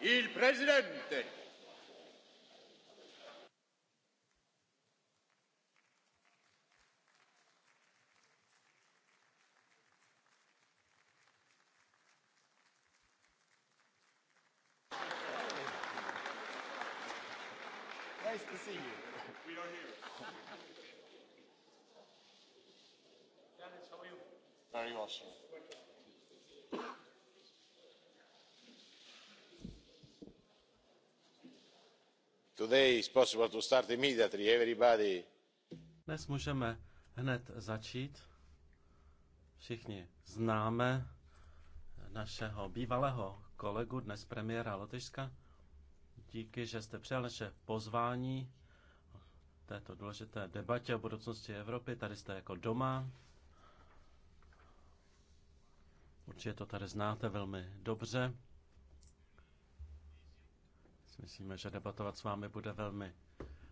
il presidente Dnes můžeme hned začít. Všichni známe našeho bývalého kolegu, dnes premiéra Lotyšska. Díky, že jste přijal naše pozvání této důležité debatě o budoucnosti Evropy. Tady jste jako doma. Určitě to tady znáte velmi dobře. Myslíme, že debatovat s vámi bude velmi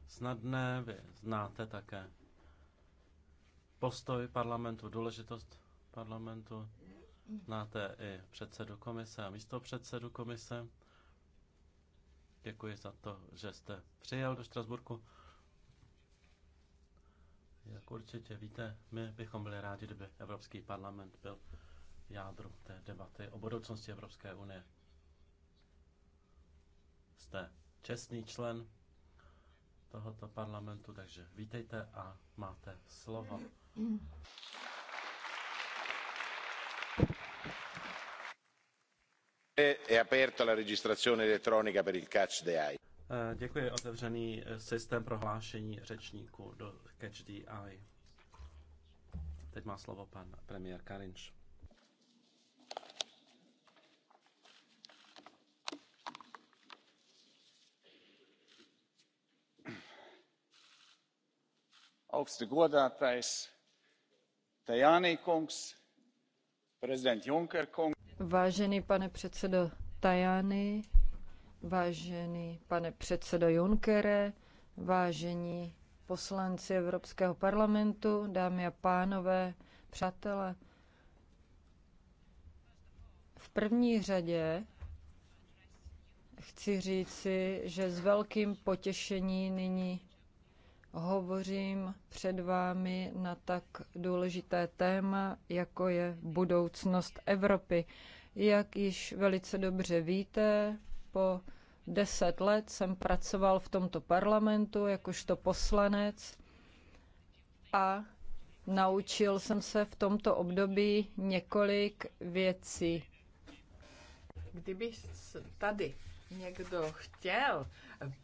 snadné. Vy znáte také postoj parlamentu, důležitost parlamentu. Znáte i předsedu komise a místo předsedu komise. Děkuji za to, že jste přijel do Štrasburku. Jak určitě víte, my bychom byli rádi, kdyby Evropský parlament byl v jádru té debaty o budoucnosti Evropské unie. Jste čestný člen tohoto parlamentu, takže vítejte a máte slovo. È aperta la registrazione elettronica per il catch the eye. Eh, děkuji, otevřený eh, systém prohlášení řečníků do Catch the Eye. Teď má slovo pan premiér Karinč. augsti godātais tajani kungs prezident juncker kungs vážený pane předsedo tajani vážený pane předsedo junckere vážení poslanci evropského parlamentu dámy a pánové přátelé v první řadě chci říci že s velkým potěšením nyní hovořím před vámi na tak důležité téma, jako je budoucnost Evropy. Jak již velice dobře víte, po deset let jsem pracoval v tomto parlamentu jakožto poslanec a naučil jsem se v tomto období několik věcí. Kdyby tady někdo chtěl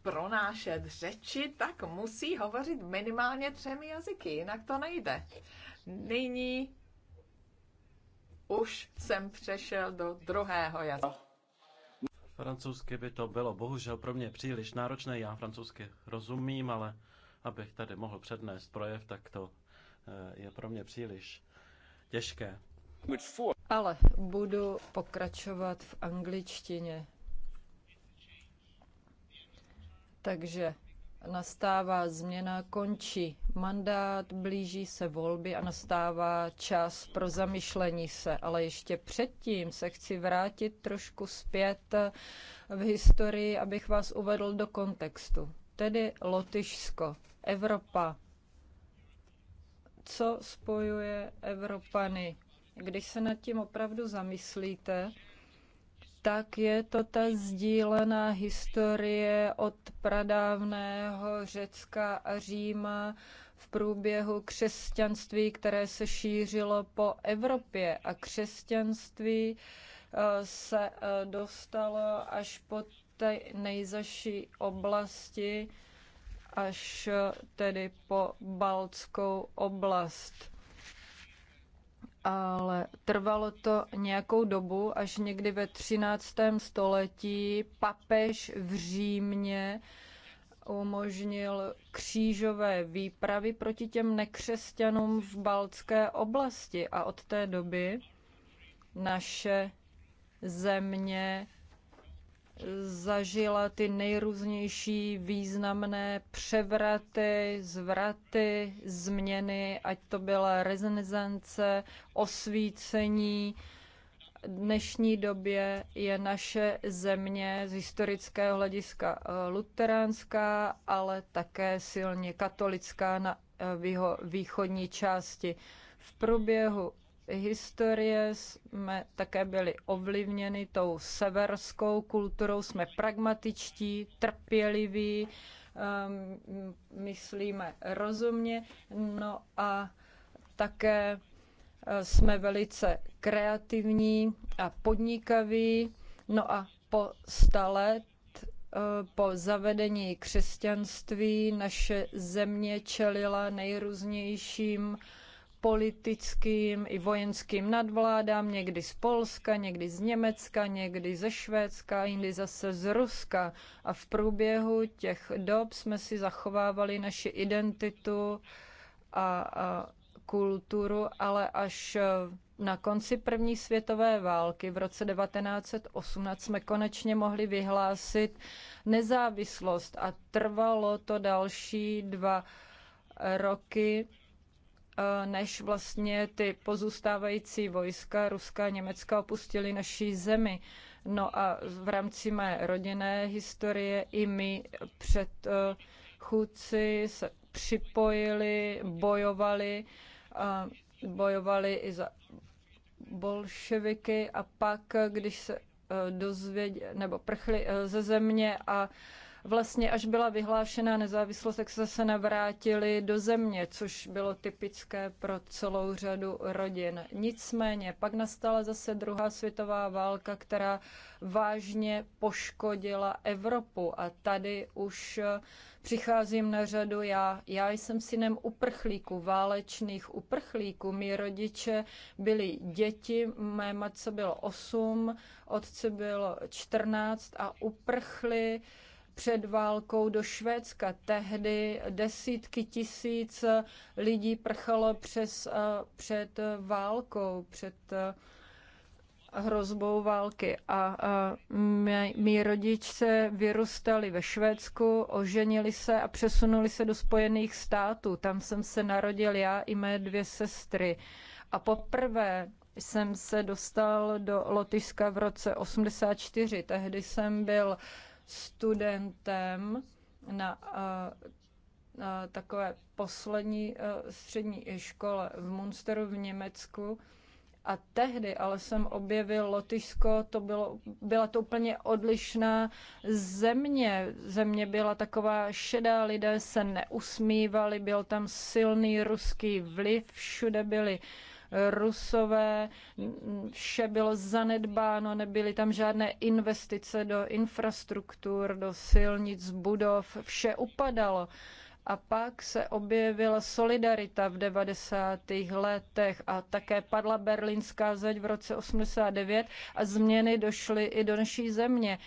pronášet řeči, tak musí hovořit minimálně třemi jazyky, jinak to nejde. Nyní už jsem přešel do druhého jazyka. Francouzsky by to bylo bohužel pro mě příliš náročné, já francouzsky rozumím, ale abych tady mohl přednést projev, tak to eh, je pro mě příliš těžké. Ale budu pokračovat v angličtině. Takže nastává změna, končí mandát, blíží se volby a nastává čas pro zamyšlení se. Ale ještě předtím se chci vrátit trošku zpět v historii, abych vás uvedl do kontextu. Tedy Lotyšsko, Evropa. Co spojuje Evropany? Když se nad tím opravdu zamyslíte, tak je to ta sdílená historie od pradávného Řecka a Říma v průběhu křesťanství, které se šířilo po Evropě. A křesťanství eh, se eh, dostalo až po té nejzaší oblasti, až eh, tedy po Baltskou oblast ale trvalo to nějakou dobu, až někdy ve 13. století papež v Římě umožnil křížové výpravy proti těm nekřesťanům v Baltské oblasti a od té doby naše země zažila ty nejrůznější významné převraty, zvraty, změny, ať to byla renesance, osvícení. V dnešní době je naše země z historického hlediska eh, luteránská, ale také silně katolická na eh, v jeho východní části. V průběhu historie jsme také byli ovlivněni tou severskou kulturou, jsme pragmatičtí, trpěliví, um, myslíme rozumně, no a také eh, jsme velice kreativní a podnikaví. No a po stalet eh, po zavedení křesťanství, naše země čelila nejrůznějším politickým i vojenským nadvládám, někdy z Polska, někdy z Německa, někdy ze Švédska, jindy zase z Ruska. A v průběhu těch dob jsme si zachovávali naši identitu a, a kulturu, ale až eh, na konci první světové války v roce 1918 jsme konečně mohli vyhlásit nezávislost a trvalo to další dva roky Eh, než vlastně ty pozůstávající vojska ruská a německá opustili naší zemi. No a v rámci mé rodinné historie i my před chůdci se připojili, bojovali, eh, bojovali i za bolševiky a pak, když se eh, dozvěděli, nebo prchli ze země a vlastně až byla vyhlášena nezávislost, tak se se navrátili do země, což bylo typické pro celou řadu rodin. Nicméně pak nastala zase druhá světová válka, která vážně poškodila Evropu a tady už eh, přicházím na řadu já. Já jsem synem uprchlíků, válečných uprchlíků. Mí rodiče byli děti, mé matce bylo 8, otce bylo 14 a uprchli před válkou do Švédska. Tehdy desítky tisíc lidí prchalo přes, eh, před válkou, před eh, hrozbou války. A, mý, eh, mý rodiče vyrůstali ve Švédsku, oženili se a přesunuli se do Spojených států. Tam jsem se narodil já i mé dvě sestry. A poprvé jsem se dostal do Lotyšska v roce 84. Tehdy jsem byl studentem eh, na takové poslední eh, střední škole v Munsteru v Německu. A tehdy ale jsem objevil Lotyšsko, to bylo, byla to úplně odlišná země. Země byla taková šedá, lidé se neusmívali, byl tam silný ruský vliv, všude byly uh, Rusové, vše bylo zanedbáno, nebyly tam žádné investice do infrastruktur, do silnic, budov, vše upadalo. A pak se objevila solidarita v 90. letech a také padla berlínská zeď v roce 89 a změny došly i do naší země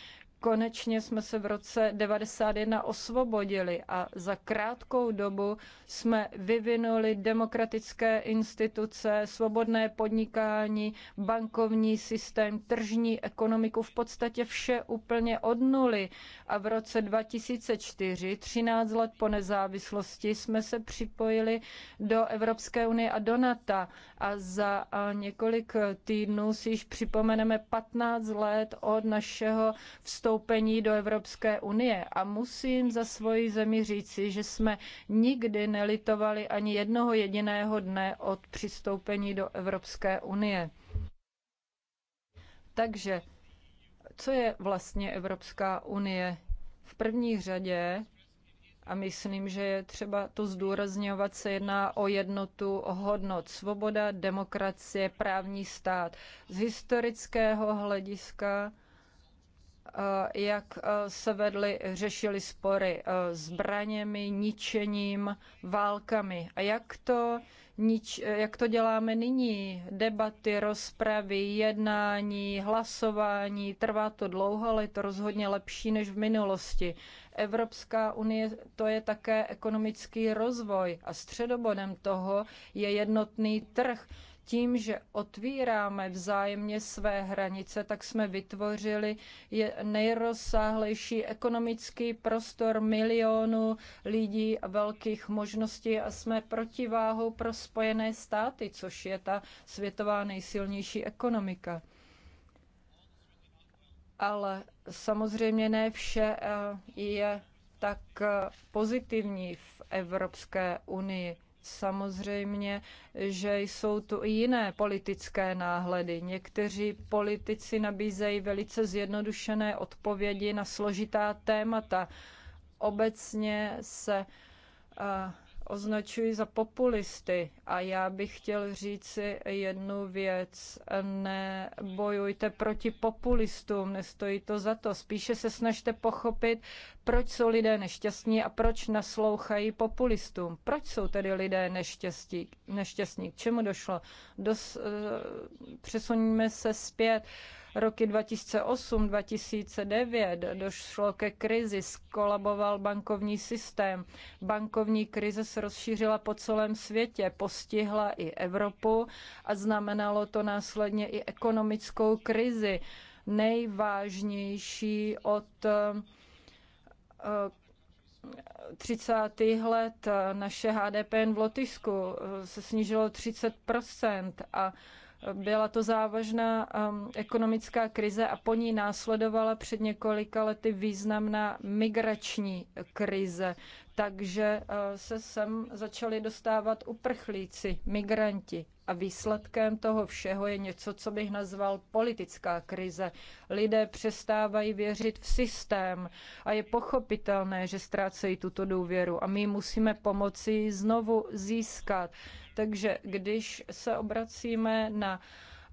konečně jsme se v roce 91 osvobodili a za krátkou dobu jsme vyvinuli demokratické instituce, svobodné podnikání, bankovní systém, tržní ekonomiku, v podstatě vše úplně od nuly. A v roce 2004, 13 let po nezávislosti, jsme se připojili do Evropské unie a do NATO a za několik týdnů si již připomeneme 15 let od našeho vstoupení vstoupení do Evropské unie a musím za svoji zemi říci, že jsme nikdy nelitovali ani jednoho jediného dne od přistoupení do Evropské unie. Takže, co je vlastně Evropská unie? V první řadě a myslím, že je třeba to zdůrazňovat, se jedná o jednotu hodnot, svoboda, demokracie, právní stát. Z historického hlediska Eh, jak eh, se vedly, řešily spory eh, zbraněmi, ničením, válkami. A jak to, nič, jak to děláme nyní? Debaty, rozpravy, jednání, hlasování, trvá to dlouho, ale je to rozhodně lepší než v minulosti. Evropská unie to je také ekonomický rozvoj a středobodem toho je jednotný trh tím, že otvíráme vzájemně své hranice, tak jsme vytvořili nejrozsáhlejší ekonomický prostor milionů lidí a velkých možností a jsme protiváhou pro Spojené státy, což je ta světová nejsilnější ekonomika. Ale samozřejmě ne vše eh, je tak eh, pozitivní v Evropské unii. Samozřejmě, že jsou tu i jiné politické náhledy. Někteří politici nabízejí velice zjednodušené odpovědi na složitá témata. Obecně se uh, označují za populisty. A já bych chtěl říci jednu věc. Nebojujte proti populistům, nestojí to za to. Spíše se snažte pochopit, proč jsou lidé nešťastní a proč naslouchají populistům. Proč jsou tedy lidé neštěstí, nešťastní? K čemu došlo? Dos, eh, přesuníme se zpět. Uh, roky 2008-2009 došlo ke krizi, skolaboval bankovní systém. Bankovní krize se rozšířila po celém světě, postihla i Evropu a znamenalo to následně i ekonomickou krizi, nejvážnější od 30. Eh, eh, let naše HDP jen v Lotyšsku eh, se snížilo 30 a byla to závažná um, ekonomická krize a po ní následovala před několika lety významná migrační krize. Takže uh, se sem začali dostávat uprchlíci, migranti. A výsledkem toho všeho je něco, co bych nazval politická krize. Lidé přestávají věřit v systém a je pochopitelné, že ztrácejí tuto důvěru a my musíme pomoci ji znovu získat. Takže když se obracíme na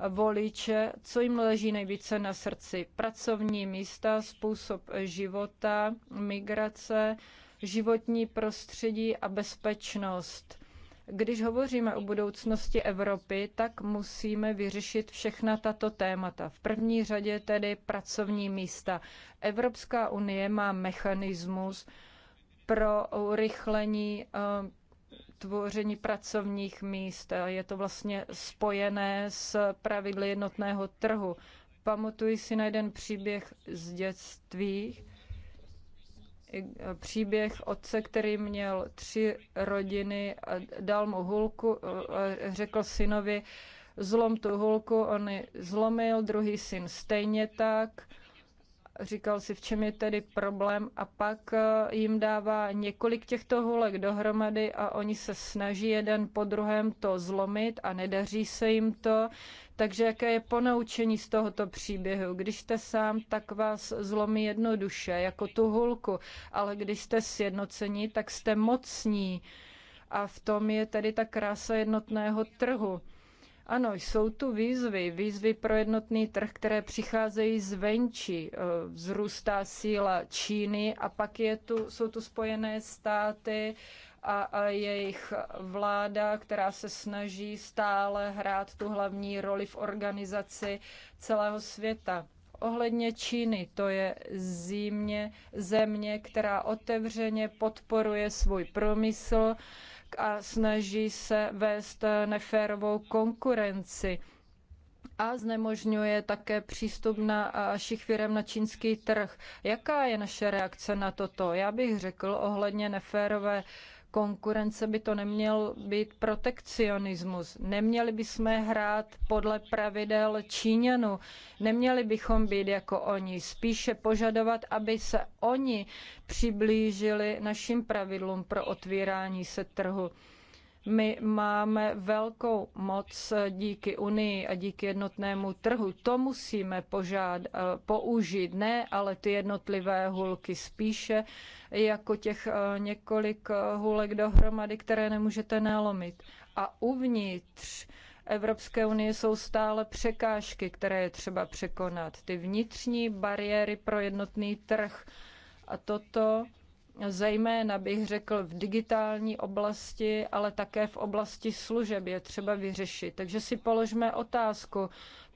voliče, co jim leží nejvíce na srdci. Pracovní místa, způsob života, migrace, životní prostředí a bezpečnost. Když hovoříme o budoucnosti Evropy, tak musíme vyřešit všechna tato témata. V první řadě tedy pracovní místa. Evropská unie má mechanismus pro urychlení eh, tvoření pracovních míst. Je to vlastně spojené s pravidly jednotného trhu. Pamatuji si na jeden příběh z dětství, příběh otce, který měl tři rodiny, dal mu hulku, řekl synovi, zlom tu hulku, on ji zlomil, druhý syn stejně tak, říkal si, v čem je tedy problém a pak eh, jim dává několik těchto hulek dohromady a oni se snaží jeden po druhém to zlomit a nedaří se jim to. Takže jaké je ponaučení z tohoto příběhu? Když jste sám, tak vás zlomí jednoduše, jako tu hulku, ale když jste sjednocení, tak jste mocní. A v tom je tedy ta krása jednotného trhu. Ano, jsou tu výzvy, výzvy pro jednotný trh, které přicházejí zvenčí. Eh, vzrůstá síla Číny a pak je tu, jsou tu spojené státy a, a jejich vláda, která se snaží stále hrát tu hlavní roli v organizaci celého světa ohledně Číny. To je zimně, země, která otevřeně podporuje svůj promysl, a snaží se vést neférovou konkurenci a znemožňuje také přístup našich firm na čínský trh. Jaká je naše reakce na toto? Já bych řekl ohledně neférové konkurence by to neměl být protekcionismus. Neměli bychom hrát podle pravidel Číňanů. Neměli bychom být jako oni. Spíše požadovat, aby se oni přiblížili našim pravidlům pro otvírání se trhu. My máme velkou moc díky Unii a díky jednotnému trhu. To musíme požád, eh, použít, ne ale ty jednotlivé hulky spíše jako těch eh, několik eh, hulek dohromady, které nemůžete nalomit. A uvnitř Evropské unie jsou stále překážky, které je třeba překonat. Ty vnitřní bariéry pro jednotný trh. A toto Zejména bych řekl v digitální oblasti, ale také v oblasti služeb je třeba vyřešit. Takže si položme otázku,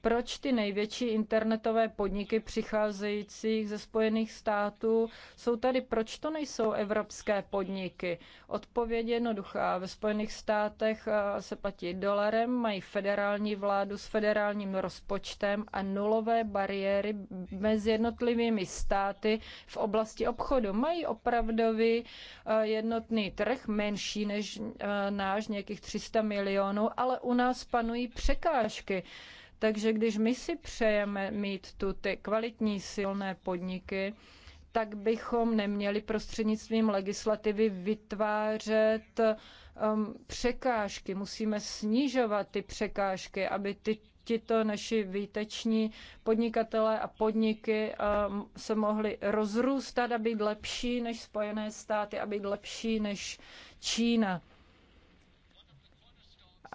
proč ty největší internetové podniky přicházející ze Spojených států jsou tady, proč to nejsou evropské podniky. Odpověď je jednoduchá. Ve Spojených státech eh, se platí dolarem, mají federální vládu s federálním rozpočtem a nulové bariéry mezi jednotlivými státy v oblasti obchodu. Mají opravdový eh, jednotný trh, menší než eh, náš, nějakých 300 milionů, ale u nás panují překážky. Takže když my si přejeme mít tu ty kvalitní silné podniky, tak bychom neměli prostřednictvím legislativy vytvářet um, překážky. Musíme snižovat ty překážky, aby ty tito naši výteční podnikatelé a podniky um, se mohli rozrůstat a být lepší než Spojené státy a být lepší než Čína.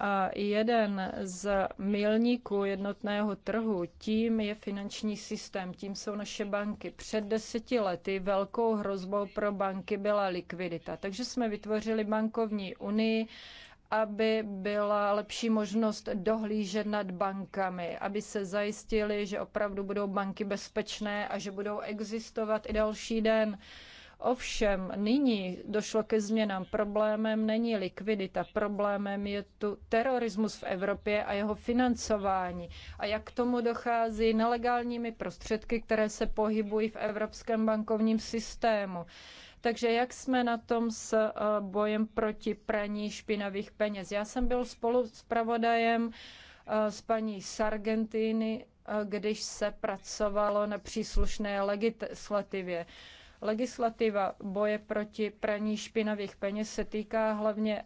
A jeden z milníků jednotného trhu, tím je finanční systém, tím jsou naše banky. Před deseti lety velkou hrozbou pro banky byla likvidita. Takže jsme vytvořili bankovní unii, aby byla lepší možnost dohlížet nad bankami, aby se zajistili, že opravdu budou banky bezpečné a že budou existovat i další den. Ovšem nyní došlo ke změnám. Problémem není likvidita, problémem je tu terorismus v Evropě a jeho financování. A jak k tomu dochází nelegálními prostředky, které se pohybují v evropském bankovním systému. Takže jak jsme na tom s eh, bojem proti praní špinavých peněz? Já jsem byl spolu s pravodajem eh, s paní Sargentiny, eh, když se pracovalo na příslušné legislativě. Legislativa boje proti praní špinavých peněz se týká hlavně eh,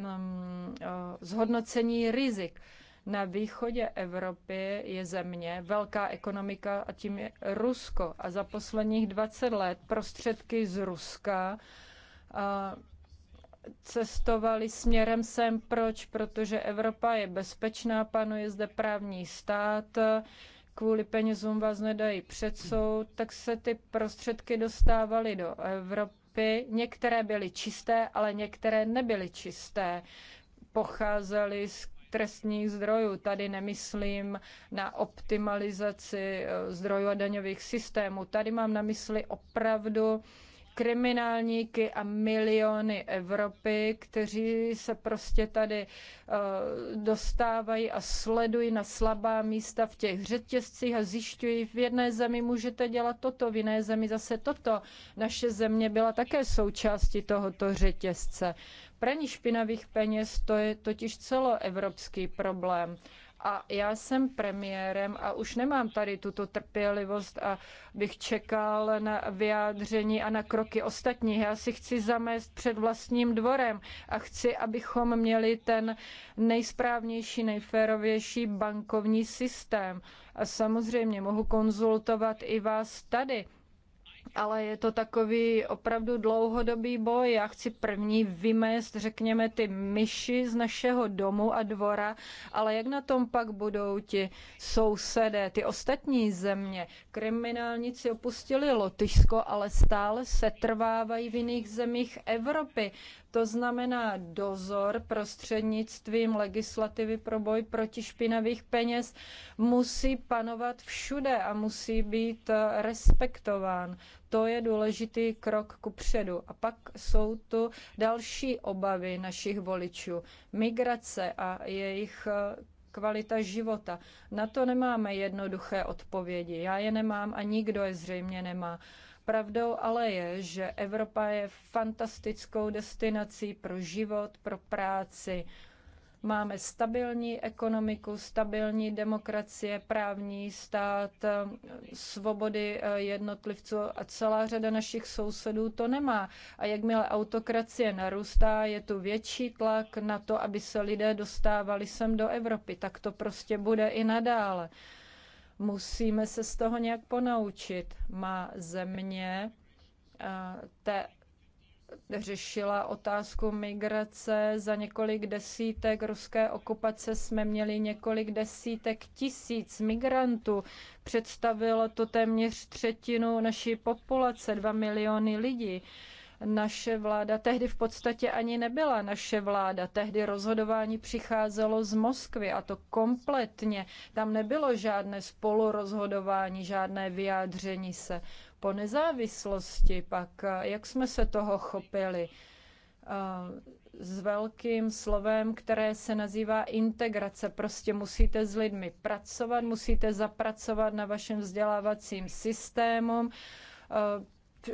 mm, eh, zhodnocení rizik. Na východě Evropy je země, velká ekonomika a tím je Rusko. A za posledních 20 let prostředky z Ruska eh, cestovali směrem sem. Proč? Protože Evropa je bezpečná, panuje zde právní stát, kvůli penězům vás nedají před soud, tak se ty prostředky dostávaly do Evropy. Některé byly čisté, ale některé nebyly čisté. Pocházely z trestních zdrojů. Tady nemyslím na optimalizaci eh, zdrojů a daňových systémů. Tady mám na mysli opravdu kriminálníky a miliony Evropy, kteří se prostě tady eh, dostávají a sledují na slabá místa v těch řetězcích a zjišťují, v jedné zemi můžete dělat toto, v jiné zemi zase toto. Naše země byla také součástí tohoto řetězce. Praní špinavých peněz to je totiž celoevropský problém a já jsem premiérem a už nemám tady tuto trpělivost a bych čekal na vyjádření a na kroky ostatních. Já si chci zamést před vlastním dvorem a chci, abychom měli ten nejsprávnější, nejférovější bankovní systém. A samozřejmě mohu konzultovat i vás tady ale je to takový opravdu dlouhodobý boj. Já chci první vymést, řekněme, ty myši z našeho domu a dvora, ale jak na tom pak budou ti sousedé, ty ostatní země? Kriminálníci opustili Lotyšsko, ale stále se trvávají v jiných zemích Evropy. To znamená dozor prostřednictvím legislativy pro boj proti špinavých peněz musí panovat všude a musí být eh, respektován. To je důležitý krok ku předu. A pak jsou tu další obavy našich voličů. Migrace a jejich eh, kvalita života. Na to nemáme jednoduché odpovědi. Já je nemám a nikdo je zřejmě nemá. Pravdou ale je, že Evropa je fantastickou destinací pro život, pro práci. Máme stabilní ekonomiku, stabilní demokracie, právní stát, svobody eh, jednotlivců a celá řada našich sousedů to nemá. A jakmile autokracie narůstá, je tu větší tlak na to, aby se lidé dostávali sem do Evropy. Tak to prostě bude i nadále. Musíme se z toho nějak ponaučit. Má země eh, te, řešila otázku migrace. Za několik desítek ruské okupace jsme měli několik desítek tisíc migrantů. Představilo to téměř třetinu naší populace, dva miliony lidí naše vláda tehdy v podstatě ani nebyla naše vláda. Tehdy rozhodování přicházelo z Moskvy a to kompletně. Tam nebylo žádné spolurozhodování, žádné vyjádření se. Po nezávislosti pak, jak jsme se toho chopili? s velkým slovem, které se nazývá integrace. Prostě musíte s lidmi pracovat, musíte zapracovat na vašem vzdělávacím systému,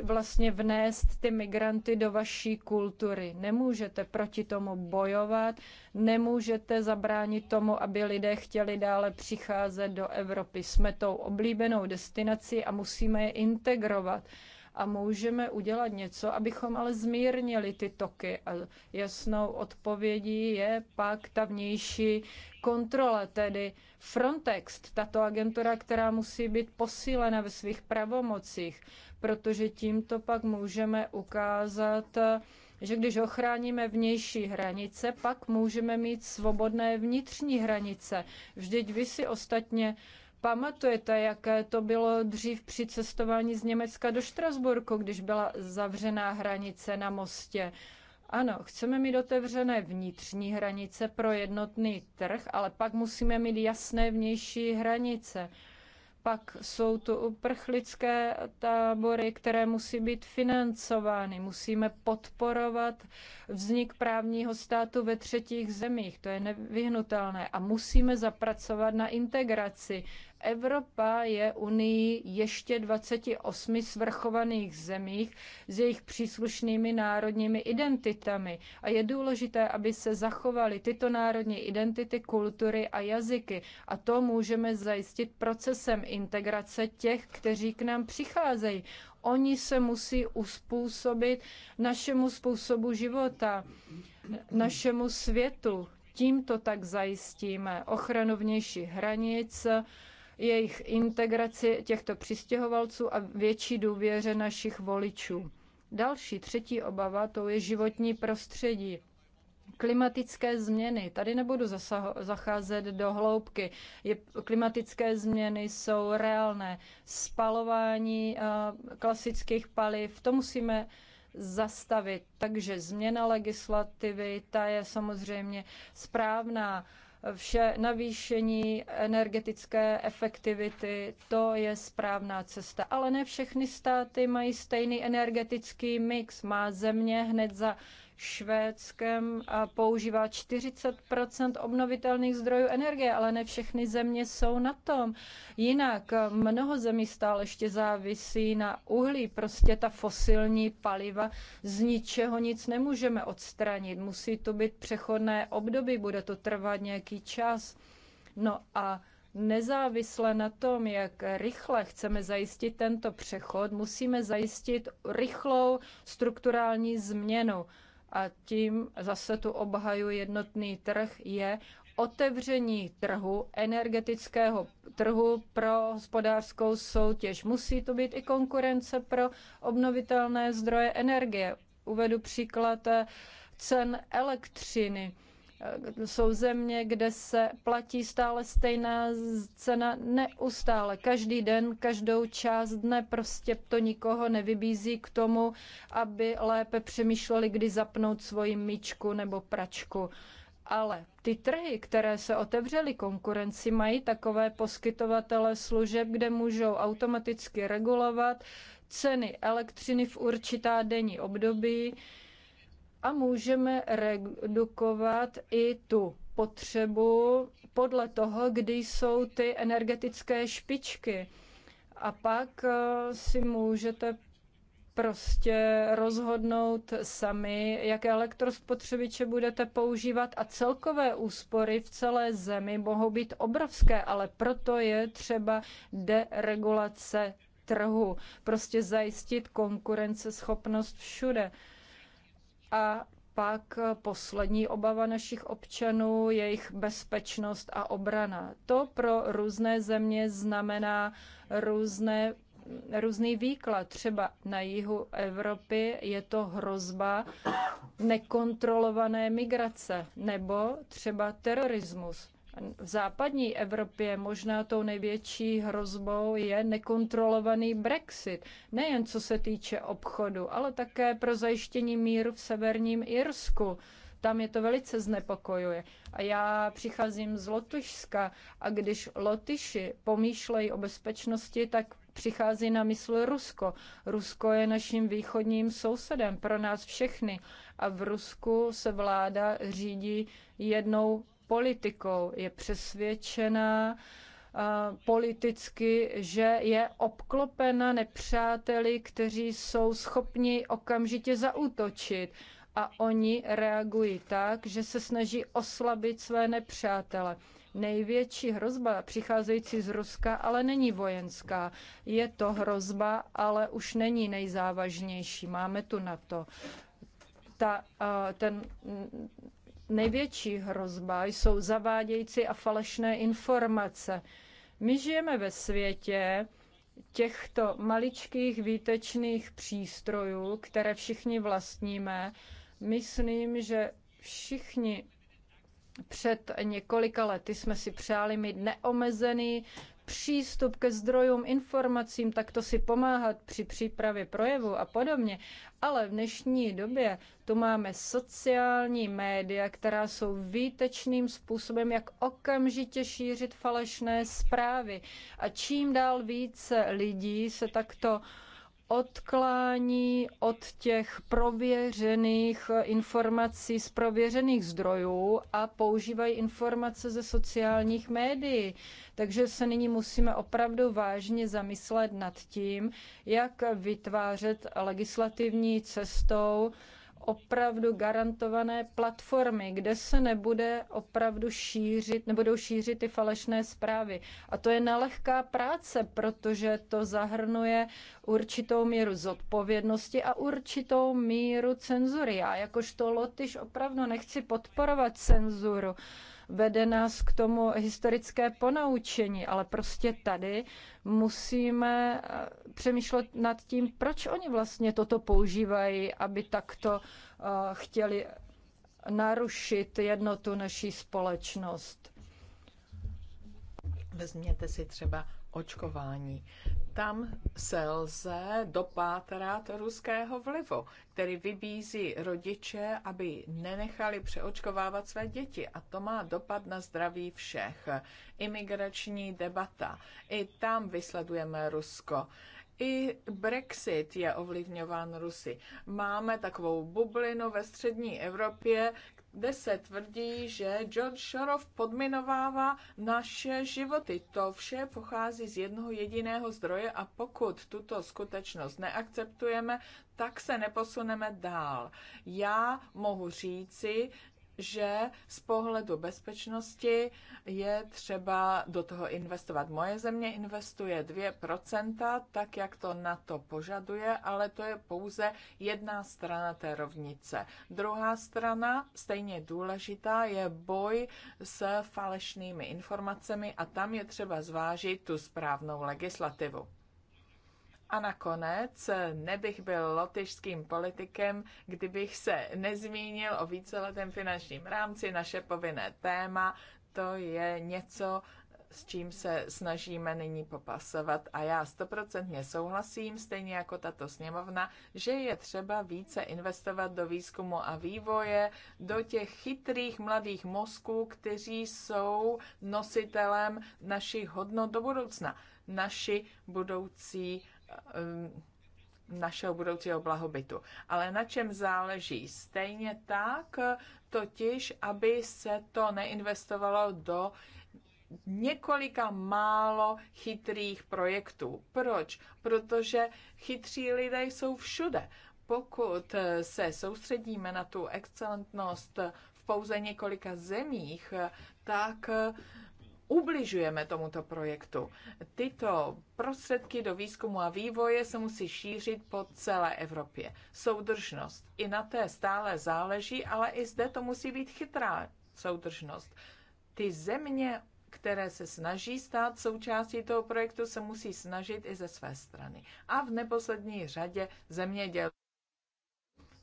vlastně vnést ty migranty do vaší kultury. Nemůžete proti tomu bojovat, nemůžete zabránit tomu, aby lidé chtěli dále přicházet do Evropy. Jsme tou oblíbenou destinací a musíme je integrovat a můžeme udělat něco, abychom ale zmírnili ty toky. A jasnou odpovědí je pak ta vnější kontrola, tedy Frontex, tato agentura, která musí být posílena ve svých pravomocích protože tímto pak můžeme ukázat, že když ochráníme vnější hranice, pak můžeme mít svobodné vnitřní hranice. Vždyť vy si ostatně pamatujete, jaké to bylo dřív při cestování z Německa do Štrasburku, když byla zavřená hranice na mostě. Ano, chceme mít otevřené vnitřní hranice pro jednotný trh, ale pak musíme mít jasné vnější hranice. Pak jsou tu uprchlické tábory, které musí být financovány. Musíme podporovat vznik právního státu ve třetích zemích. To je nevyhnutelné. A musíme zapracovat na integraci. Evropa je unii ještě 28 svrchovaných zemích s jejich příslušnými národními identitami a je důležité, aby se zachovaly tyto národní identity, kultury a jazyky a to můžeme zajistit procesem integrace těch, kteří k nám přicházejí. Oni se musí uspůsobit našemu způsobu života, našemu světu, tímto tak zajistíme ochranu vnějších hranic, jejich integraci těchto přistěhovalců a větší důvěře našich voličů. Další, třetí obava, to je životní prostředí. Klimatické změny. Tady nebudu zasaho- zacházet do hloubky. Je, klimatické změny jsou reálné. Spalování a, klasických paliv, to musíme zastavit. Takže změna legislativy, ta je samozřejmě správná vše navýšení energetické efektivity, to je správná cesta. Ale ne všechny státy mají stejný energetický mix. Má země hned za Švédskem používá 40 obnovitelných zdrojů energie, ale ne všechny země jsou na tom. Jinak mnoho zemí stále ještě závisí na uhlí. Prostě ta fosilní paliva z ničeho nic nemůžeme odstranit. Musí to být přechodné období, bude to trvat nějaký čas. No a nezávisle na tom, jak rychle chceme zajistit tento přechod, musíme zajistit rychlou strukturální změnu a tím zase tu obhaju jednotný trh je otevření trhu, energetického trhu pro hospodářskou soutěž. Musí to být i konkurence pro obnovitelné zdroje energie. Uvedu příklad eh, cen elektřiny jsou země, kde se platí stále stejná cena neustále. Každý den, každou část dne prostě to nikoho nevybízí k tomu, aby lépe přemýšleli, kdy zapnout svoji myčku nebo pračku. Ale ty trhy, které se otevřely konkurenci, mají takové poskytovatele služeb, kde můžou automaticky regulovat ceny elektřiny v určitá denní období, a můžeme redukovat i tu potřebu podle toho, kdy jsou ty energetické špičky. A pak eh, si můžete prostě rozhodnout sami, jaké elektrospotřebiče budete používat a celkové úspory v celé zemi mohou být obrovské, ale proto je třeba deregulace trhu, prostě zajistit konkurenceschopnost všude. A pak eh, poslední obava našich občanů, jejich bezpečnost a obrana. To pro různé země znamená různé různý výklad. Třeba na jihu Evropy je to hrozba nekontrolované migrace nebo třeba terorismus. V západní Evropě možná tou největší hrozbou je nekontrolovaný Brexit. Nejen co se týče obchodu, ale také pro zajištění míru v severním Irsku tam je to velice znepokojuje. A já přicházím z Lotyšska a když Lotyši pomýšlejí o bezpečnosti, tak přichází na mysl Rusko. Rusko je naším východním sousedem pro nás všechny. A v Rusku se vláda řídí jednou politikou. Je přesvědčená eh, politicky, že je obklopena nepřáteli, kteří jsou schopni okamžitě zaútočit a oni reagují tak, že se snaží oslabit své nepřátele. Největší hrozba přicházející z Ruska ale není vojenská. Je to hrozba, ale už není nejzávažnější. Máme tu na to. Ta, eh, ten, největší hrozba jsou zavádějící a falešné informace. My žijeme ve světě těchto maličkých výtečných přístrojů, které všichni vlastníme. Myslím, že všichni před několika lety jsme si přáli mít neomezený přístup ke zdrojům, informacím, tak to si pomáhat při přípravě projevu a podobně. Ale v dnešní době tu máme sociální média, která jsou výtečným způsobem, jak okamžitě šířit falešné zprávy. A čím dál více lidí se takto uh, odklání od těch prověřených informací z prověřených zdrojů a používají informace ze sociálních médií. Takže se nyní musíme opravdu vážně zamyslet nad tím, jak vytvářet legislativní cestou opravdu garantované platformy, kde se nebude opravdu šířit, nebudou šířit ty falešné zprávy. A to je nelehká práce, protože to zahrnuje určitou míru zodpovědnosti a určitou míru cenzury. Já jakožto lotyš opravdu nechci podporovat cenzuru vede nás k tomu historické ponaučení, ale prostě tady musíme eh, přemýšlet nad tím, proč oni vlastně toto používají, aby takto eh, chtěli narušit jednotu naší společnost. Vezměte si třeba očkování. Tam se lze dopátrat ruského vlivu, který vybízí rodiče, aby nenechali přeočkovávat své děti. A to má dopad na zdraví všech. Imigrační debata. I tam vysledujeme Rusko. I Brexit je ovlivňován Rusy. Máme takovou bublinu ve střední Evropě, kde se tvrdí, že John Shorov podminovává naše životy. To vše pochází z jednoho jediného zdroje a pokud tuto skutečnost neakceptujeme, tak se neposuneme dál. Já mohu říci, že z pohledu bezpečnosti je třeba do toho investovat. Moje země investuje 2%, tak jak to na to požaduje, ale to je pouze jedna strana té rovnice. Druhá strana, stejně důležitá, je boj s falešnými informacemi a tam je třeba zvážit tu správnou legislativu. A nakonec eh, nebych byl lotyšským politikem, kdybych se nezmínil o víceletém finančním rámci. Naše povinné téma, to je něco, s čím se snažíme nyní popasovat. A já stoprocentně souhlasím, stejně jako tato sněmovna, že je třeba více investovat do výzkumu a vývoje, do těch chytrých mladých mozků, kteří jsou nositelem našich hodnot do budoucna. Naši budoucí Um, našeho budoucího blahobytu. Ale na čem záleží? Stejně tak, totiž, aby se to neinvestovalo do několika málo chytrých projektů. Proč? Protože chytří lidé jsou všude. Pokud se soustředíme na tu excelentnost v pouze několika zemích, tak ubližujeme tomuto projektu. Tyto prostředky do výzkumu a vývoje se musí šířit po celé Evropě. Soudržnost. I na té stále záleží, ale i zde to musí být chytrá soudržnost. Ty země, které se snaží stát součástí toho projektu, se musí snažit i ze své strany. A v neposlední řadě zeměděl.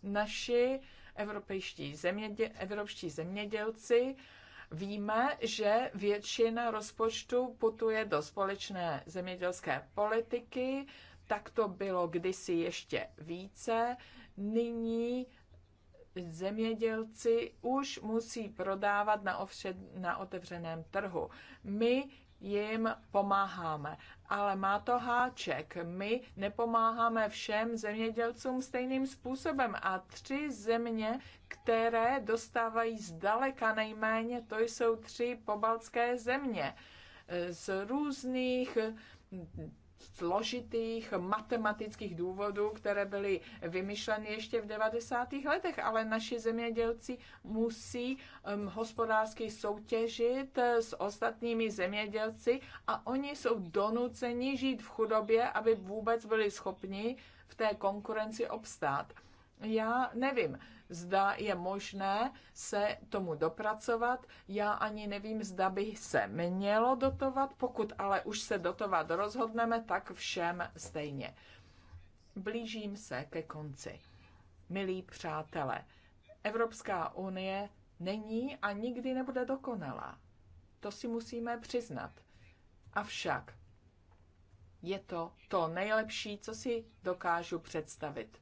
Naši evropští zemědě, evropští zemědělci Víme, že většina rozpočtu putuje do společné zemědělské politiky, tak to bylo kdysi ještě více. Nyní zemědělci už musí prodávat na, ovšed, na otevřeném trhu. My jim pomáháme. Ale má to háček. My nepomáháme všem zemědělcům stejným způsobem. A tři země, které dostávají zdaleka nejméně, to jsou tři pobaltské země. Z různých složitých matematických důvodů, které byly vymyšleny ještě v 90. letech, ale naši zemědělci musí um, hospodářsky soutěžit eh, s ostatními zemědělci a oni jsou donuceni žít v chudobě, aby vůbec byli schopni v té konkurenci obstát. Já nevím zda je možné se tomu dopracovat. Já ani nevím, zda by se mělo dotovat, pokud ale už se dotovat rozhodneme, tak všem stejně. Blížím se ke konci. Milí přátelé, Evropská unie není a nikdy nebude dokonalá. To si musíme přiznat. Avšak je to to nejlepší, co si dokážu představit.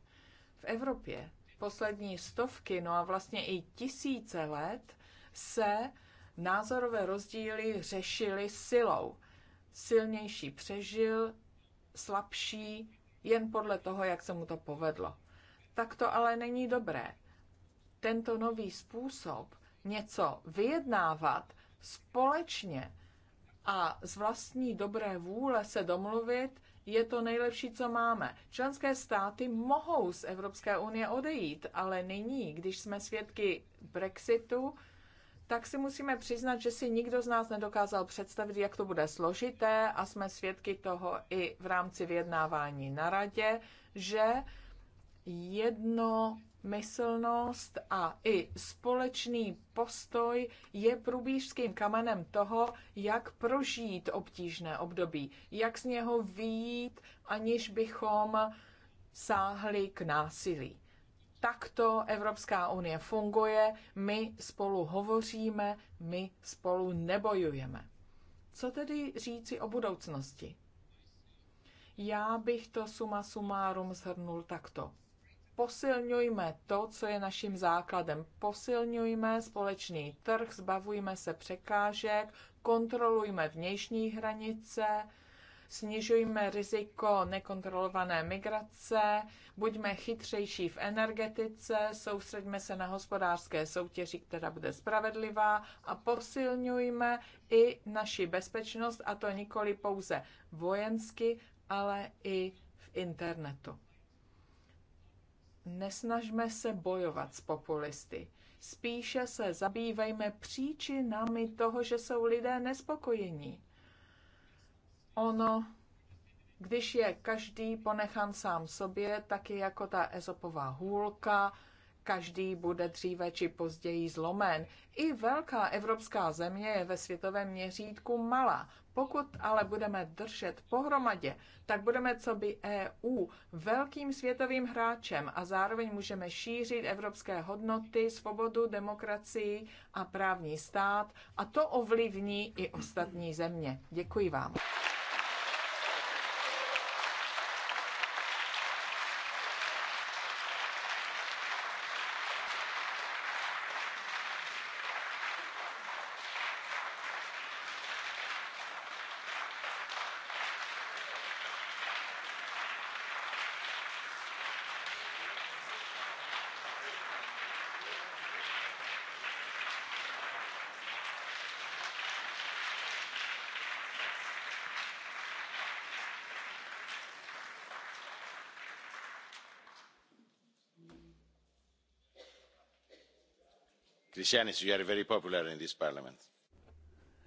V Evropě poslední stovky, no a vlastně i tisíce let se názorové rozdíly řešily silou. Silnější přežil, slabší jen podle toho, jak se mu to povedlo. Tak to ale není dobré. Tento nový způsob něco vyjednávat společně a z vlastní dobré vůle se domluvit je to nejlepší, co máme. Členské státy mohou z Evropské unie odejít, ale nyní, když jsme svědky Brexitu, tak si musíme přiznat, že si nikdo z nás nedokázal představit, jak to bude složité a jsme svědky toho i v rámci vyjednávání na radě, že jedno myslnost a i společný postoj je průbířským kamenem toho, jak prožít obtížné období, jak z něho výjít, aniž bychom sáhli k násilí. Takto Evropská unie funguje, my spolu hovoříme, my spolu nebojujeme. Co tedy říci o budoucnosti? Já bych to suma sumárum shrnul takto posilňujme to, co je naším základem. Posilňujme společný trh, zbavujme se překážek, kontrolujme vnější hranice, snižujme riziko nekontrolované migrace, buďme chytřejší v energetice, soustředíme se na hospodářské soutěži, která bude spravedlivá a posilňujme i naši bezpečnost, a to nikoli pouze vojensky, ale i v internetu nesnažme se bojovat s populisty. Spíše se zabývejme příčinami toho, že jsou lidé nespokojení. Ono, když je každý ponechan sám sobě, tak je jako ta ezopová hůlka, každý bude dříve či později zlomen. I velká evropská země je ve světovém měřítku malá. Pokud ale budeme držet pohromadě, tak budeme co by EU velkým světovým hráčem a zároveň můžeme šířit evropské hodnoty, svobodu, demokracii a právní stát a to ovlivní i ostatní země. Děkuji vám.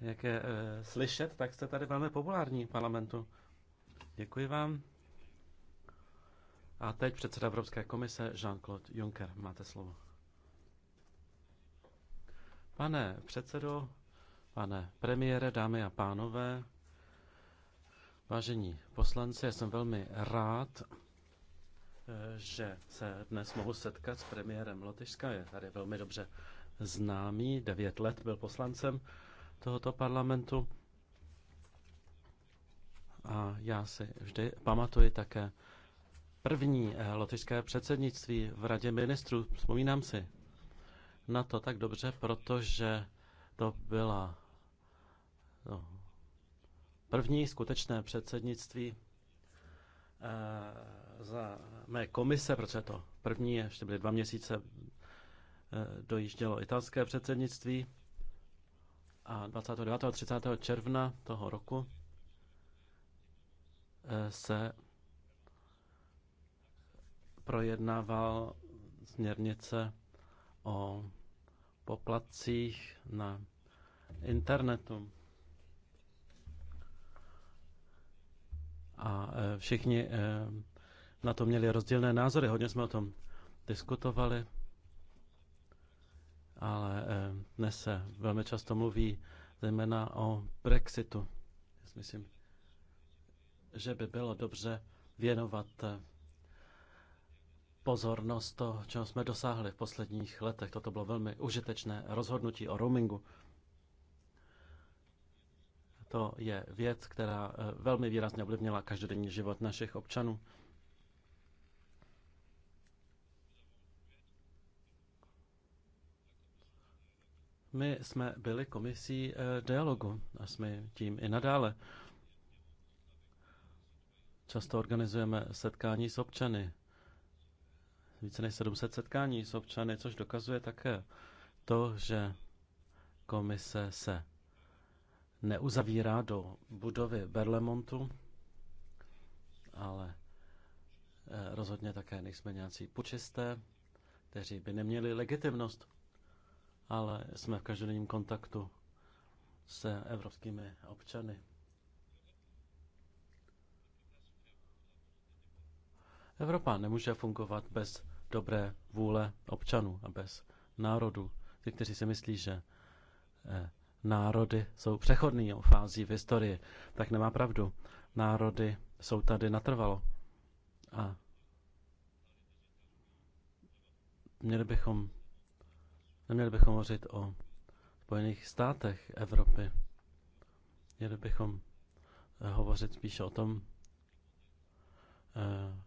Jak je e, slyšet, tak jste tady velmi populární v parlamentu. Děkuji vám. A teď předseda Evropské komise Jean-Claude Juncker. Máte slovo. Pane předsedo, pane premiére, dámy a pánové, vážení poslanci, jsem velmi rád, eh, že se dnes mohu setkat s premiérem Lotyšska. Je tady velmi dobře známý, devět let byl poslancem tohoto parlamentu. A já si vždy pamatuji také první eh, lotyšské předsednictví v Radě ministrů. Vzpomínám si na to tak dobře, protože to byla no, první skutečné předsednictví eh, za mé komise, protože to první ještě byly dva měsíce Eh, dojíždělo italské předsednictví a 29. a 30. června toho roku eh, se projednával směrnice o poplatcích na internetu. A eh, všichni na to měli rozdílné názory, hodně jsme o tom diskutovali ale eh, dnes se velmi často mluví zejména o Brexitu. Já si myslím, že by bylo dobře věnovat eh, pozornost to, čeho jsme dosáhli v posledních letech. Toto bylo velmi užitečné rozhodnutí o roamingu. To je věc, která eh, velmi výrazně ovlivnila každodenní život našich občanů. My jsme byli komisí eh, dialogu a jsme tím i nadále. Často organizujeme setkání s občany. Více než 700 setkání s občany, což dokazuje také to, že komise se neuzavírá do budovy Berlemontu, ale eh, rozhodně také nejsme nějací pučisté, kteří by neměli legitimnost ale jsme v každodenním kontaktu se evropskými občany. Evropa nemůže fungovat bez dobré vůle občanů a bez národů. Ty, kteří si myslí, že eh, národy jsou přechodný fází v historii, tak nemá pravdu. Národy jsou tady natrvalo. A měli bychom Neměli bychom hovořit o Spojených státech Evropy. Měli bychom eh, hovořit spíše o tom, eh,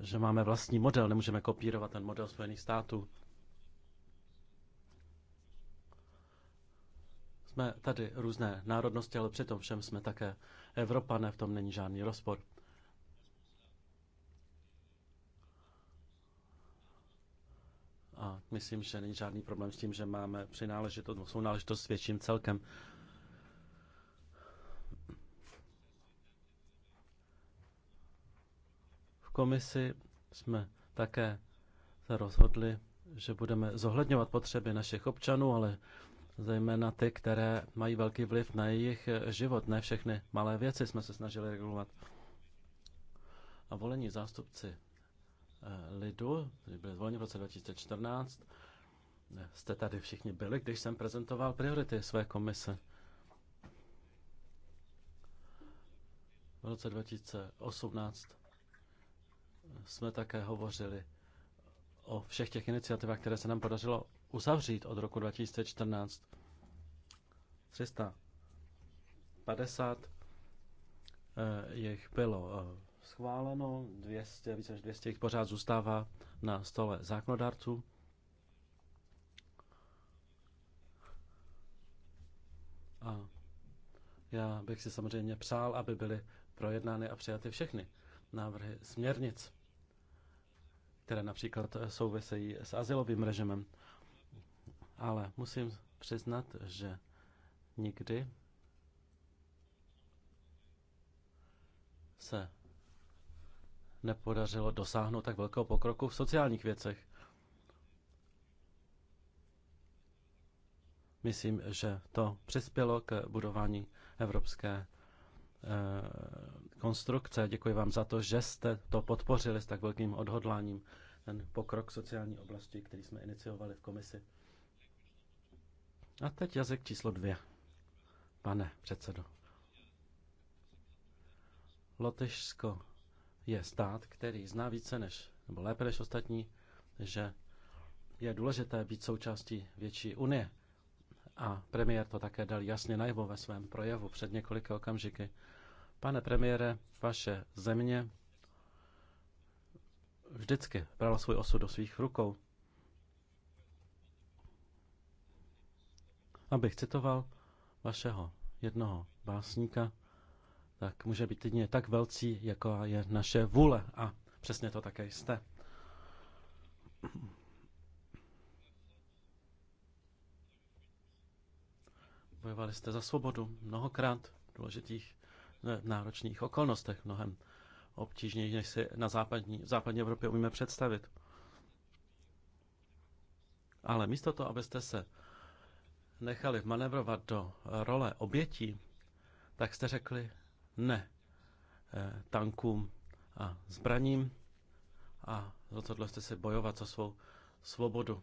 eh, že máme vlastní model, nemůžeme kopírovat ten model Spojených států. Jsme tady různé národnosti, ale přitom všem jsme také Evropané, v tom není žádný rozpor. A myslím, že není žádný problém s tím, že máme přináležitost, svou náležitost s větším celkem. V komisi jsme také se rozhodli, že budeme zohledňovat potřeby našich občanů, ale zejména ty, které mají velký vliv na jejich život. Ne všechny malé věci jsme se snažili regulovat. A volení zástupci Eh, lidu, který byl zvolen v roce 2014, jste tady všichni byli, když jsem prezentoval priority své komise. V roce 2018 jsme také hovořili o všech těch iniciativách, které se nám podařilo uzavřít od roku 2014. 350 eh, jich bylo eh, schváleno, 200, více než 200 jich pořád zůstává na stole zákonodárců. A já bych si samozřejmě přál, aby byly projednány a přijaty všechny návrhy směrnic, které například eh, souvisejí s asilovým režimem. Ale musím přiznat, že nikdy se nepodařilo dosáhnout tak velkého pokroku v sociálních věcech. Myslím, že to přispělo k budování evropské eh, konstrukce. Děkuji vám za to, že jste to podpořili s tak velkým odhodláním, ten pokrok sociální oblasti, který jsme iniciovali v komisi. A teď jazyk číslo dvě. Pane předsedo. Lotyšsko je stát, který zná více než, nebo lépe než ostatní, že je důležité být součástí větší unie. A premiér to také dal jasně najevo ve svém projevu před několika okamžiky. Pane premiére, vaše země vždycky brala svůj osud do svých rukou. Abych citoval vašeho jednoho básníka, tak může být jedině tak velcí, jako je naše vůle. A přesně to také jste. Bojovali jste za svobodu mnohokrát v důležitých eh, náročných okolnostech, mnohem obtížněji, než si na západní, v západní Evropě umíme představit. Ale místo toho, abyste se nechali manevrovat do role obětí, tak jste řekli, ne eh, tankům a zbraním a rozhodli jste se bojovat za svou svobodu.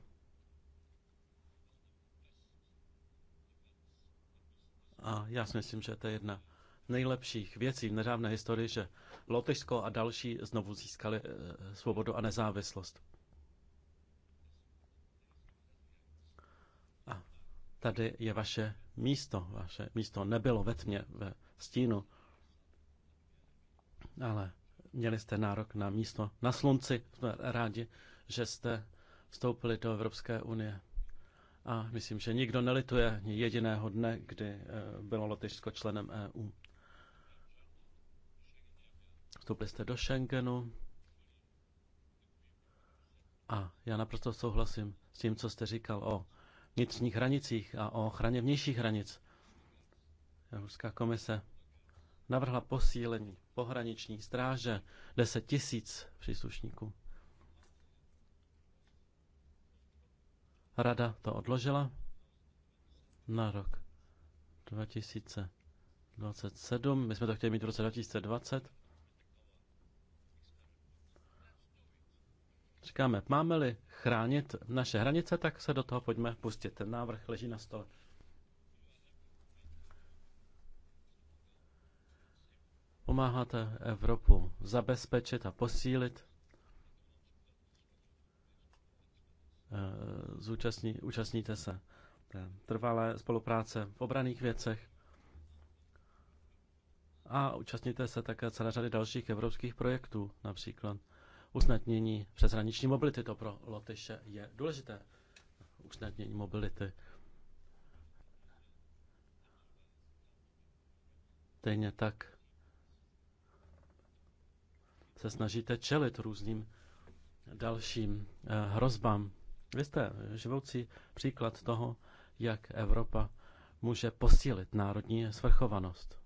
A já si myslím, že to je jedna nejlepších věcí v nedávné historii, že Lotyšsko a další znovu získali eh, svobodu a nezávislost. A tady je vaše místo. Vaše místo nebylo ve tmě, ve stínu ale měli jste nárok na místo na slunci. Jsme rádi, že jste vstoupili do Evropské unie. A myslím, že nikdo nelituje jediného dne, kdy eh, bylo Lotyšsko členem EU. Vstoupili jste do Schengenu. A já naprosto souhlasím s tím, co jste říkal o vnitřních hranicích a o ochraně vnějších hranic. Evropská komise navrhla posílení pohraniční stráže, 10 tisíc příslušníků. Rada to odložila na rok 2027. My jsme to chtěli mít v roce 2020. Říkáme, máme-li chránit naše hranice, tak se do toho pojďme pustit. Ten návrh leží na stole. pomáháte Evropu zabezpečit a posílit. Eh, zúčastní, účastníte se trvalé spolupráce v obraných věcech a účastníte se také celé řady dalších evropských projektů, například usnadnění přeshraniční mobility. To pro Lotyše je důležité. Usnadnění mobility. Stejně tak se snažíte čelit různým dalším eh, hrozbám. Vy jste živoucí příklad toho, jak Evropa může posílit národní svrchovanost.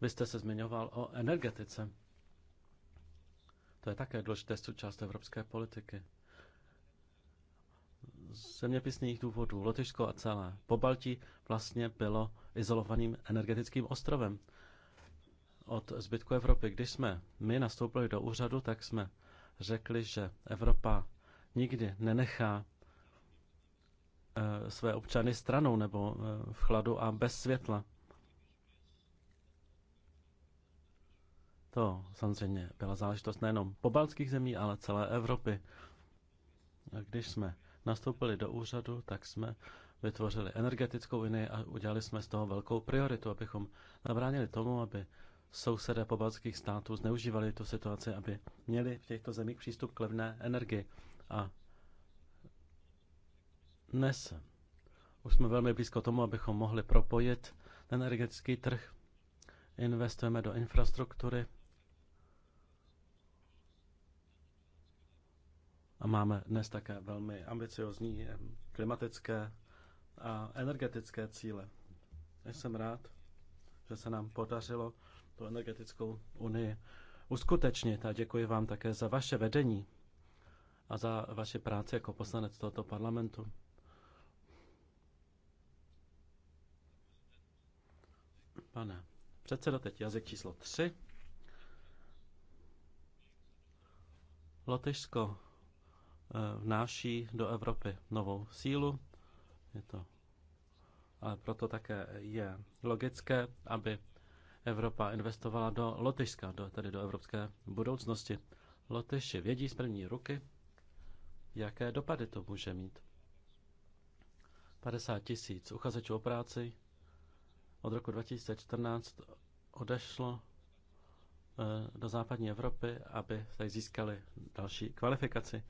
Vy jste se zmiňoval o energetice. To je také důležité součást evropské politiky. Z zeměpisných důvodů Lotyšsko a celé Pobaltí vlastně bylo izolovaným energetickým ostrovem od zbytku Evropy. Když jsme my nastoupili do úřadu, tak jsme řekli, že Evropa nikdy nenechá eh, své občany stranou nebo eh, v chladu a bez světla. To samozřejmě byla záležitost nejenom pobaltských zemí, ale celé Evropy. A když jsme nastoupili do úřadu, tak jsme vytvořili energetickou unii a udělali jsme z toho velkou prioritu, abychom zabránili tomu, aby sousedé pobaltských států zneužívali tu situaci, aby měli v těchto zemích přístup k levné energii. A dnes už jsme velmi blízko tomu, abychom mohli propojit energetický trh. Investujeme do infrastruktury a máme dnes také velmi ambiciozní eh, klimatické a energetické cíle. Jsem rád, že se nám podařilo tu energetickou unii uskutečnit. A děkuji vám také za vaše vedení a za vaše práci jako poslanec tohoto parlamentu. Pane předsedo, teď jazyk číslo 3. Lotyšsko eh, vnáší do Evropy novou sílu. Je to ale proto také je logické, aby Evropa investovala do Lotyšska, do, tedy do evropské budoucnosti. Lotyši vědí z první ruky, jaké dopady to může mít. 50 tisíc uchazečů o práci od roku 2014 odešlo eh, do západní Evropy, aby tady získali další kvalifikaci.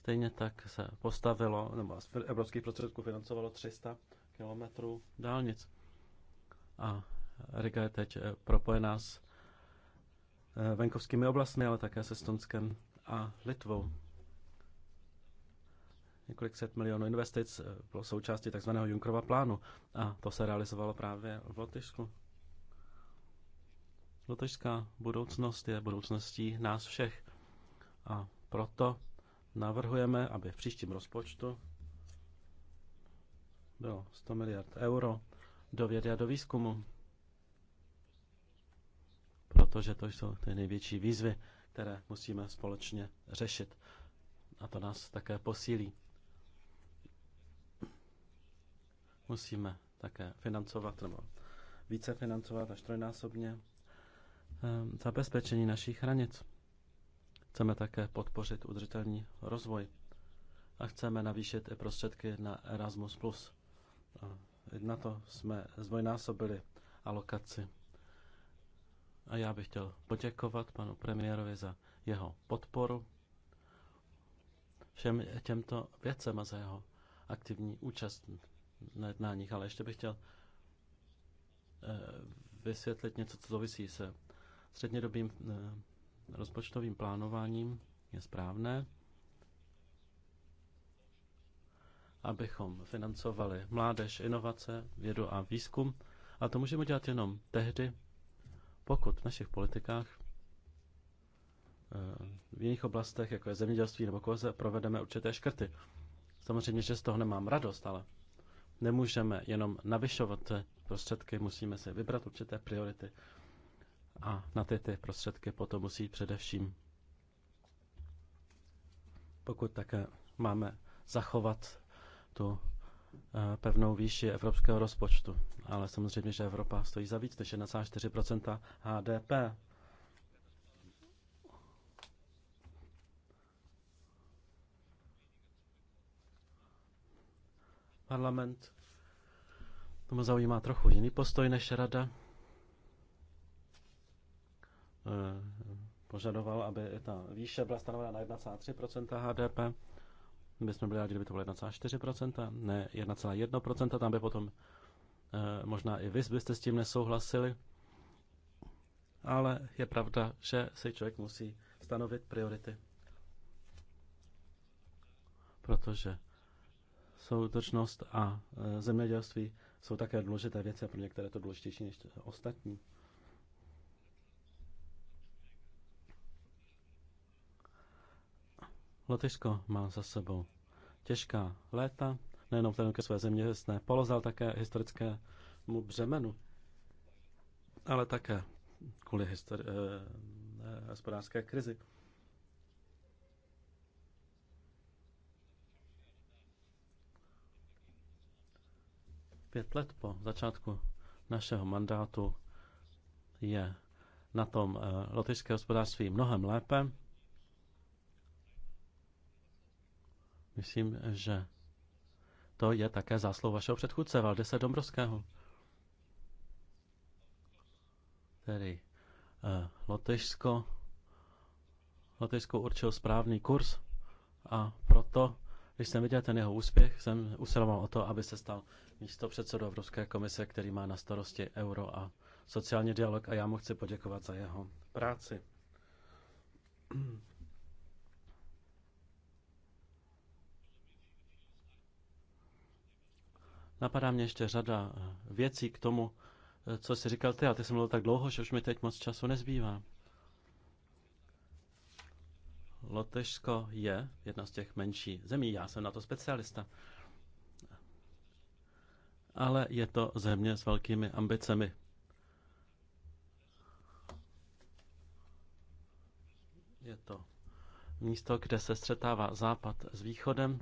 Stejně tak se postavilo, nebo z evropských prostředků financovalo 300 kilometrů dálnic. A Riga je teď eh, propojená s eh, venkovskými oblastmi, ale také se Stonskem a Litvou. Několik set milionů investic eh, bylo součástí tzv. Junkrova plánu a to se realizovalo právě v Lotyšsku. Lotyšská budoucnost je budoucností nás všech a proto navrhujeme, aby v příštím rozpočtu do 100 miliard euro do vědy a do výzkumu, protože to jsou ty největší výzvy, které musíme společně řešit. A to nás také posílí. Musíme také financovat nebo více financovat až trojnásobně ehm, zabezpečení našich hranic. Chceme také podpořit udržitelný rozvoj a chceme navýšit i prostředky na Erasmus+ na to jsme zdvojnásobili alokaci. A já bych chtěl poděkovat panu premiérovi za jeho podporu všem těmto věcem a za jeho aktivní účast na jednáních. Ale ještě bych chtěl eh, vysvětlit něco, co souvisí se střednědobým eh, rozpočtovým plánováním. Je správné, abychom financovali mládež, inovace, vědu a výzkum. A to můžeme dělat jenom tehdy, pokud v našich politikách, eh, v jiných oblastech, jako je zemědělství nebo koze, provedeme určité škrty. Samozřejmě, že z toho nemám radost, ale nemůžeme jenom navyšovat prostředky, musíme si vybrat určité priority a na ty, ty prostředky potom musí především, pokud také máme zachovat tu eh, pevnou výši evropského rozpočtu. Ale samozřejmě, že Evropa stojí za víc než 1,4 HDP. Parlament tomu zaujímá trochu jiný postoj než rada. Eh, požadoval, aby ta výše byla stanovena na 1,3 HDP bychom byli rádi, kdyby to bylo 1,4%, ne 1,1%, tam by potom eh, možná i vy byste s tím nesouhlasili. Ale je pravda, že si člověk musí stanovit priority. Protože soudržnost a eh, zemědělství jsou také důležité věci a pro některé to důležitější než ostatní. Lotyšsko má za sebou těžká léta, nejenom ten ke své zemědělství, polozal také historickému břemenu, ale také kvůli histori- eh, eh, hospodářské krizi. Pět let po začátku našeho mandátu je na tom eh, lotyšské hospodářství mnohem lépe. Myslím, že to je také zásluh vašeho předchůdce Valdese Dombrovského. Tedy eh, Lotyšsko, Lotyšsko určil správný kurz a proto, když jsem viděl ten jeho úspěch, jsem usiloval o to, aby se stal místo předsedu Evropské komise, který má na starosti euro a sociální dialog a já mu chci poděkovat za jeho práci. Napadá mě ještě řada eh, věcí k tomu, eh, co jsi říkal ty, a ty jsem mluvil tak dlouho, že už mi teď moc času nezbývá. Lotyšsko je jedna z těch menší zemí, já jsem na to specialista. Ale je to země s velkými ambicemi. Je to místo, kde se střetává západ s východem.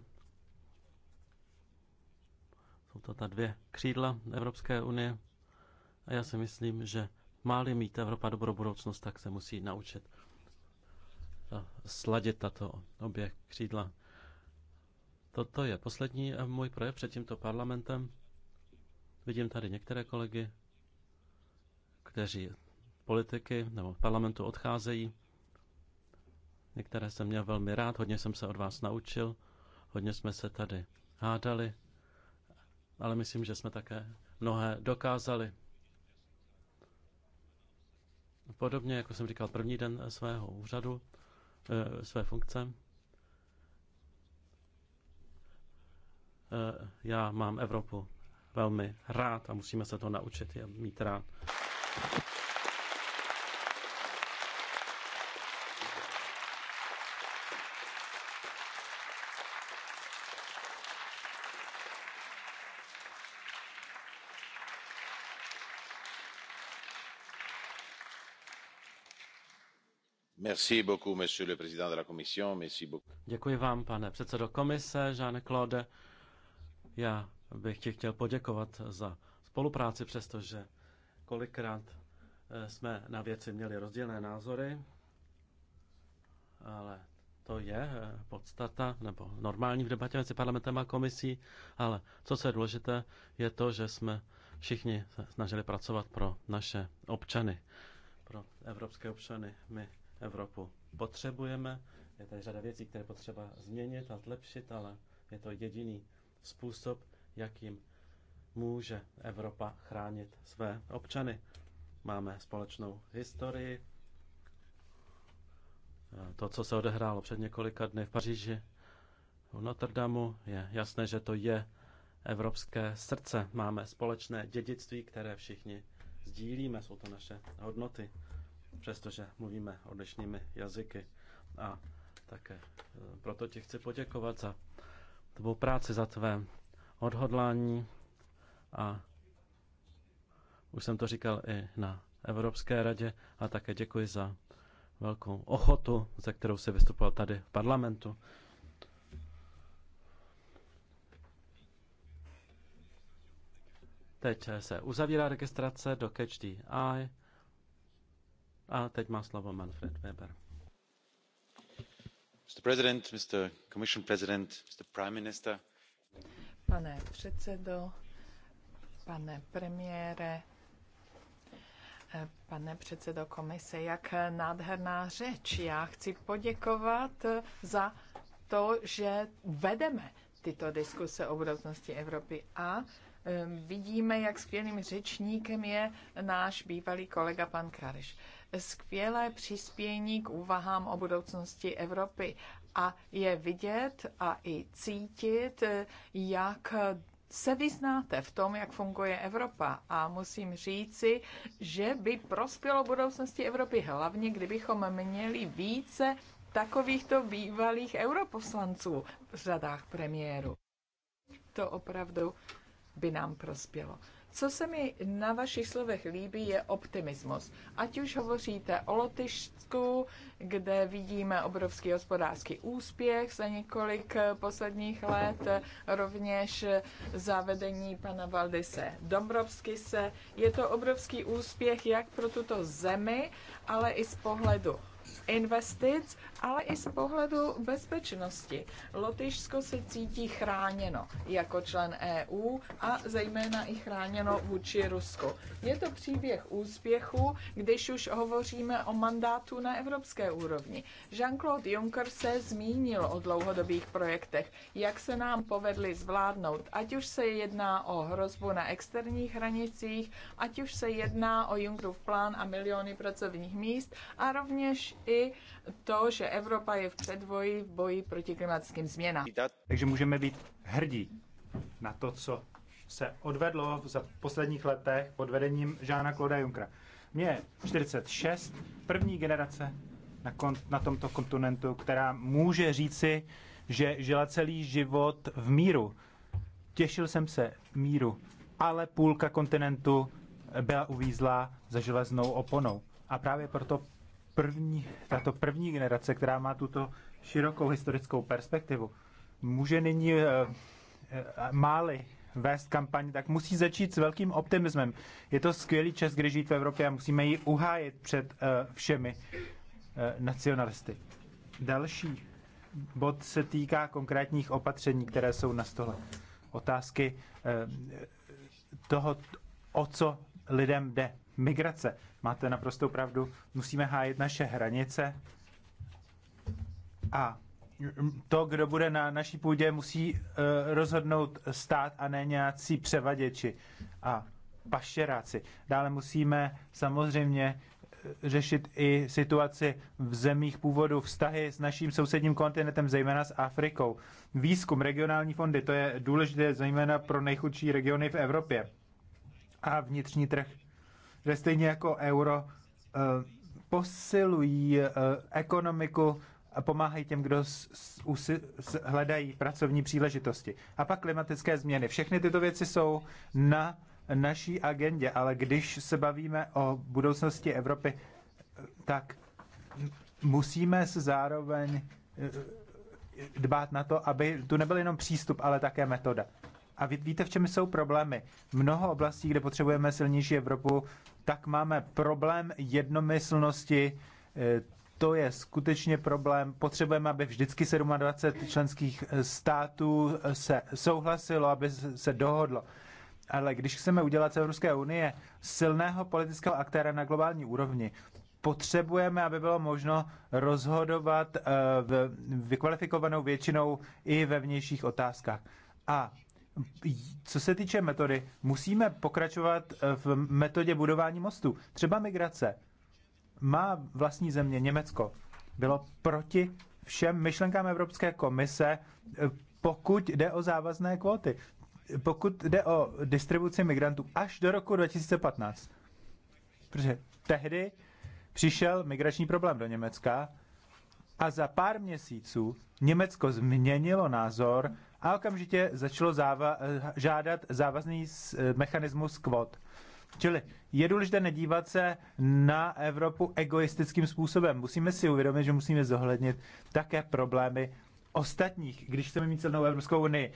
Jsou to ta dvě křídla Evropské unie. A já si myslím, že má-li mít Evropa dobrou budoucnost, tak se musí naučit sladit tato obě křídla. Toto je poslední eh, můj projev před tímto parlamentem. Vidím tady některé kolegy, kteří politiky nebo parlamentu odcházejí. Některé jsem měl velmi rád, hodně jsem se od vás naučil, hodně jsme se tady hádali ale myslím, že jsme také mnohé dokázali. Podobně, jako jsem říkal, první den svého úřadu, eh, své funkce, eh, já mám Evropu velmi rád a musíme se to naučit a mít rád. Děkuji vám, pane předsedo komise, Jean-Claude. Já bych ti chtěl poděkovat za spolupráci, přestože kolikrát eh, jsme na věci měli rozdílné názory, ale to je eh, podstata, nebo normální v debatě mezi parlamentem a komisí, ale co se je důležité, je to, že jsme všichni se snažili pracovat pro naše občany, pro evropské občany. My Evropu potřebujeme. Je tady řada věcí, které potřeba změnit a zlepšit, ale je to jediný způsob, jakým může Evropa chránit své občany. Máme společnou historii. To, co se odehrálo před několika dny v Paříži u Notre Dame, je jasné, že to je evropské srdce. Máme společné dědictví, které všichni sdílíme, jsou to naše hodnoty přestože mluvíme odlišnými jazyky. A také e, proto ti chci poděkovat za tvou práci, za tvé odhodlání a už jsem to říkal i na Evropské radě a také děkuji za velkou ochotu, za kterou se vystupoval tady v parlamentu. Teď se uzavírá registrace do Eye. A teď má slovo Manfred Weber. Mr. President, Mr. Commission President, Mr. Prime Minister. Pane předsedo, pane premiére, Pane předsedo komise, jak nádherná řeč. Já chci poděkovat za to, že vedeme tyto diskuse o budoucnosti Evropy a Ehm, vidíme, jak skvělým řečníkem je náš bývalý kolega pan Kareš. Skvělé přispění k úvahám o budoucnosti Evropy a je vidět a i cítit, eh, jak se vyznáte v tom, jak funguje Evropa a musím říci, že by prospělo budoucnosti Evropy hlavně, kdybychom měli více takovýchto bývalých europoslanců v řadách premiéru. To opravdu by nám prospělo. Co se mi na vašich slovech líbí, je optimismus. Ať už hovoříte o Lotyšsku, kde vidíme obrovský hospodářský úspěch za několik eh, posledních let, rovněž zavedení pana Valdise se Je to obrovský úspěch jak pro tuto zemi, ale i z pohledu investic, ale i z pohledu bezpečnosti. Lotyšsko se cítí chráněno jako člen EU a zejména i chráněno vůči Rusku. Je to příběh úspěchu, když už hovoříme o mandátu na evropské úrovni. Jean-Claude Juncker se zmínil o dlouhodobých projektech, jak se nám povedly zvládnout, ať už se jedná o hrozbu na externích hranicích, ať už se jedná o Junckerův plán a miliony pracovních míst a rovněž i to, že Evropa je v předvoji v boji proti klimatickým změnám. Takže můžeme být hrdí na to, co se odvedlo za posledních letech pod vedením Žána Kloda Junkra. Mě je 46, první generace na, kon, na tomto kontinentu, která může říci, že žila celý život v míru. Těšil jsem se míru, ale půlka kontinentu byla uvízla za železnou oponou. A právě proto první, tato první generace, která má tuto širokou historickou perspektivu, může nyní eh, eh, máli vést kampaň, tak musí začít s velkým optimismem. Je to skvělý čas, kdy žít v Evropě a musíme ji uhájit před eh, všemi nacionalisty. Další bod se týká konkrétních opatření, které jsou na stole. Otázky toho, o co lidem jde migrace. Máte naprostou pravdu, musíme hájit naše hranice a to, kdo bude na naší půdě, musí uh, rozhodnout stát a ne nějací převaděči a pašeráci. Dále musíme samozřejmě eh, řešit i situaci v zemích původu, vztahy s naším sousedním kontinentem, zejména s Afrikou. Výzkum, regionální fondy, to je důležité zejména pro nejchudší regiony v Evropě a vnitřní trh že stejně jako euro eh, posilují eh, ekonomiku a pomáhají těm, kdo hledají pracovní příležitosti. A pak klimatické změny. Všechny tyto věci jsou na naší agendě, ale když se bavíme o budoucnosti Evropy, eh, tak musíme se zároveň dbát na to, aby tu nebyl jenom přístup, ale také metoda. A ví, víte, v čem jsou problémy? Mnoho oblastí, kde potřebujeme silnější Evropu, tak máme problém jednomyslnosti. E, to je skutečně problém. Potřebujeme, aby vždycky 27 členských e, států e, se souhlasilo, aby se dohodlo. Ale když chceme udělat z Evropské unie silného politického aktéra na globální úrovni, potřebujeme, aby bylo možno rozhodovat v vykvalifikovanou většinou i ve vnějších otázkách. A co se týče metody, musíme pokračovat eh, v metodě budování mostu. Třeba migrace. Má vlastní země, Německo, bylo proti všem myšlenkám Evropské komise, eh, pokud jde o závazné kvóty, pokud jde o distribuci migrantů až do roku 2015. Protože tehdy přišel migrační problém do Německa a za pár měsíců Německo změnilo názor a okamžitě začalo záva- žádat závazný mechanismus kvot. Čili je důležité nedívat se na Evropu egoistickým způsobem. Musíme si uvědomit, že musíme zohlednit také problémy ostatních, když chceme mít celou Evropskou unii.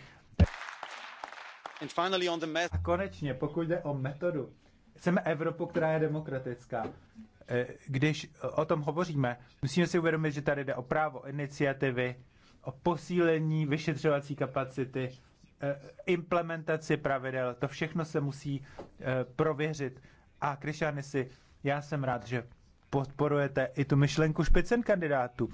A konečně, pokud jde o metodu, chceme Evropu, která je demokratická. Eh, když o tom hovoříme, musíme si uvědomit, že tady jde o právo iniciativy, o posílení vyšetřovací kapacity, e, implementaci pravidel, to všechno se musí e, prověřit. A Krišany si, já jsem rád, že podporujete i tu myšlenku špicen kandidátů.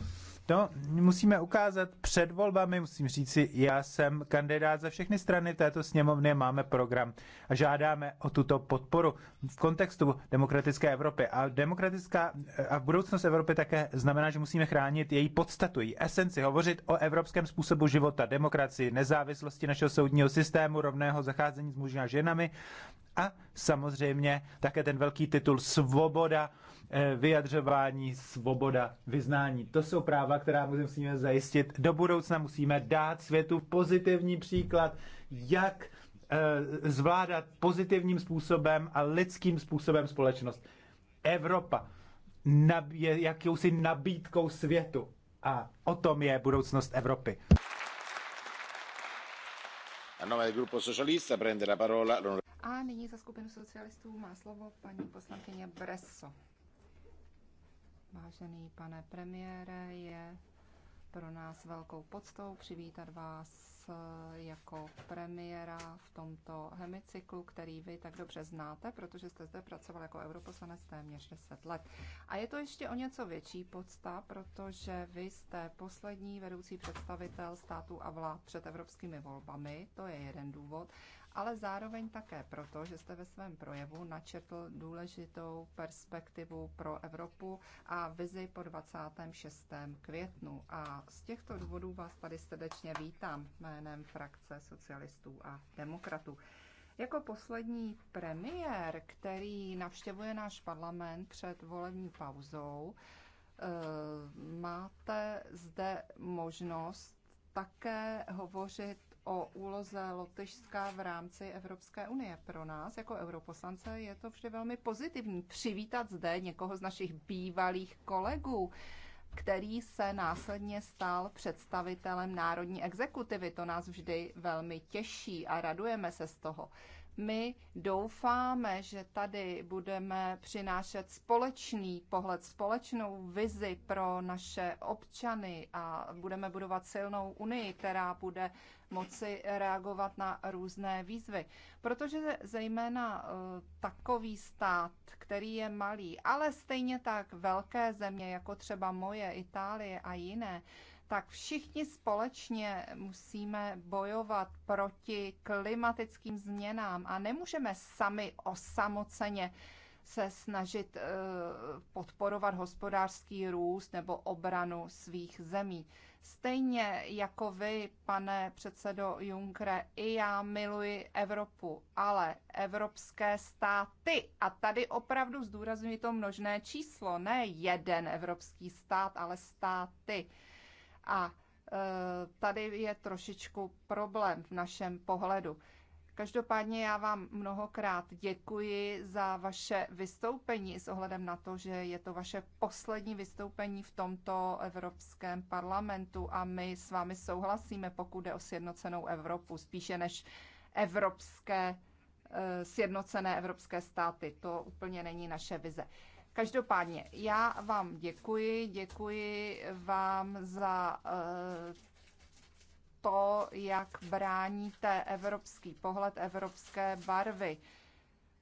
To no, musíme ukázat před volbami, musím říct si, já jsem kandidát za všechny strany této sněmovny, máme program a žádáme o tuto podporu v kontextu demokratické Evropy. A demokratická a budoucnost Evropy také znamená, že musíme chránit její podstatu, její esenci, hovořit o evropském způsobu života, demokracii, nezávislosti našeho soudního systému, rovného zacházení s muži a ženami a samozřejmě také ten velký titul Svoboda Eh, vyjadřování, svoboda, vyznání. To jsou práva, která musíme zajistit. Do budoucna musíme dát světu pozitivní příklad, jak eh, zvládat pozitivním způsobem a lidským způsobem společnost. Evropa je jakousi nabídkou světu a o tom je budoucnost Evropy. A nyní za skupinu socialistů má slovo paní poslankyně Bresso. Vážený pane premiére, je pro nás velkou poctou přivítat vás eh, jako premiéra v tomto hemicyklu, který vy tak dobře znáte, protože jste zde pracoval jako europoslanec téměř 10 let. A je to ještě o něco větší podsta, protože vy jste poslední vedoucí představitel států a vlád před evropskými volbami, to je jeden důvod ale zároveň také proto, že jste ve svém projevu načetl důležitou perspektivu pro Evropu a vizi po 26. květnu. A z těchto důvodů vás tady srdečně vítám jménem frakce socialistů a demokratů. Jako poslední premiér, který navštěvuje náš parlament před volební pauzou, eh, máte zde možnost také hovořit o úloze Lotyšska v rámci Evropské unie. Pro nás jako europoslance je to vždy velmi pozitivní přivítat zde někoho z našich bývalých kolegů, který se následně stal představitelem národní exekutivy. To nás vždy velmi těší a radujeme se z toho. My doufáme, že tady budeme přinášet společný pohled, společnou vizi pro naše občany a budeme budovat silnou unii, která bude moci reagovat na různé výzvy. Protože zejména e, takový stát, který je malý, ale stejně tak velké země, jako třeba moje, Itálie a jiné, tak všichni společně musíme bojovat proti klimatickým změnám a nemůžeme sami osamoceně se snažit e, podporovat hospodářský růst nebo obranu svých zemí. Stejně jako vy, pane předsedo Junkre, i já miluji Evropu, ale evropské státy. A tady opravdu zdůrazňuji to množné číslo, ne jeden evropský stát, ale státy. A e, tady je trošičku problém v našem pohledu. Každopádně já vám mnohokrát děkuji za vaše vystoupení s ohledem na to, že je to vaše poslední vystoupení v tomto Evropském parlamentu a my s vámi souhlasíme, pokud jde o sjednocenou Evropu, spíše než evropské, eh, sjednocené evropské státy. To úplně není naše vize. Každopádně já vám děkuji, děkuji vám za eh, to, jak bráníte evropský pohled, evropské barvy.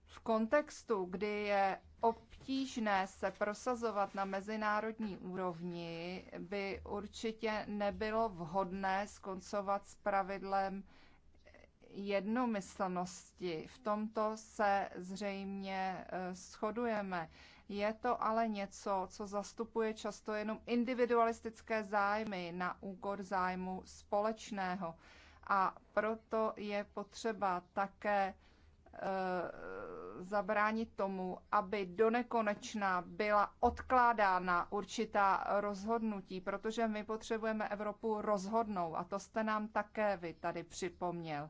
V kontextu, kdy je obtížné se prosazovat na mezinárodní úrovni, by určitě nebylo vhodné skoncovat s pravidlem jednomyslnosti. V tomto se zřejmě eh, shodujeme. Je to ale něco, co zastupuje často jenom individualistické zájmy na úkor zájmu společného. A proto je potřeba také eh, zabránit tomu, aby do nekonečna byla odkládána určitá rozhodnutí, protože my potřebujeme Evropu rozhodnou a to jste nám také vy tady připomněl.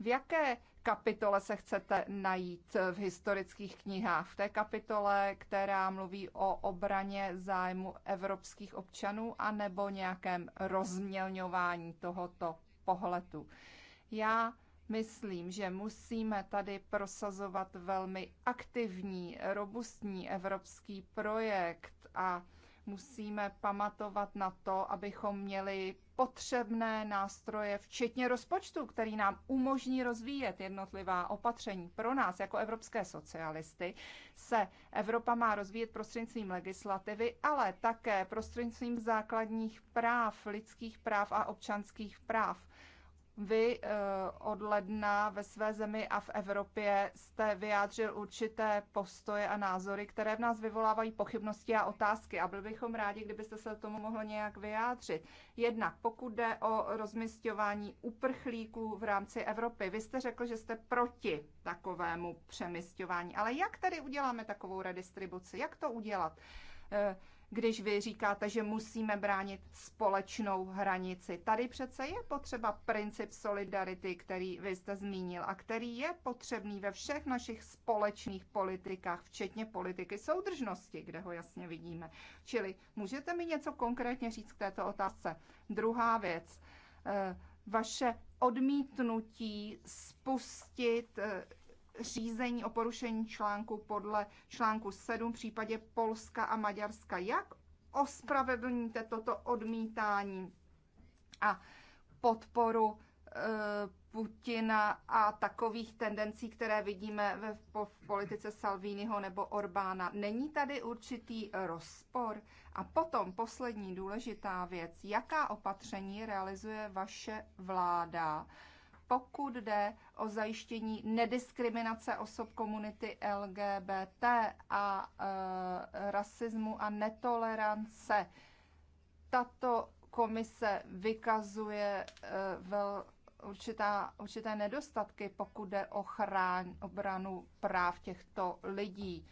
V jaké kapitole se chcete najít v historických knihách. V té kapitole, která mluví o obraně zájmu evropských občanů a nebo nějakém rozmělňování tohoto pohledu. Já myslím, že musíme tady prosazovat velmi aktivní, robustní evropský projekt a musíme pamatovat na to, abychom měli potřebné nástroje, včetně rozpočtu, který nám umožní rozvíjet jednotlivá opatření. Pro nás, jako evropské socialisty, se Evropa má rozvíjet prostřednictvím legislativy, ale také prostřednictvím základních práv, lidských práv a občanských práv. Vy eh, od ledna ve své zemi a v Evropě jste vyjádřil určité postoje a názory, které v nás vyvolávají pochybnosti a otázky a byl bychom rádi, kdybyste se tomu mohlo nějak vyjádřit. Jednak pokud jde o rozmysťování uprchlíků v rámci Evropy, vy jste řekl, že jste proti takovému přemysťování, ale jak tedy uděláme takovou redistribuci? Jak to udělat? Eh, když vy říkáte, že musíme bránit společnou hranici. Tady přece je potřeba princip solidarity, který vy jste zmínil a který je potřebný ve všech našich společných politikách, včetně politiky soudržnosti, kde ho jasně vidíme. Čili můžete mi něco konkrétně říct k této otázce? Druhá věc. Eh, vaše odmítnutí spustit eh, řízení o porušení článku podle článku 7 v případě Polska a Maďarska. Jak ospravedlníte toto odmítání a podporu eh, Putina a takových tendencí, které vidíme ve, v politice Salviniho nebo Orbána. Není tady určitý rozpor? A potom poslední důležitá věc. Jaká opatření realizuje vaše vláda? pokud jde o zajištění nediskriminace osob komunity LGBT a e, rasismu a netolerance. Tato komise vykazuje e, vel, určitá, určité nedostatky, pokud jde o chrán, obranu práv těchto lidí.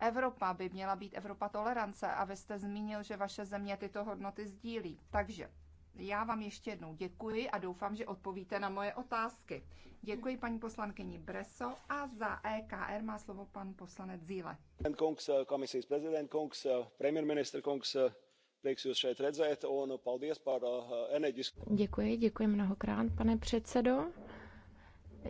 Evropa by měla být Evropa tolerance a vy jste zmínil, že vaše země tyto hodnoty sdílí. Takže já vám ještě jednou děkuji a doufám, že odpovíte na moje otázky. Děkuji paní poslankyni Breso a za EKR má slovo pan poslanec Zíle. Kungs, eh, komisijas prezident kungs, eh, premjerminister eh, Děkuji, děkuji mnohokrát, pane předsedo.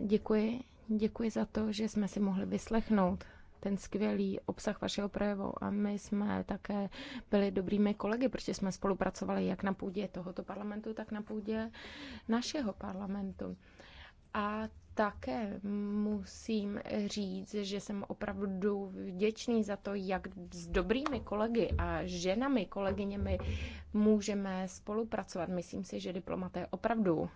Děkuji, děkuji za to, že jsme si mohli vyslechnout ten skvělý obsah vašeho projevu a my jsme také byli dobrými kolegy, protože jsme spolupracovali jak na půdě tohoto parlamentu, tak na půdě našeho parlamentu. A také musím říct, že jsem opravdu vděčný za to, jak s dobrými kolegy a ženami, kolegyněmi můžeme spolupracovat. Myslím si, že diplomaté opravdu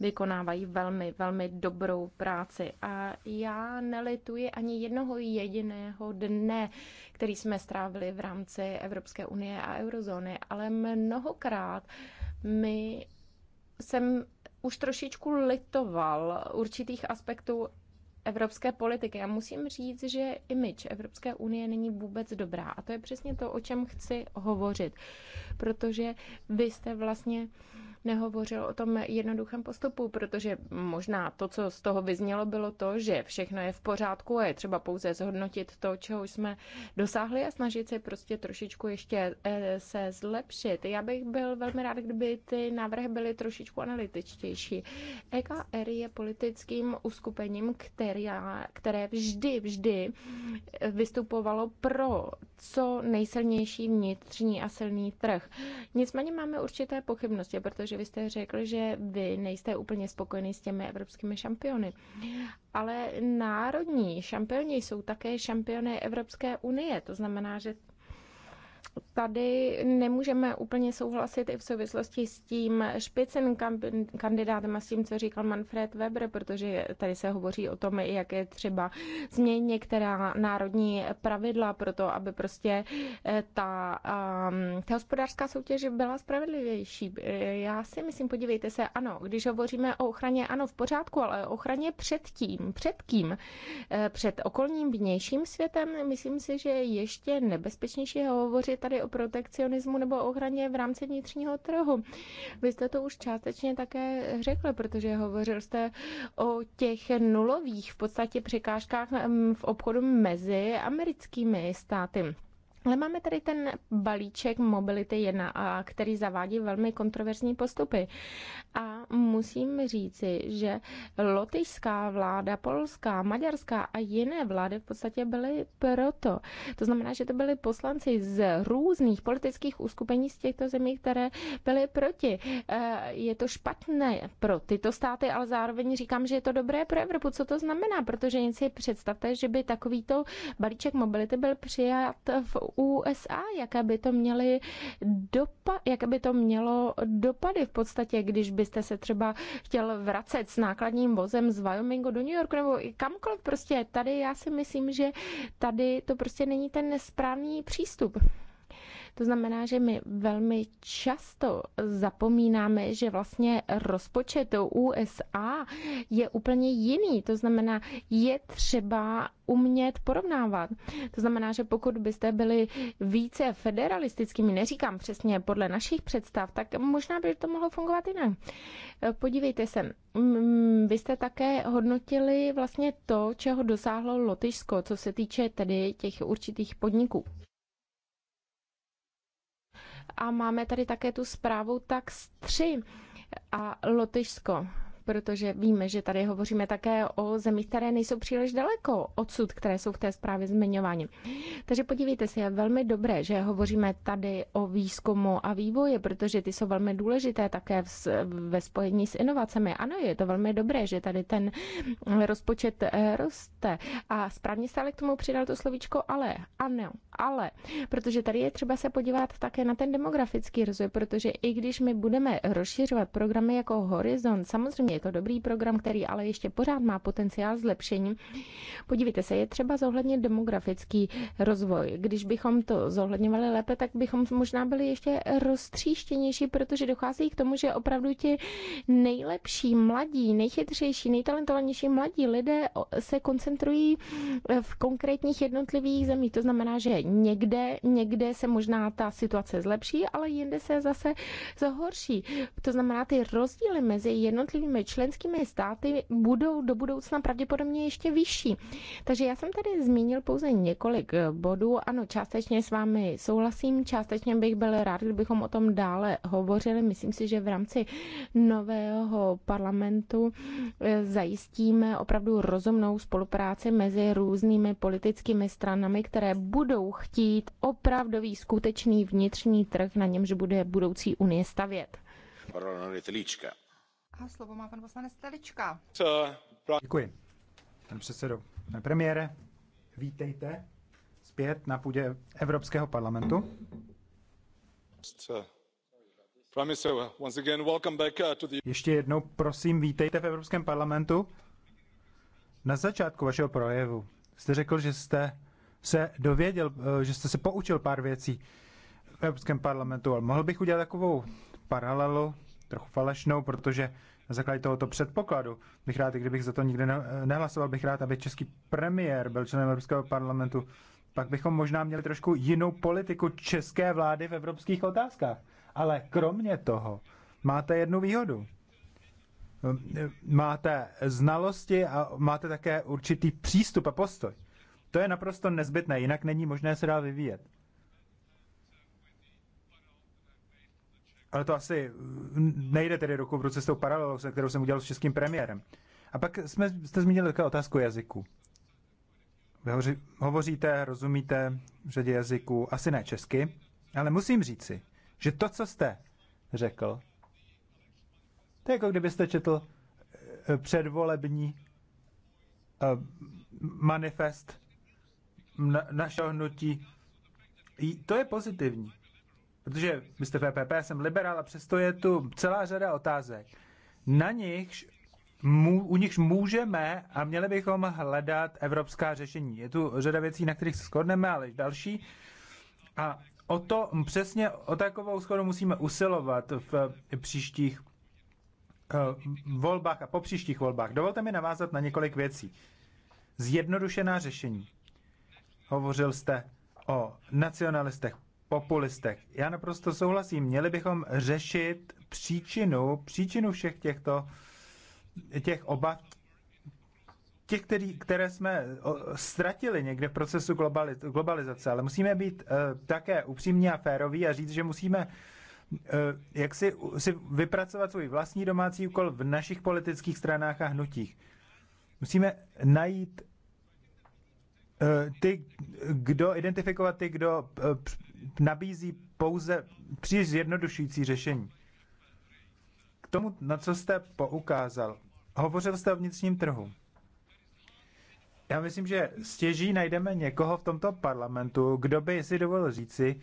vykonávají velmi, velmi dobrou práci. A já nelituji ani jednoho jediného dne, který jsme strávili v rámci Evropské unie a eurozóny, ale mnohokrát mi jsem už trošičku litoval určitých aspektů evropské politiky. Já musím říct, že image Evropské unie není vůbec dobrá. A to je přesně to, o čem chci hovořit. Protože vy jste vlastně uh, nehovořil o tom jednoduchém postupu, protože možná to, co z toho vyznělo, bylo to, že všechno je v pořádku a je třeba pouze zhodnotit to, čeho jsme dosáhli a snažit se prostě trošičku ještě eh, se zlepšit. Já bych byl velmi rád, kdyby ty návrhy byly trošičku analytičtější. EKR je politickým uskupením, které, které vždy, vždy eh, vystupovalo pro co nejsilnější vnitřní a silný trh. Nicméně máme určité pochybnosti, protože že vy jste řekl, že vy nejste úplně spokojený s těmi evropskými šampiony. Ale národní šampioni jsou také šampiony Evropské unie. To znamená, že tady nemůžeme úplně souhlasit i v souvislosti s tím špicen kandidátem a s tím, co říkal Manfred Weber, protože tady se hovoří o tom, jak je třeba změnit některá národní pravidla pro to, aby prostě eh, ta, ehm, ta hospodářská soutěž byla spravedlivější. Já si myslím, podívejte se, ano, když hovoříme o ochraně, ano, v pořádku, ale o ochraně před tím, před kým, eh, před okolním vnějším světem, myslím si, že ještě nebezpečnější hovoří hovořit tady o protekcionismu nebo o ochraně v rámci vnitřního trhu. Vy jste to už částečně také řekl, protože hovořil jste o těch nulových v podstatě překážkách v obchodu mezi americkými státy. Ale máme tady ten balíček Mobility 1, a který zavádí velmi kontroverzní postupy. A musím říci, že lotyšská vláda, polská, maďarská a jiné vlády v podstatě byly proto. To znamená, že to byli poslanci z různých politických uskupení z těchto zemí, které byly proti. Eh, je to špatné pro tyto státy, ale zároveň říkám, že je to dobré pro Evropu. Co to znamená? Protože jen si představte, že by takovýto balíček mobility byl přijat v USA, jaké by to měly dopa- jaké by to mělo dopady v podstatě, když byste se třeba chtěl vracet s nákladním vozem z Wyomingu do New Yorku nebo i kamkoliv prostě. Tady já si myslím, že tady to prostě není ten správný přístup. To znamená, že my velmi často zapomínáme, že vlastně rozpočet USA je úplně jiný. To znamená, je třeba umět porovnávat. To znamená, že pokud byste byli více federalistickými, neříkám přesně podle našich představ, tak možná by to mohlo fungovat jinak. Podívejte se, vy jste také hodnotili vlastně to, čeho dosáhlo Lotyšsko, co se týče tedy těch určitých podniků. A máme tady také tu zprávu tax 3 a Lotyšsko protože víme, že tady hovoříme také o zemích, které nejsou příliš daleko odsud, které jsou v té zprávě zmiňovány. Takže podívejte se, je velmi dobré, že hovoříme tady o výzkumu a vývoji, protože ty jsou velmi důležité také ve spojení s inovacemi. Ano, je to velmi dobré, že tady ten rozpočet eh, roste. A správně stále k tomu přidal to slovíčko ale. Ano, ale. Protože tady je třeba se podívat také na ten demografický rozvoj, protože i když my budeme rozšiřovat programy jako Horizon, samozřejmě je to dobrý program, který ale ještě pořád má potenciál zlepšení. Podívejte se, je třeba zohlednit demografický rozvoj. Když bychom to zohledňovali lépe, tak bychom možná byli ještě roztříštěnější, protože dochází k tomu, že opravdu ti nejlepší, mladí, nejchytřejší, nejtalentovanější mladí lidé se koncentrují v konkrétních jednotlivých zemích. To znamená, že někde, někde se možná ta situace zlepší, ale jinde se zase zhorší. To znamená, ty rozdíly mezi jednotlivými členskými státy budou do budoucna pravděpodobně ještě vyšší. Takže já jsem tady zmínil pouze několik eh, bodů. Ano, částečně s vámi souhlasím, částečně bych byl rád, kdybychom o tom dále hovořili. Myslím si, že v rámci nového parlamentu eh, zajistíme opravdu rozumnou spolupráci mezi různými politickými stranami, které budou chtít opravdový skutečný vnitřní trh, na němž bude budoucí unie stavět. Parolone a slovo má pan poslanec Telička. Děkuji. Pane předsedo, pane premiére, vítejte zpět na půdě Evropského parlamentu. Uh, Ještě jednou, prosím, vítejte v Evropském parlamentu. Na začátku vašeho projevu jste řekl, že jste se dověděl, uh, že jste se poučil pár věcí v Evropském parlamentu, ale mohl bych udělat takovou paralelu trochu falešnou, protože na základě tohoto předpokladu bych rád, i kdybych za to nikdy nehlasoval, bych rád, aby český premiér byl členem Evropského parlamentu. Pak bychom možná měli trošku jinou politiku české vlády v evropských otázkách. Ale kromě toho máte jednu výhodu. Máte znalosti a máte také určitý přístup a postoj. To je naprosto nezbytné, jinak není možné se dál vyvíjet. Ale to asi nejde tedy ruku v ruce s tou paralelou, se kterou jsem udělal s českým premiérem. A pak jsme, jste zmínili také otázku jazyku. Vy hoři, hovoříte, rozumíte v řadě jazyků, asi ne česky, ale musím říci, že to, co jste řekl, to je jako kdybyste četl eh, předvolební eh, manifest na, našeho hnutí. To je pozitivní protože vy jste PPP, já jsem liberál a přesto je tu celá řada otázek. Na nich mů, u nichž můžeme a měli bychom hledat evropská řešení. Je tu řada věcí, na kterých se shodneme, ale i další. A o to přesně o takovou schodu musíme usilovat v příštích uh, volbách a po příštích volbách. Dovolte mi navázat na několik věcí. Zjednodušená řešení. Hovořil jste o nacionalistech, populistech. Já naprosto souhlasím, měli bychom řešit příčinu, příčinu všech těchto těch obav, těch, který, které jsme ztratili někde v procesu globalizace, ale musíme být uh, také upřímní a féroví a říct, že musíme uh, jak si, si vypracovat svůj vlastní domácí úkol v našich politických stranách a hnutích. Musíme najít uh, ty, kdo identifikovat ty, kdo nabízí pouze příliš zjednodušující řešení. K tomu, na co jste poukázal, hovořil jste o vnitřním trhu. Já myslím, že stěží najdeme někoho v tomto parlamentu, kdo by si dovolil říci,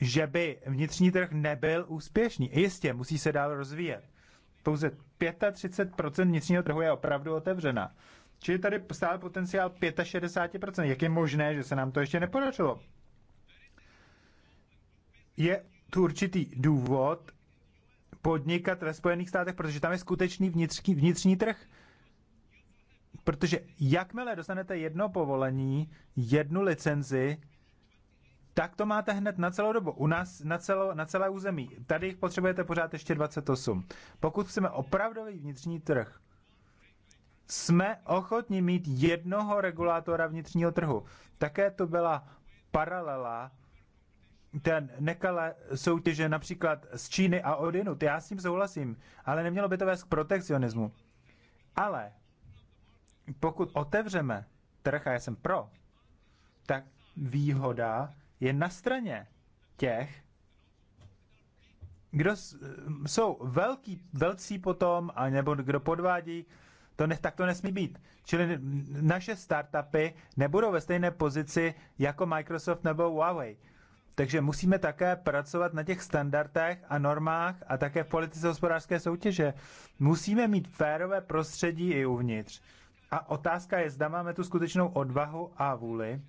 že by vnitřní trh nebyl úspěšný. Jistě, musí se dál rozvíjet. Pouze 35% vnitřního trhu je opravdu otevřená. Čili tady stále potenciál 65%. Jak je možné, že se nám to ještě nepodařilo? je tu určitý důvod podnikat ve Spojených státech, protože tam je skutečný vnitřní, vnitřní trh. Protože jakmile dostanete jedno povolení, jednu licenzi, tak to máte hned na celou dobu. U nás na, celo, na celé území. Tady jich potřebujete pořád ještě 28. Pokud chceme opravdový vnitřní trh, jsme ochotni mít jednoho regulátora vnitřního trhu. Také to byla paralela ten nekalé soutěže například z Číny a odinu, Já s tím souhlasím, ale nemělo by to vést k protekcionismu. Ale pokud otevřeme trh, a já jsem pro, tak výhoda je na straně těch, kdo jsou velký, velcí potom, a nebo kdo podvádí, to ne, tak to nesmí být. Čili naše startupy nebudou ve stejné pozici jako Microsoft nebo Huawei. Takže musíme také pracovat na těch standardech a normách a také v politice hospodářské soutěže. Musíme mít férové prostředí i uvnitř. A otázka je, zda máme tu skutečnou odvahu a vůli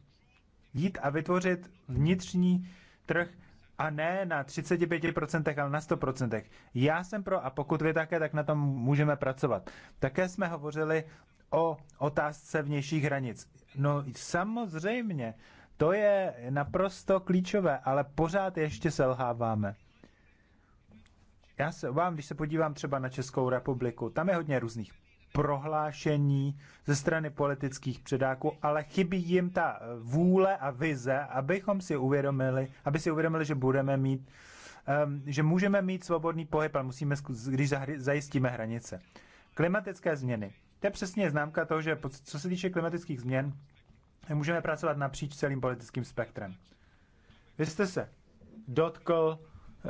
jít a vytvořit vnitřní trh a ne na 35%, ale na 100%. Já jsem pro a pokud vy také, tak na tom můžeme pracovat. Také jsme hovořili o otázce vnějších hranic. No samozřejmě, to je naprosto klíčové, ale pořád ještě selháváme. Já se obávám, když se podívám třeba na Českou republiku, tam je hodně různých prohlášení ze strany politických předáků, ale chybí jim ta vůle a vize, abychom si uvědomili, aby si uvědomili, že budeme mít, um, že můžeme mít svobodný pohyb, ale musíme, když zajistíme hranice. Klimatické změny. To je přesně známka toho, že co se týče klimatických změn, Můžeme pracovat napříč celým politickým spektrem. Vy jste se dotkl eh,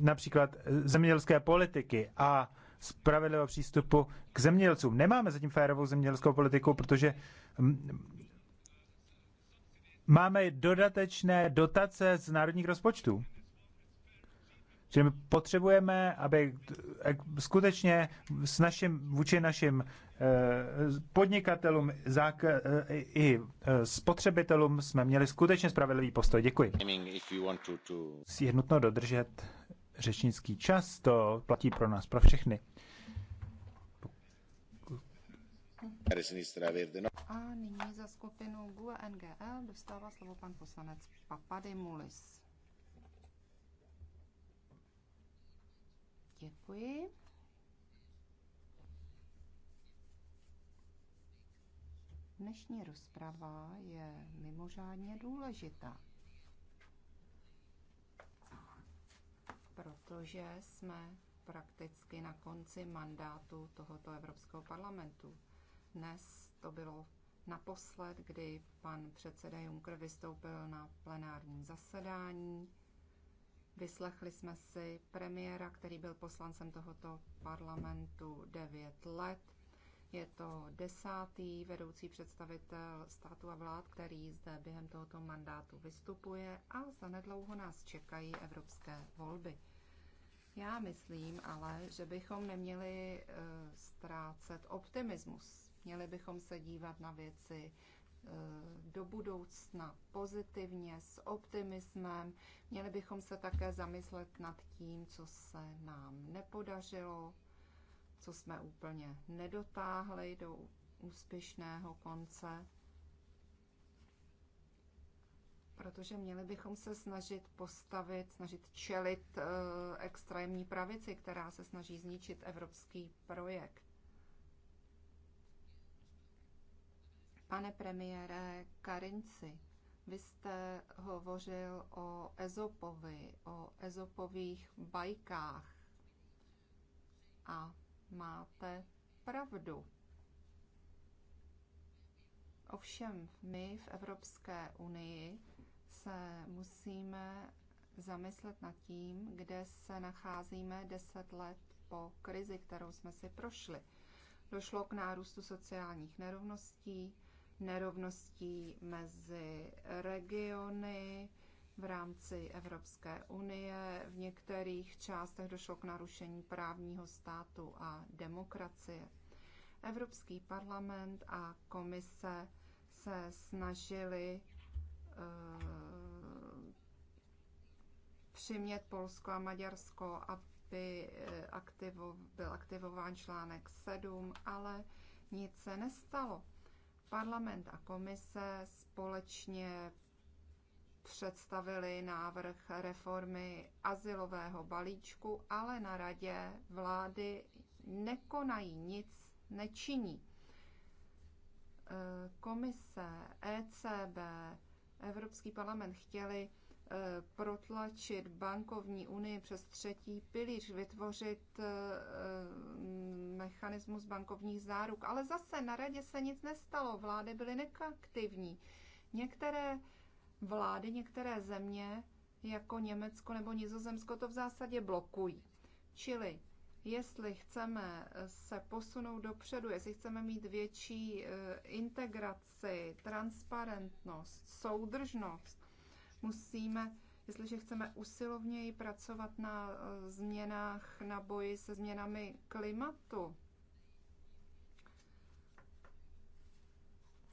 například zemědělské politiky a spravedlivého přístupu k zemědělcům. Nemáme zatím férovou zemědělskou politiku, protože mm, máme dodatečné dotace z národních rozpočtů. Že my potřebujeme, aby skutečně s našim, vůči našim eh, podnikatelům zák- eh, i eh, spotřebitelům jsme měli skutečně spravedlivý postoj. Děkuji. Je nutno dodržet řečnický čas, to platí pro nás, pro všechny. A nyní za skupinu GUE NGL dostává slovo pan poslanec Papadimulis. Děkuji. Dnešní rozprava je mimořádně důležitá, protože jsme prakticky na konci mandátu tohoto Evropského parlamentu. Dnes to bylo naposled, kdy pan předseda Juncker vystoupil na plenárním zasedání Vyslechli jsme si premiéra, který byl poslancem tohoto parlamentu 9 let. Je to desátý vedoucí představitel státu a vlád, který zde během tohoto mandátu vystupuje a zanedlouho nás čekají evropské volby. Já myslím ale, že bychom neměli e, ztrácet optimismus. Měli bychom se dívat na věci Eh, do budoucna pozitivně, s optimismem. Měli bychom se také zamyslet nad tím, co se nám nepodařilo, co jsme úplně nedotáhli do úspěšného konce. Protože měli bychom se snažit postavit, snažit čelit eh, extrémní pravici, která se snaží zničit evropský projekt. Pane premiére Karinci, vy jste hovořil o Ezopovi, o Ezopových bajkách. A máte pravdu. Ovšem my v Evropské unii se musíme zamyslet nad tím, kde se nacházíme deset let po krizi, kterou jsme si prošli. Došlo k nárůstu sociálních nerovností, nerovností mezi regiony v rámci Evropské unie. V některých částech došlo k narušení právního státu a demokracie. Evropský parlament a komise se snažili uh, přimět Polsko a Maďarsko, aby eh, aktivo, byl aktivován článek 7, ale nic se nestalo. Parlament a komise společně představili návrh reformy asilového balíčku, ale na radě vlády nekonají, nic nečiní. E, komise, ECB, Evropský parlament chtěli Eh, protlačit bankovní unii přes třetí pilíř, vytvořit eh, mm, mechanismus bankovních záruk. Ale zase na radě se nic nestalo, vlády byly nekaktivní. Některé vlády, některé země, jako Německo nebo Nizozemsko, to v zásadě blokují. Čili jestli chceme se posunout dopředu, jestli chceme mít větší eh, integraci, transparentnost, soudržnost, Musíme, jestliže chceme usilovněji pracovat na eh, změnách, na boji se změnami klimatu,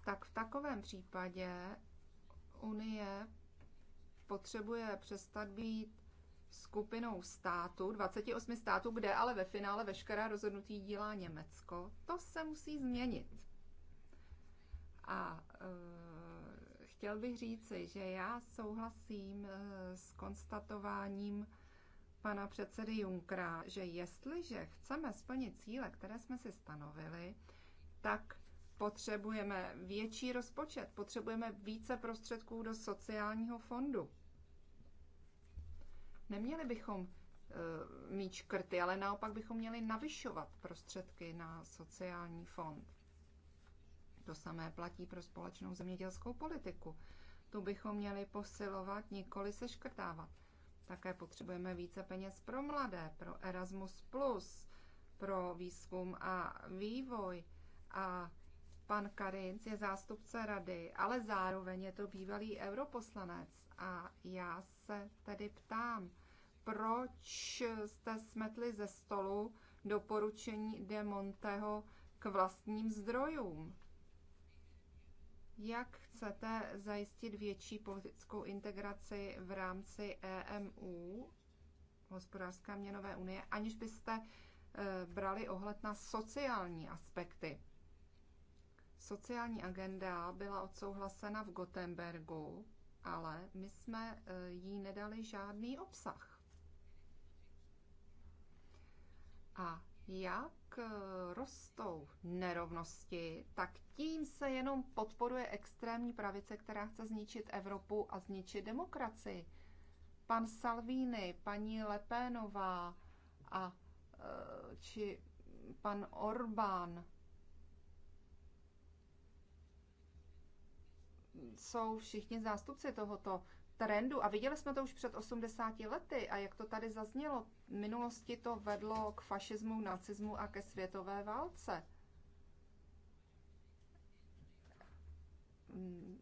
tak v takovém případě Unie potřebuje přestat být skupinou států, 28 států, kde ale ve finále veškerá rozhodnutí dělá Německo. To se musí změnit. A eh, chtěl bych říci, že já souhlasím eh, s konstatováním pana předsedy Junkra, že jestliže chceme splnit cíle, které jsme si stanovili, tak potřebujeme větší rozpočet, potřebujeme více prostředků do sociálního fondu. Neměli bychom eh, mít škrty, ale naopak bychom měli navyšovat prostředky na sociální fond. To samé platí pro společnou zemědělskou politiku. Tu bychom měli posilovat, nikoli se škrtávat. Také potřebujeme více peněz pro mladé, pro Erasmus+, pro výzkum a vývoj. A pan Karinc je zástupce rady, ale zároveň je to bývalý europoslanec. A já se tedy ptám, proč jste smetli ze stolu doporučení Demonteho k vlastním zdrojům? Jak chcete zajistit větší politickou integraci v rámci EMU, hospodářská měnové unie, aniž byste e, brali ohled na sociální aspekty? Sociální agenda byla odsouhlasena v Gothenbergu, ale my jsme e, jí nedali žádný obsah. A jak eh, rostou nerovnosti, tak tím se jenom podporuje extrémní pravice, která chce zničit Evropu a zničit demokracii. Pan Salvini, paní Lepénová a eh, či pan Orbán jsou všichni zástupci tohoto trendu a viděli jsme to už před 80 lety a jak to tady zaznělo, v minulosti to vedlo k fašismu, nacismu a ke světové válce. Mm,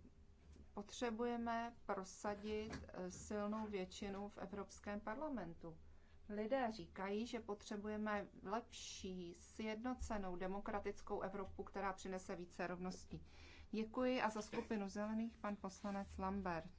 potřebujeme prosadit eh, silnou většinu v Evropském parlamentu. Lidé říkají, že potřebujeme lepší, sjednocenou demokratickou Evropu, která přinese více rovností. Děkuji a za skupinu zelených pan poslanec Lambert.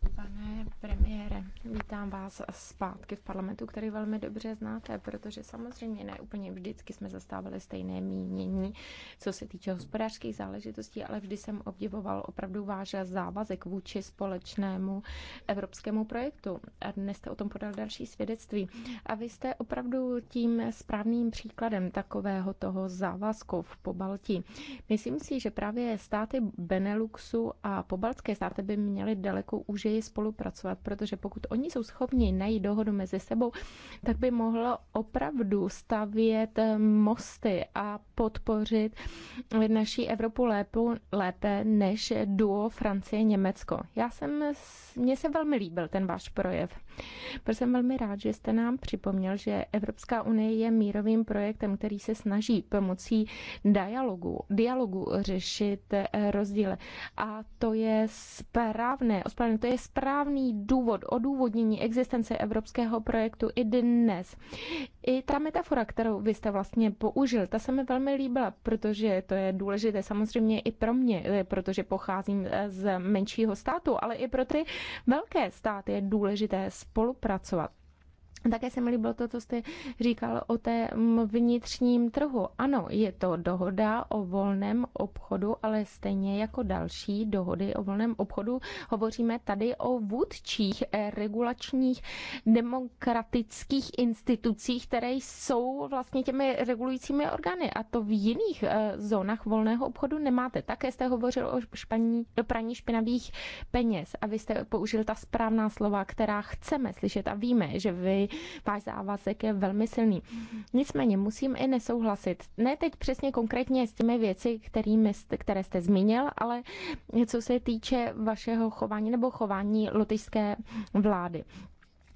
Pane premiére, vítám vás zpátky v parlamentu, který velmi dobře znáte, protože samozřejmě ne úplně vždycky jsme zastávali stejné mínění, co se týče hospodářských záležitostí, ale vždy jsem obdivoval opravdu váš závazek vůči společnému evropskému projektu. A dnes jste o tom podal další svědectví. A vy jste opravdu tím správným příkladem takového toho závazku v Pobaltí. Myslím si, že právě státy Beneluxu a pobaltské státy by měly daleko užeji spolupracovat, protože pokud oni jsou schopni najít dohodu mezi sebou, tak by mohlo opravdu stavět eh, mosty a podpořit naší Evropu lépe, lépe než duo Francie-Německo. Já jsem, mně se velmi líbil ten váš projev. Byl jsem velmi rád, že jste nám připomněl, že Evropská unie je mírovým projektem, který se snaží pomocí dialogu, dialogu řešit rozdíly. A to je správné, ospravedlně, to je správný důvod, odůvodnění existence evropského projektu i dnes. I ta metafora, kterou vy jste vlastně použil, ta se mi velmi líbila, protože to je důležité samozřejmě i pro mě, protože pocházím z menšího státu, ale i pro ty velké státy je důležité spolupracovat. Také se mi líbilo to, co jste říkal o té vnitřním trhu. Ano, je to dohoda o volném obchodu, ale stejně jako další dohody o volném obchodu hovoříme tady o vůdčích eh, regulačních demokratických institucích, které jsou vlastně těmi regulujícími orgány. A to v jiných eh, zónách volného obchodu nemáte. Také jste hovořil o španí, do praní špinavých peněz a vy jste použil ta správná slova, která chceme slyšet a víme, že vy váš závazek je velmi silný. Nicméně musím i nesouhlasit. Ne teď přesně konkrétně s těmi věci, kterými, které jste zmínil, ale co se týče vašeho chování nebo chování lotyšské vlády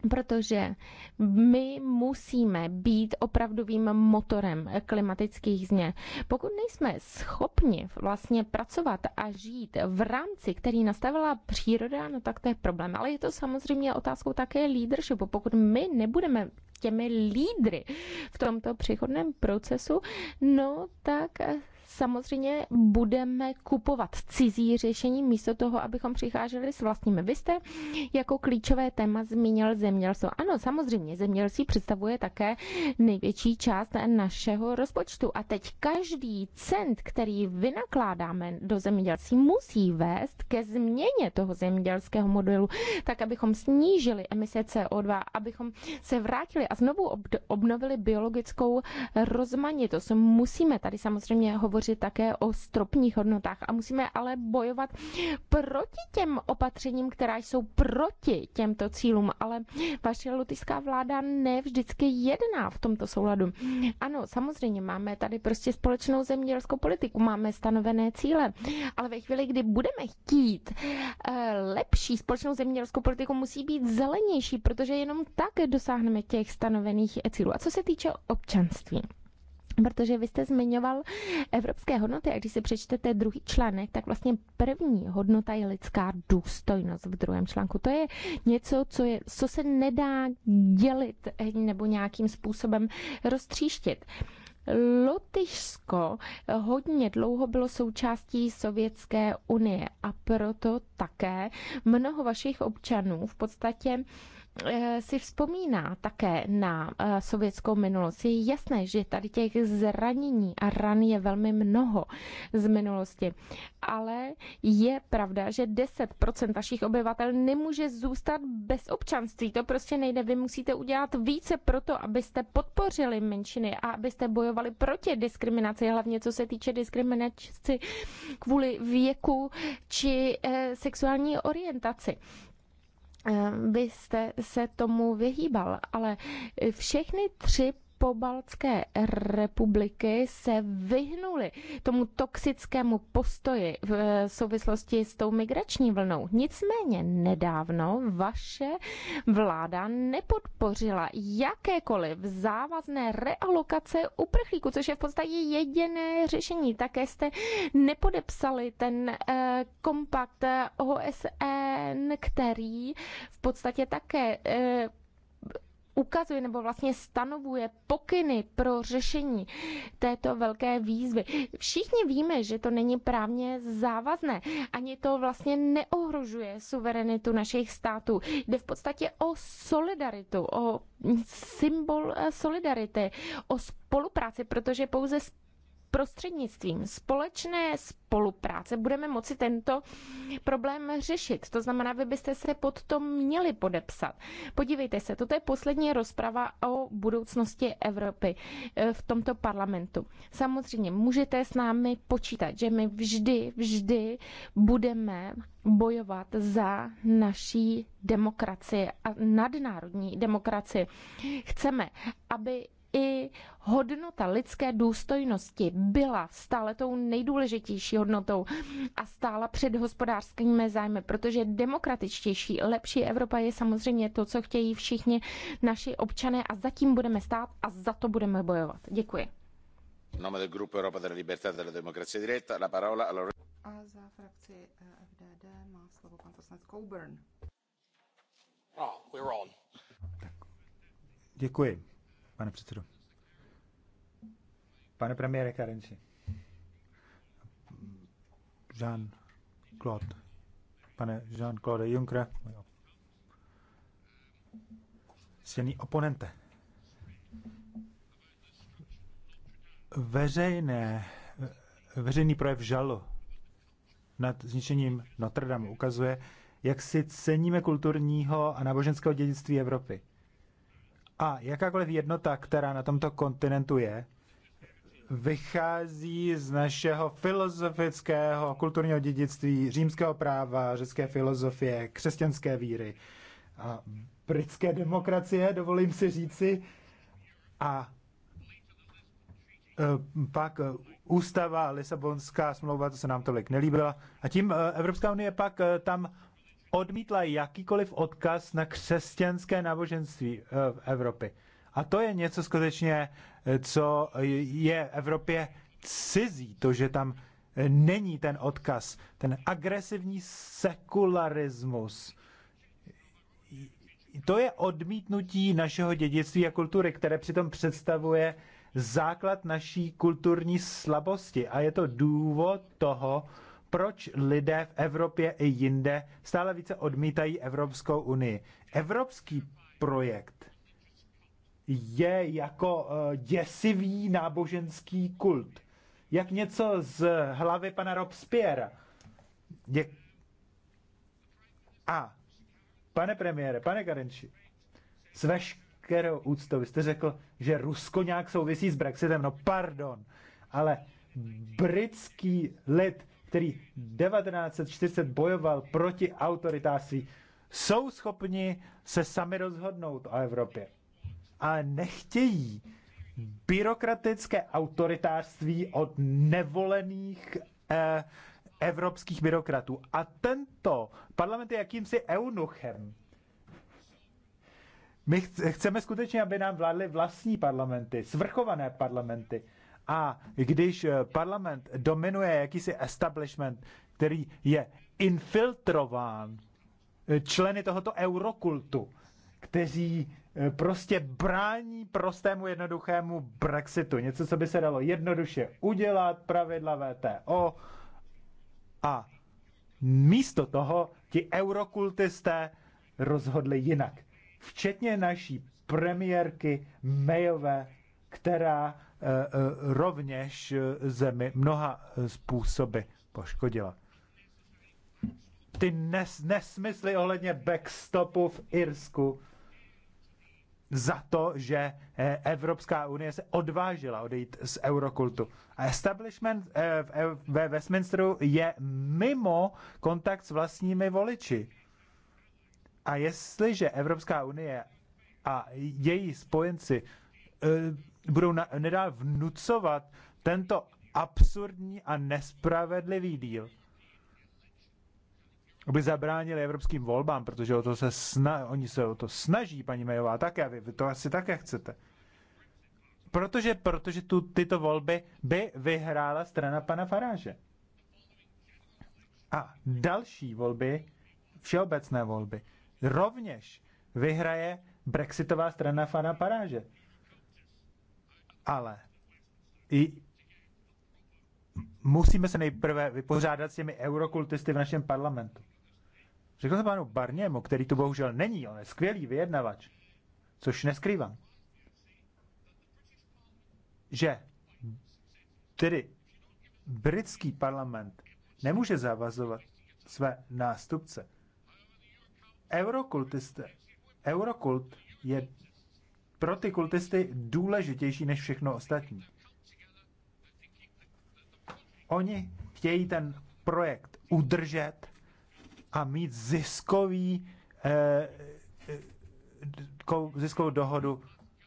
protože my musíme být opravdovým motorem klimatických změn. Pokud nejsme schopni vlastně pracovat a žít v rámci, který nastavila příroda, no tak to je problém. Ale je to samozřejmě otázkou také leadershipu. Pokud my nebudeme těmi lídry v tomto přechodném procesu, no tak samozřejmě budeme kupovat cizí řešení místo toho, abychom přicházeli s vlastními. Vy jste jako klíčové téma zmínil zemělstvo. Ano, samozřejmě, zemělství představuje také největší část našeho rozpočtu. A teď každý cent, který vynakládáme do zemědělství, musí vést ke změně toho zemědělského modelu, tak abychom snížili emise CO2, abychom se vrátili a znovu obnovili biologickou rozmanitost. Musíme tady samozřejmě hovořit hovořit také o stropních hodnotách a musíme ale bojovat proti těm opatřením, která jsou proti těmto cílům, ale vaše lotyšská vláda ne vždycky jedná v tomto souladu. Ano, samozřejmě máme tady prostě společnou zemědělskou politiku, máme stanovené cíle, ale ve chvíli, kdy budeme chtít eh, lepší společnou zemědělskou politiku, musí být zelenější, protože jenom tak dosáhneme těch stanovených cílů. A co se týče občanství, Protože vy jste zmiňoval evropské hodnoty a když si přečtete druhý článek, tak vlastně první hodnota je lidská důstojnost v druhém článku. To je něco, co, je, co se nedá dělit nebo nějakým způsobem roztříštit. Lotyšsko hodně dlouho bylo součástí Sovětské unie a proto také mnoho vašich občanů v podstatě Eh, si vzpomíná také na eh, sovětskou minulost, je jasné, že tady těch zranění a ran je velmi mnoho z minulosti. Ale je pravda, že 10% vašich obyvatel nemůže zůstat bez občanství. To prostě nejde. Vy musíte udělat více pro to, abyste podpořili menšiny a abyste bojovali proti diskriminaci, hlavně co se týče diskriminaci kvůli věku či eh, sexuální orientaci byste ehm, se tomu vyhýbal, ale všechny tři pobaltské republiky se vyhnuly tomu toxickému postoji v eh, souvislosti s tou migrační vlnou. Nicméně nedávno vaše vláda nepodpořila jakékoliv závazné realokace uprchlíků, což je v podstatě jediné řešení. Také jste nepodepsali ten eh, kompakt OSN, který v podstatě také eh, ukazuje nebo vlastně stanovuje pokyny pro řešení této velké výzvy. Všichni víme, že to není právně závazné, ani to vlastně neohrožuje suverenitu našich států. Jde v podstatě o solidaritu, o symbol eh, solidarity, o spolupráci, protože pouze prostřednictvím společné spolupráce budeme moci tento problém řešit. To znamená, vy byste se pod to měli podepsat. Podívejte se, toto je poslední rozprava o budoucnosti Evropy eh, v tomto parlamentu. Samozřejmě můžete s námi počítat, že my vždy, vždy budeme bojovat za naší demokracii a nadnárodní demokracii. Chceme, aby i hodnota lidské důstojnosti byla stále tou nejdůležitější hodnotou a stála před hospodářskými zájmy, protože demokratičtější, lepší Evropa je samozřejmě to, co chtějí všichni naši občané a zatím budeme stát a za to budeme bojovat. Děkuji. E a za frakci eh, FDD má slovo pan poslanec Coburn. Oh, we're on. Děkuji pane předsedo. Pane premiére Karenci. Jean-Claude. Pane Jean-Claude Juncker. Silný oponente. Veřejné, veřejný projev žalu nad zničením Notre Dame ukazuje, jak si ceníme kulturního a náboženského dědictví Evropy. A jakákoliv jednota, která na tomto kontinentu je, vychází z našeho filozofického kulturního dědictví, římského práva, řecké filozofie, křesťanské víry a britské demokracie, dovolím si říci. A e, pak ústava, Lisabonská smlouva, to se nám tolik nelíbila. A tím e, Evropská unie pak e, tam odmítla jakýkoliv odkaz na křesťanské náboženství eh, v Evropě. A to je něco skutečně, eh, co je Evropě cizí, to, že tam eh, není ten odkaz, ten agresivní sekularismus. To je odmítnutí našeho dědictví a kultury, které přitom představuje základ naší kulturní slabosti. A je to důvod toho, proč lidé v Evropě i jinde stále více odmítají Evropskou unii. Evropský projekt je jako eh, děsivý náboženský kult. Jak něco z hlavy pana Robespierre. Je... A, pane premiére, pane Karenči, s veškerou úctou, jste řekl, že Rusko nějak souvisí s Brexitem. No pardon, ale britský lid který 1940 bojoval proti autoritářství, jsou schopni se sami rozhodnout o Evropě. Ale nechtějí byrokratické autoritářství od nevolených eh, evropských byrokratů. A tento parlament je jakýmsi eunuchem. My chceme skutečně, aby nám vládly vlastní parlamenty, svrchované parlamenty, a když eh, parlament dominuje jakýsi establishment, který je infiltrován eh, členy tohoto eurokultu, kteří eh, prostě brání prostému jednoduchému Brexitu. Něco, co by se dalo jednoduše udělat, pravidla VTO. A místo toho ti eurokultisté rozhodli jinak. Včetně naší premiérky Mayové, která Eh, eh, rovněž eh, zemi mnoha způsoby poškodila. Ty nes, nesmysly ohledně backstopu v Irsku za to, že Evropská unie se odvážila odejít z eurokultu. A establishment ve Westminsteru je mimo kontakt s vlastními voliči. A jestliže Evropská unie a její spojenci budou na, nedá vnucovat tento absurdní a nespravedlivý díl, aby zabránili evropským volbám, protože o to se sna- oni se o to snaží, paní Mejová, také, vy, vy to asi také chcete. Protože, protože tu, tyto volby by vyhrála strana pana Faráže. A další volby, všeobecné volby, rovněž vyhraje brexitová strana pana Faráže. Ale i musíme se nejprve vypořádat s těmi eurokultisty v našem parlamentu. Řekl jsem panu Barněmu, který tu bohužel není, on je skvělý vyjednavač, což neskrývám, že tedy britský parlament nemůže zavazovat své nástupce. Eurokultiste, eurokult je pro ty kultisty důležitější než všechno ostatní. Oni chtějí ten projekt udržet a mít ziskový, eh, eh ziskovou dohodu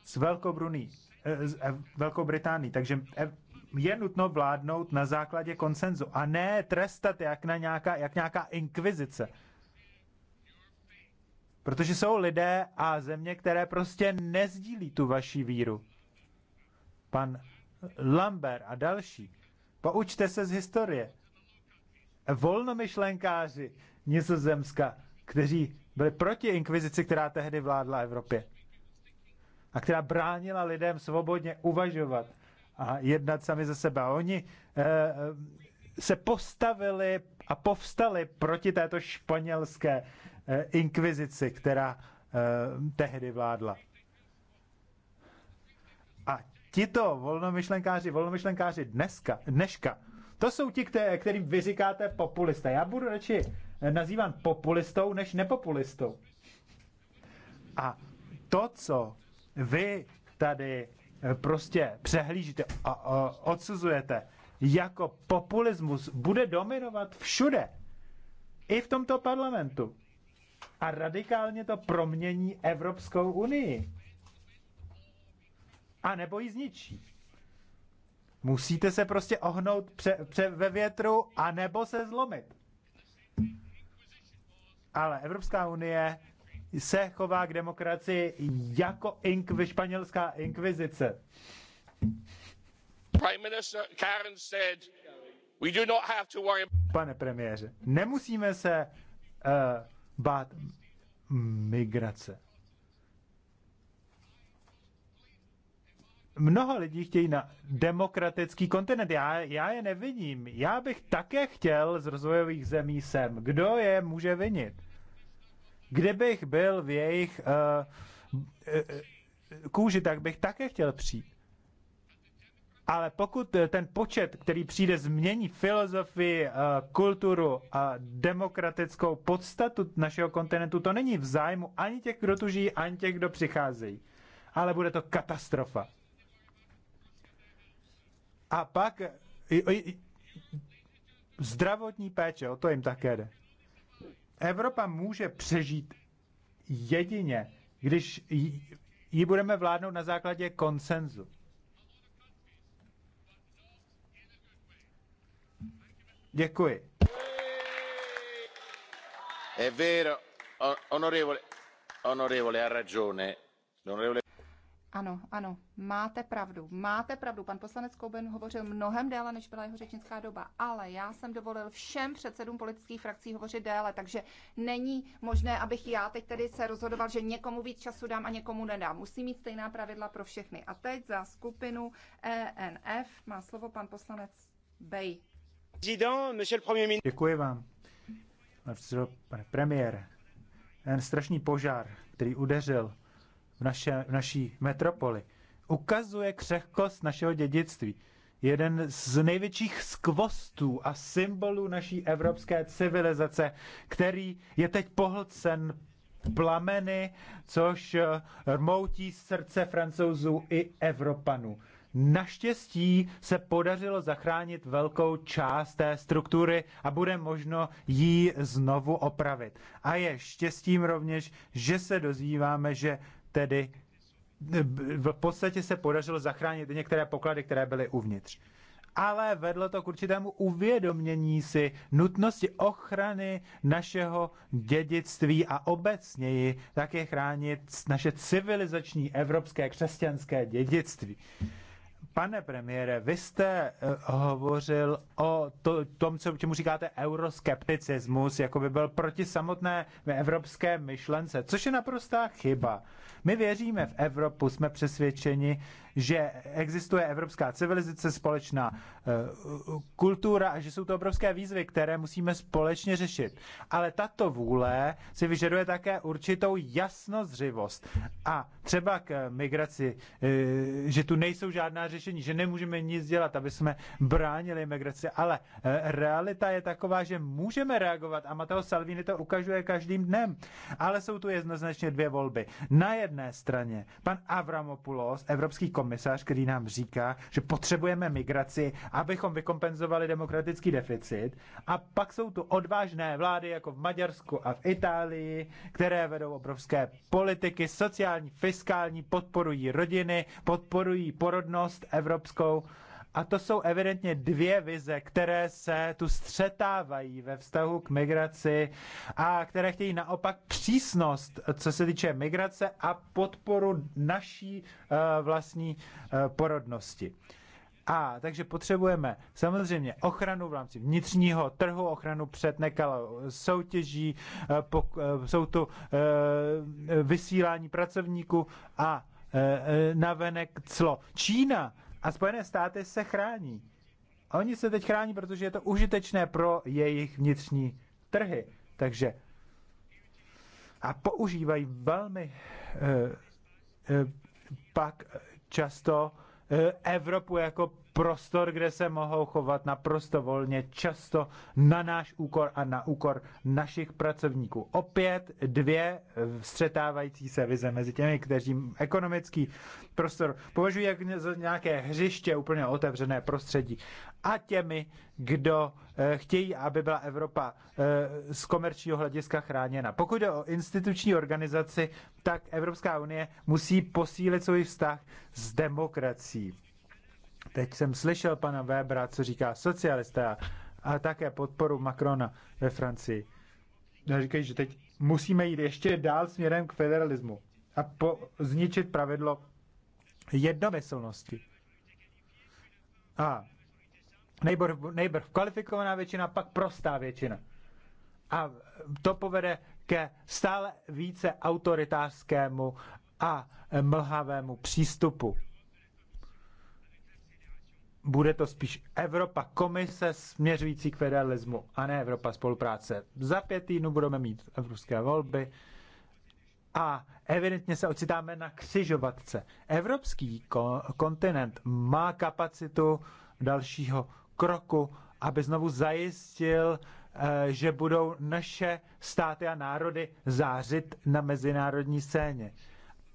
s Velkou, Bruní, eh, s eh, Velkou Británií. Takže eh, je nutno vládnout na základě konsenzu a ne trestat jak, na nějaká, jak nějaká inkvizice. Protože jsou lidé a země, které prostě nezdílí tu vaši víru. Pan Lambert a další. Poučte se z historie. Volnomyšlenkáři Nizozemska, kteří byli proti inkvizici, která tehdy vládla Evropě a která bránila lidem svobodně uvažovat a jednat sami za sebe. A oni eh, eh, se postavili a povstali proti této španělské Eh, inkvizici, která eh, tehdy vládla. A tito volnomyšlenkáři, volnomyšlenkáři dneska, dneška, to jsou ti, kterým vy říkáte populista. Já budu radši nazývan populistou než nepopulistou. A to, co vy tady eh, prostě přehlížíte a odsuzujete jako populismus, bude dominovat všude. I v tomto parlamentu a radikálně to promění Evropskou unii. A nebo ji zničí. Musíte se prostě ohnout pře, pře, ve větru a nebo se zlomit. Ale Evropská unie se chová k demokracii jako inkvi, španělská inkvizice. Pane premiére, nemusíme se uh, bát migrace. Mnoho lidí chtějí na demokratický kontinent. Já, já je nevidím. Já bych také chtěl z rozvojových zemí sem. Kdo je může vinit? Kdybych byl v jejich uh, uh, kůži, tak bych také chtěl přijít. Ale pokud eh, ten počet, který přijde, změní filozofii, eh, kulturu a demokratickou podstatu našeho kontinentu, to není v zájmu ani těch, kdo tu žijí, ani těch, kdo přicházejí. Ale bude to katastrofa. A pak eh, zdravotní péče, o to jim také jde. Evropa může přežít jedině, když ji budeme vládnout na základě konsenzu. Děkuji. Je vero, onorevole, onorevole a ragione. Onorevole... Ano, ano, máte pravdu, máte pravdu. Pan poslanec Kouben hovořil mnohem déle, než byla jeho řečnická doba, ale já jsem dovolil všem předsedům politických frakcí hovořit déle, takže není možné, abych já teď tedy se rozhodoval, že někomu víc času dám a někomu nedám. Musí mít stejná pravidla pro všechny. A teď za skupinu ENF má slovo pan poslanec Bej. Děkuji vám, pane premiére. Ten strašný požár, který udeřil v, naše, v naší metropoli, ukazuje křehkost našeho dědictví. Jeden z největších skvostů a symbolů naší evropské civilizace, který je teď pohlcen plameny, což rmoutí srdce francouzů i Evropanů. Naštěstí se podařilo zachránit velkou část té struktury a bude možno ji znovu opravit. A je štěstím rovněž, že se dozvíváme, že tedy eh, v podstatě se podařilo zachránit některé poklady, které byly uvnitř. Ale vedlo to k určitému uvědomění si nutnosti ochrany našeho dědictví a obecněji také chránit naše civilizační evropské křesťanské dědictví. Pane premiére, vy jste eh, hovořil o to, tom, co čemu říkáte euroskepticismus, jako by byl proti samotné evropské myšlence, což je naprostá chyba. My věříme v Evropu, jsme přesvědčeni, že existuje evropská civilizace, společná eh, kultura a že jsou to obrovské výzvy, které musíme společně řešit. Ale tato vůle si vyžaduje také určitou jasnozřivost. A třeba k eh, migraci, eh, že tu nejsou žádná řešení, že nemůžeme nic dělat, aby jsme bránili migraci, ale realita je taková, že můžeme reagovat a Matteo Salvini to ukazuje každým dnem. Ale jsou tu jednoznačně dvě volby. Na jedno jedné straně pan Avramopoulos, evropský komisař, který nám říká, že potřebujeme migraci, abychom vykompenzovali demokratický deficit. A pak jsou tu odvážné vlády, jako v Maďarsku a v Itálii, které vedou obrovské politiky, sociální, fiskální, podporují rodiny, podporují porodnost evropskou a to jsou evidentně dvě vize, které se tu střetávají ve vztahu k migraci a které chtějí naopak přísnost, co se týče migrace a podporu naší eh, vlastní eh, porodnosti. A takže potřebujeme samozřejmě ochranu v rámci vnitřního trhu, ochranu před nekalou soutěží, eh, pok, jsou tu vysílání pracovníků a navenek clo. Čína a Spojené státy se chrání. A oni se teď chrání, protože je to užitečné pro jejich vnitřní trhy. Takže a používají velmi eh, eh, pak často eh, Evropu jako prostor, kde se mohou chovat naprosto volně, často na náš úkor a na úkor našich pracovníků. Opět dvě střetávající se vize mezi těmi, kteří ekonomický prostor považují jak za nějaké hřiště, úplně otevřené prostředí, a těmi, kdo eh, chtějí, aby byla Evropa eh, z komerčního hlediska chráněna. Pokud jde o instituční organizaci, tak Evropská unie musí posílit svůj vztah s demokracií Teď jsem slyšel pana Webera, co říká socialista a, a také podporu Macrona ve Francii. A no, říkají, že teď musíme jít ještě dál směrem k federalismu a po, zničit pravidlo jednomyslnosti. A nejbrv, nejbrv kvalifikovaná většina, pak prostá většina. A to povede ke stále více autoritářskému a mlhavému přístupu bude to spíš Evropa komise směřující k federalismu a ne Evropa spolupráce. Za pět týdnů budeme mít evropské volby a evidentně se ocitáme na křižovatce. Evropský kontinent má kapacitu dalšího kroku, aby znovu zajistil, eh, že budou naše státy a národy zářit na mezinárodní scéně.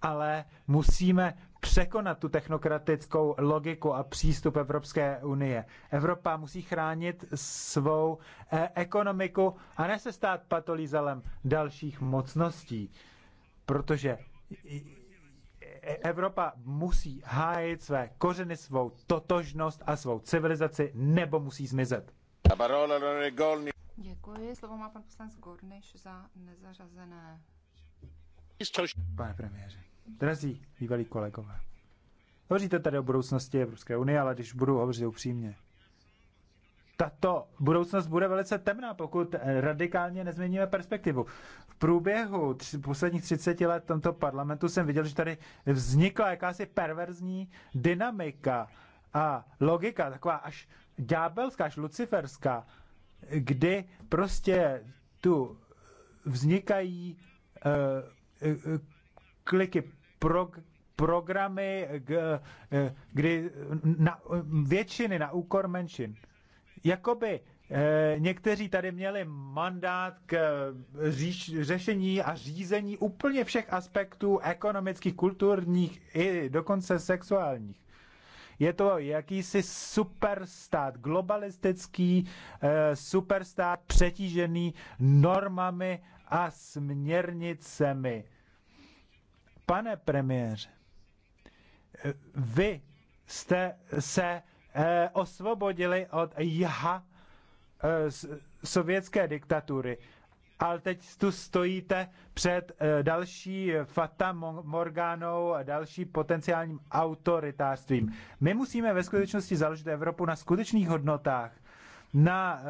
Ale musíme překonat tu technokratickou logiku a přístup Evropské unie. Evropa musí chránit svou eh, ekonomiku a ne se stát patolízelem dalších mocností, protože Evropa musí hájit své kořeny, svou totožnost a svou civilizaci, nebo musí zmizet. Děkuji. Slovo má pan poslanec Gorniš za nezařazené. Pane premiére Drazí bývalí kolegové, hovoříte tady o budoucnosti Evropské unie, ale když budu hovořit upřímně, tato budoucnost bude velice temná, pokud eh, radikálně nezměníme perspektivu. V průběhu tři, posledních 30 let tomto parlamentu jsem viděl, že tady vznikla jakási perverzní dynamika a logika, taková až ďábelská, až luciferská, kdy prostě tu vznikají eh, eh, kliky, pro, programy, k, eh, kdy na, většiny na úkor menšin. Jakoby eh, někteří tady měli mandát k eh, říš, řešení a řízení úplně všech aspektů ekonomických, kulturních i dokonce sexuálních. Je to jakýsi superstát, globalistický eh, superstát přetížený normami a směrnicemi Pane premiére, vy jste se eh, osvobodili od jaha eh, sovětské diktatury, ale teď tu stojíte před eh, další Fata Morganou a další potenciálním autoritářstvím. My musíme ve skutečnosti založit Evropu na skutečných hodnotách, na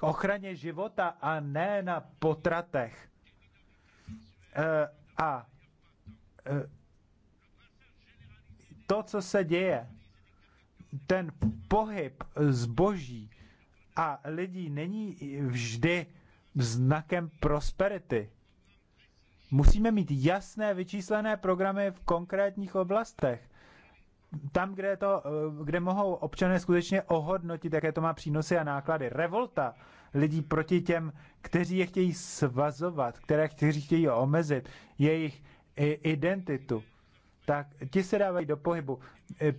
ochraně života a ne na potratech. A to, co se děje, ten pohyb zboží a lidí není vždy znakem prosperity. Musíme mít jasné vyčíslené programy v konkrétních oblastech. Tam, kde, to, eh, kde mohou občané skutečně ohodnotit, jaké to má přínosy a náklady. Revolta lidí proti těm, kteří je chtějí svazovat, které, kteří chtějí omezit, jejich identitu, tak ti se dávají do pohybu. E,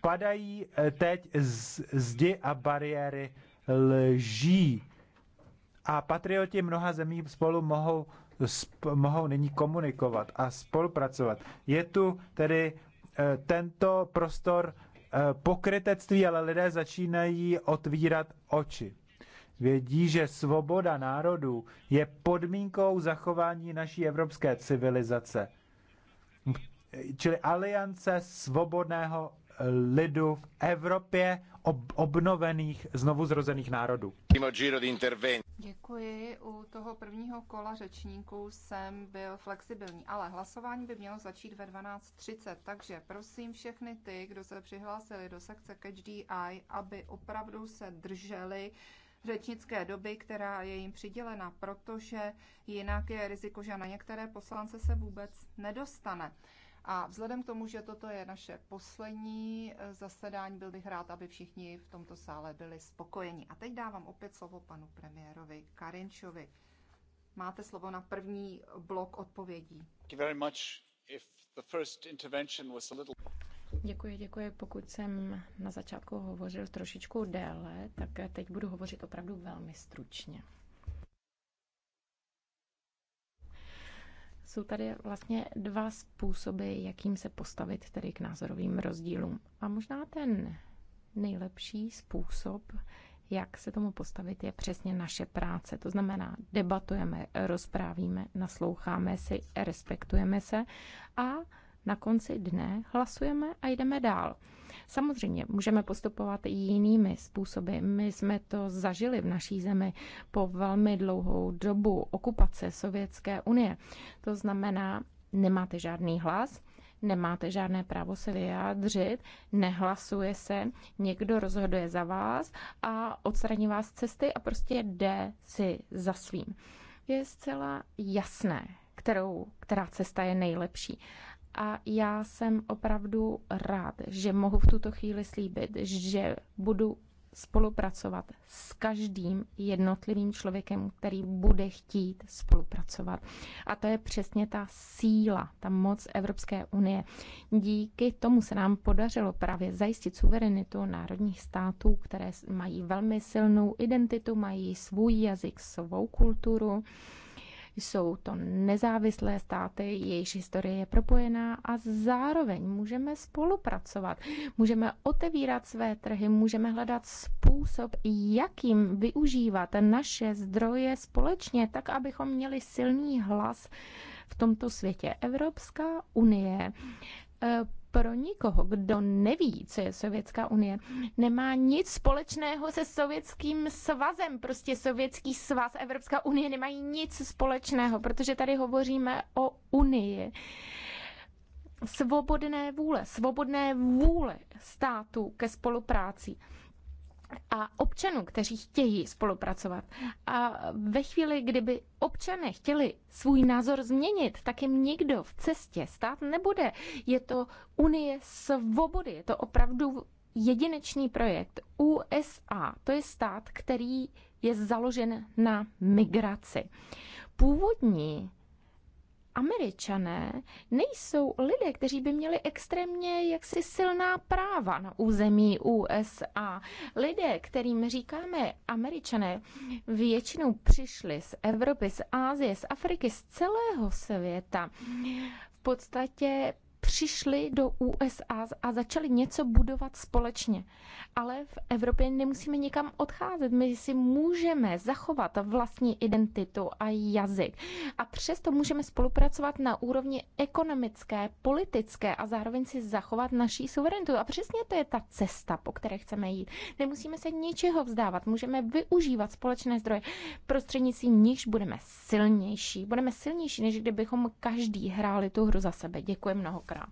padají e, teď z, zdi a bariéry lží. A patrioti mnoha zemí spolu mohou, sp, mohou nyní komunikovat a spolupracovat. Je tu tedy e, tento prostor pokrytectví, ale lidé začínají otvírat oči vědí, že svoboda národů je podmínkou zachování naší evropské civilizace. Čili aliance svobodného lidu v Evropě ob- obnovených, znovu zrozených národů. Děkuji. U toho prvního kola řečníků jsem byl flexibilní, ale hlasování by mělo začít ve 12.30, takže prosím všechny ty, kdo se přihlásili do sekce Catch DI, aby opravdu se drželi řečnické doby, která je jim přidělena, protože jinak je riziko, že na některé poslance se vůbec nedostane. A vzhledem k tomu, že toto je naše poslední eh, zasedání, byl bych rád, aby všichni v tomto sále byli spokojeni. A teď dávám opět slovo panu premiérovi Karinčovi. Máte slovo na první blok odpovědí. Děkuji, děkuji. Pokud jsem na začátku hovořil trošičku déle, tak teď budu hovořit opravdu velmi stručně. Jsou tady vlastně dva způsoby, jakým se postavit tedy k názorovým rozdílům. A možná ten nejlepší způsob, jak se tomu postavit, je přesně naše práce. To znamená, debatujeme, rozprávíme, nasloucháme si, respektujeme se a na konci dne hlasujeme a jdeme dál. Samozřejmě můžeme postupovat i jinými způsoby. My jsme to zažili v naší zemi po velmi dlouhou dobu okupace Sovětské unie. To znamená, nemáte žádný hlas, nemáte žádné právo se vyjádřit, nehlasuje se, někdo rozhoduje za vás a odstraní vás z cesty a prostě jde si za svým. Je zcela jasné, kterou, která cesta je nejlepší a já jsem opravdu rád, že mohu v tuto chvíli slíbit, že budu spolupracovat s každým jednotlivým člověkem, který bude chtít spolupracovat. A to je přesně ta síla, ta moc Evropské unie. Díky tomu se nám podařilo právě zajistit suverenitu národních států, které mají velmi silnou identitu, mají svůj jazyk, svou kulturu jsou to nezávislé státy, jejichž historie je propojená a zároveň můžeme spolupracovat, můžeme otevírat své trhy, můžeme hledat způsob, jakým využívat naše zdroje společně, tak abychom měli silný hlas v tomto světě. Evropská unie Eh, pro nikoho, kdo neví, co je Sovětská unie, nemá nic společného se Sovětským svazem. Prostě Sovětský svaz, Evropská unie nemají nic společného, protože tady hovoříme o unii svobodné vůle, svobodné vůle států ke spolupráci a občanů, kteří chtějí spolupracovat. A ve chvíli, kdyby občané chtěli svůj názor změnit, tak jim nikdo v cestě stát nebude. Je to Unie svobody, je to opravdu jedinečný projekt. USA, to je stát, který je založen na migraci. Původní američané nejsou lidé, kteří by měli extrémně jaksi silná práva na území USA. Lidé, kterým říkáme američané, většinou přišli z Evropy, z Ázie, z Afriky, z celého světa V podstatě přišli do USA a začali něco budovat společně. Ale v Evropě nemusíme nikam odcházet. My si můžeme zachovat vlastní identitu a jazyk. A přesto můžeme spolupracovat na úrovni ekonomické, politické a zároveň si zachovat naší suverenitu. A přesně to je ta cesta, po které chceme jít. Nemusíme se ničeho vzdávat. Můžeme využívat společné zdroje prostřednictvím nichž budeme silnější. Budeme silnější, než kdybychom každý hráli tu hru za sebe. Děkuji mnohokrát práv.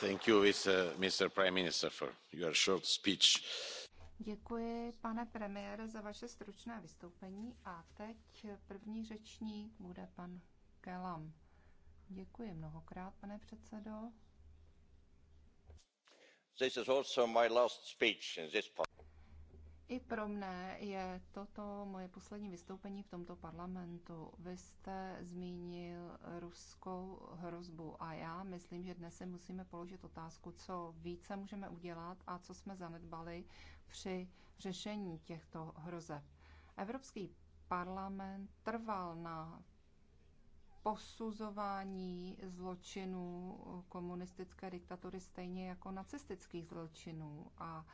Thank you, uh, Mr. Prime Minister, for your short speech. Děkuji, pane premiére, za vaše stručné vystoupení a teď první řečník bude pan Kelam. Děkuji mnohokrát, pane předsedo. This is also my last speech in this i pro mne je toto moje poslední vystoupení v tomto parlamentu. Vy jste zmínil ruskou hrozbu a já myslím, že dnes si musíme položit otázku, co více můžeme udělat a co jsme zanedbali při řešení těchto hrozeb. Evropský parlament trval na posuzování zločinů komunistické diktatury stejně jako nacistických zločinů a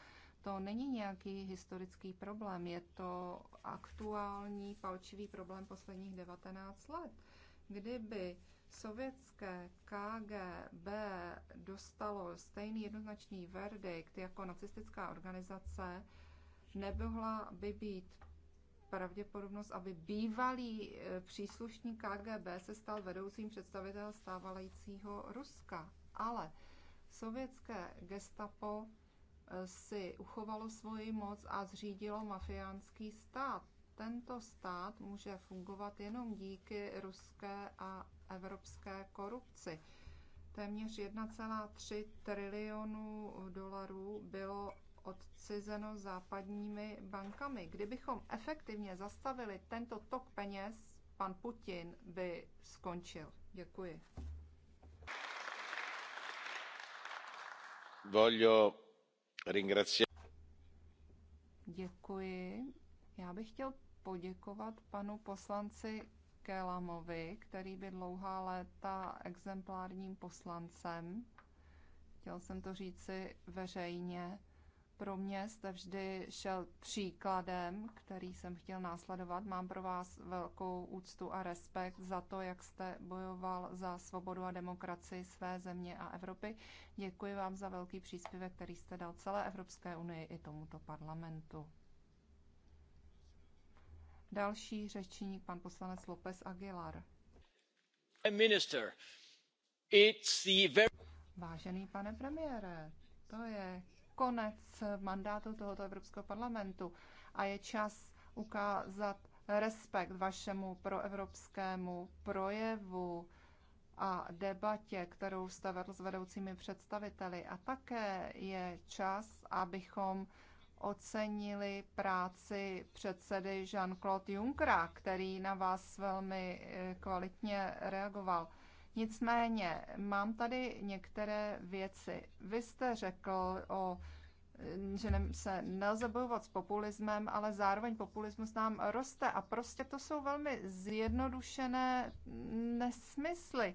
to není nějaký historický problém, je to aktuální palčivý problém posledních 19 let. Kdyby sovětské KGB dostalo stejný jednoznačný verdikt jako nacistická organizace, nebyla by být pravděpodobnost, aby bývalý e, příslušník KGB se stal vedoucím představitelem stávajícího Ruska. Ale sovětské gestapo si uchovalo svoji moc a zřídilo mafiánský stát. Tento stát může fungovat jenom díky ruské a evropské korupci. Téměř 1,3 trilionu dolarů bylo odcizeno západními bankami. Kdybychom efektivně zastavili tento tok peněz, pan Putin by skončil. Děkuji. Voglio Děkuji. Já bych chtěl poděkovat panu poslanci Kelamovi, který byl dlouhá léta exemplárním poslancem. Chtěl jsem to říci veřejně pro mě jste vždy šel příkladem, který jsem chtěl následovat. Mám pro vás velkou úctu a respekt za to, jak jste bojoval za svobodu a demokracii své země a Evropy. Děkuji vám za velký příspěvek, který jste dal celé Evropské unii i tomuto parlamentu. Další řečník, pan poslanec López Aguilar. Minister, it's the very... Vážený pane premiére, to je konec mandátu tohoto Evropského parlamentu a je čas ukázat respekt vašemu proevropskému projevu a debatě, kterou jste vedl s vedoucími představiteli. A také je čas, abychom ocenili práci předsedy Jean-Claude Junckera, který na vás velmi eh, kvalitně reagoval. Nicméně mám tady některé věci. Vy jste řekl o že se nelze bojovat s populismem, ale zároveň populismus nám roste a prostě to jsou velmi zjednodušené nesmysly.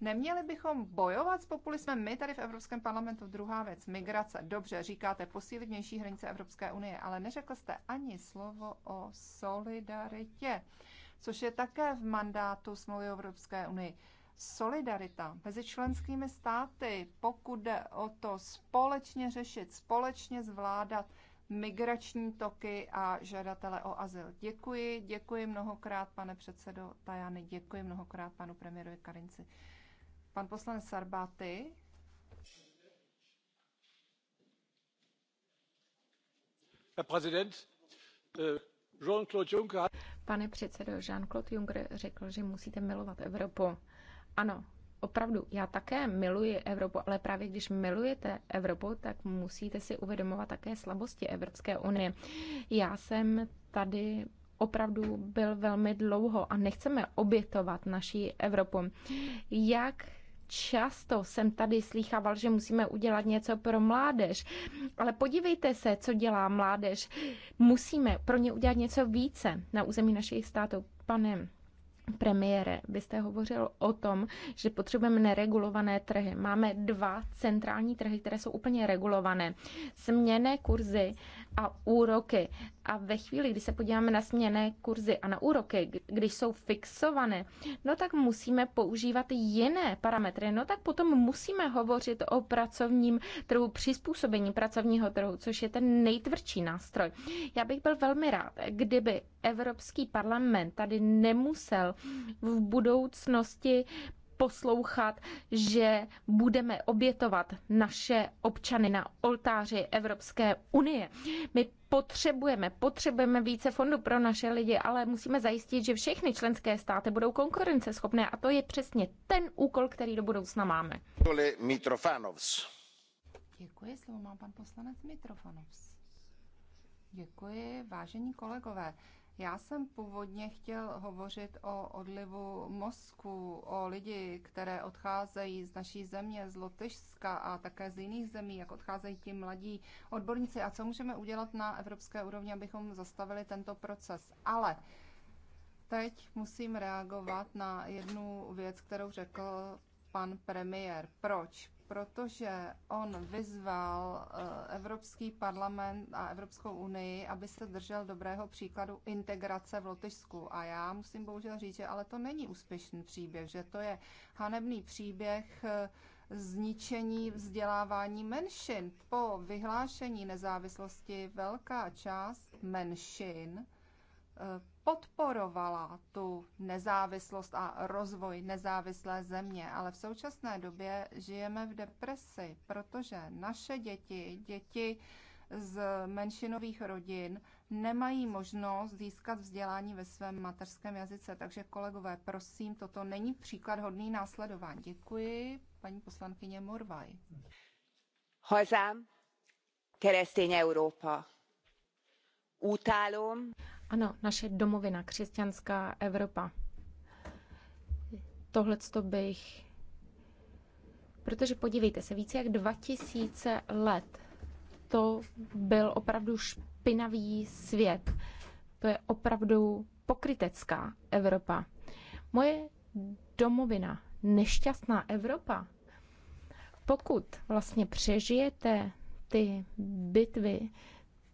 Neměli bychom bojovat s populismem my tady v Evropském parlamentu? Druhá věc, migrace. Dobře, říkáte posílit vnější hranice Evropské unie, ale neřekl jste ani slovo o solidaritě, což je také v mandátu smlouvy Evropské unie solidarita mezi členskými státy, pokud jde o to společně řešit, společně zvládat migrační toky a žadatele o azyl. Děkuji, děkuji mnohokrát, pane předsedo Tajany, děkuji mnohokrát panu premiérovi Karinci. Pan poslanec Sarbáty. Herr äh, Jean-Claude Juncker. Pane předsedo, Jean-Claude Juncker řekl, že musíte milovat Evropu. Ano, opravdu, já také miluji Evropu, ale právě když milujete Evropu, tak musíte si uvědomovat také slabosti Evropské unie. Já jsem tady opravdu byl velmi dlouho a nechceme obětovat naší Evropu. Jak často jsem tady slýchával, že musíme udělat něco pro mládež. Ale podívejte se, co dělá mládež. Musíme pro ně udělat něco více na území našich států. Pane premiére, byste hovořil o tom, že potřebujeme neregulované trhy. Máme dva centrální trhy, které jsou úplně regulované. Směné kurzy a úroky. A ve chvíli, kdy se podíváme na směné kurzy a na úroky, když jsou fixované, no tak musíme používat jiné parametry. No tak potom musíme hovořit o pracovním trhu, přizpůsobení pracovního trhu, což je ten nejtvrdší nástroj. Já bych byl velmi rád, kdyby Evropský parlament tady nemusel v budoucnosti poslouchat, že budeme obětovat naše občany na oltáři Evropské unie. My potřebujeme, potřebujeme více fondů pro naše lidi, ale musíme zajistit, že všechny členské státy budou konkurenceschopné a to je přesně ten úkol, který do budoucna máme. Děkuji, slovo má pan poslanec Mitrofanovs. Děkuji, vážení kolegové. Já jsem původně chtěl hovořit o odlivu mozku, o lidi, které odcházejí z naší země, z Lotyšska a také z jiných zemí, jak odcházejí ti mladí odborníci a co můžeme udělat na evropské úrovni, abychom zastavili tento proces. Ale teď musím reagovat na jednu věc, kterou řekl pan premiér. Proč? protože on vyzval eh, Evropský parlament a Evropskou unii, aby se držel dobrého příkladu integrace v Lotyšsku. A já musím bohužel říct, že ale to není úspěšný příběh, že to je hanebný příběh eh, zničení vzdělávání menšin. Po vyhlášení nezávislosti velká část menšin eh, podporovala tu nezávislost a rozvoj nezávislé země, ale v současné době žijeme v depresi, protože naše děti, děti z menšinových rodin, nemají možnost získat vzdělání ve svém mateřském jazyce. Takže kolegové, prosím, toto není příklad hodný následování. Děkuji, paní poslankyně Morvaj. Hazám, keresztény Európa. Utálom. Ano, naše domovina, křesťanská Evropa. Tohle to bych... Protože podívejte se, více jak 2000 let to byl opravdu špinavý svět. To je opravdu pokrytecká Evropa. Moje domovina, nešťastná Evropa, pokud vlastně přežijete ty bitvy,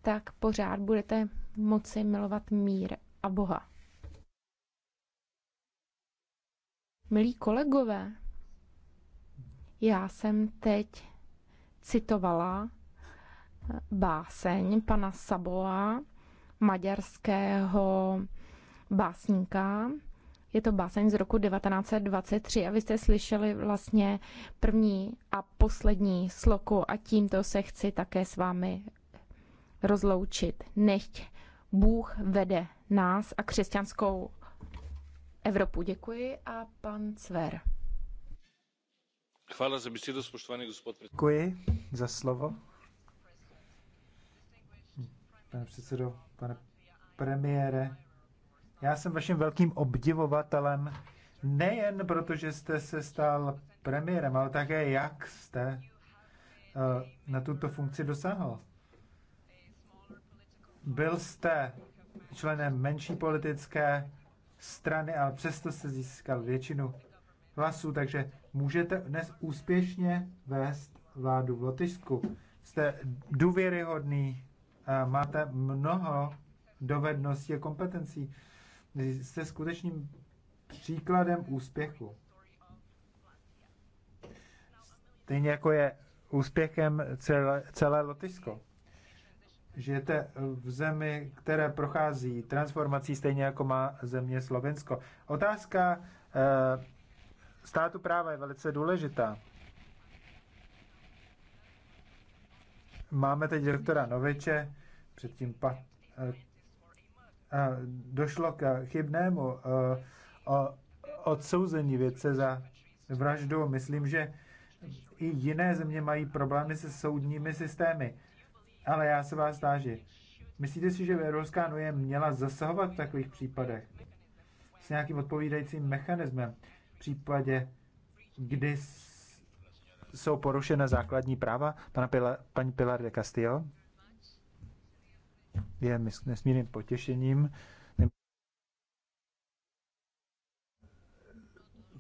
tak pořád budete moci milovat mír a Boha. Milí kolegové, já jsem teď citovala eh, báseň pana Saboa, maďarského básníka. Je to báseň z roku 1923 a vy jste slyšeli vlastně první a poslední sloku a tímto se chci také s vámi rozloučit. Nechť Bůh vede nás a křesťanskou Evropu. Děkuji a pan Cver. Chvála za spoštovaný gospod. Děkuji za slovo. Pane předsedo, pane premiére, já jsem vaším velkým obdivovatelem, nejen protože jste se stal premiérem, ale také jak jste eh, na tuto funkci dosáhl. Byl jste členem menší politické strany, ale přesto jste získal většinu hlasů, takže můžete dnes úspěšně vést vládu v Lotyšsku. Jste důvěryhodný, máte mnoho dovedností a kompetencí. Jste skutečným příkladem úspěchu. Stejně jako je úspěchem celé, celé Lotyšsko žijete v zemi, které prochází transformací, stejně jako má země Slovensko. Otázka eh, státu práva je velice důležitá. Máme teď doktora Noviče, předtím pa, eh, eh, došlo k chybnému odsouzení věce za vraždu. Myslím, že i jiné země mají problémy se soudními systémy. Ale já se vás táži. Myslíte si, že Evropská unie měla zasahovat v takových případech s nějakým odpovídajícím mechanismem v případě, kdy jsou porušena základní práva? Pana Pila, paní Pilar de Castillo? Je nesmírným potěšením.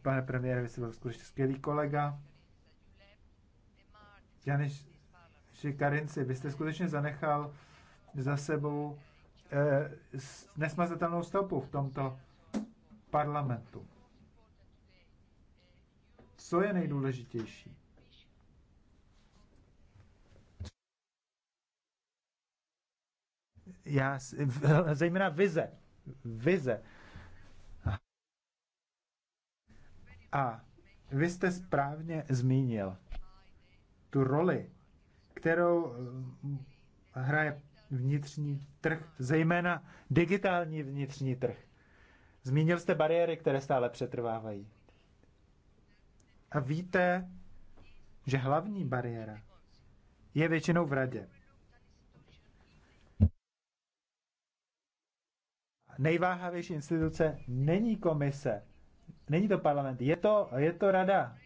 Pane premiére, vy jste byl skutečně skvělý kolega. Janis či Karinci, vy jste skutečně zanechal za sebou eh, nesmazatelnou stopu v tomto parlamentu. Co je nejdůležitější? Já, zejména vize. Vize. A vy jste správně zmínil tu roli kterou eh, hraje vnitřní trh, zejména digitální vnitřní trh. Zmínil jste bariéry, které stále přetrvávají. A víte, že hlavní bariéra je většinou v radě. Nejváhavější instituce není komise, není to parlament, je to, je to rada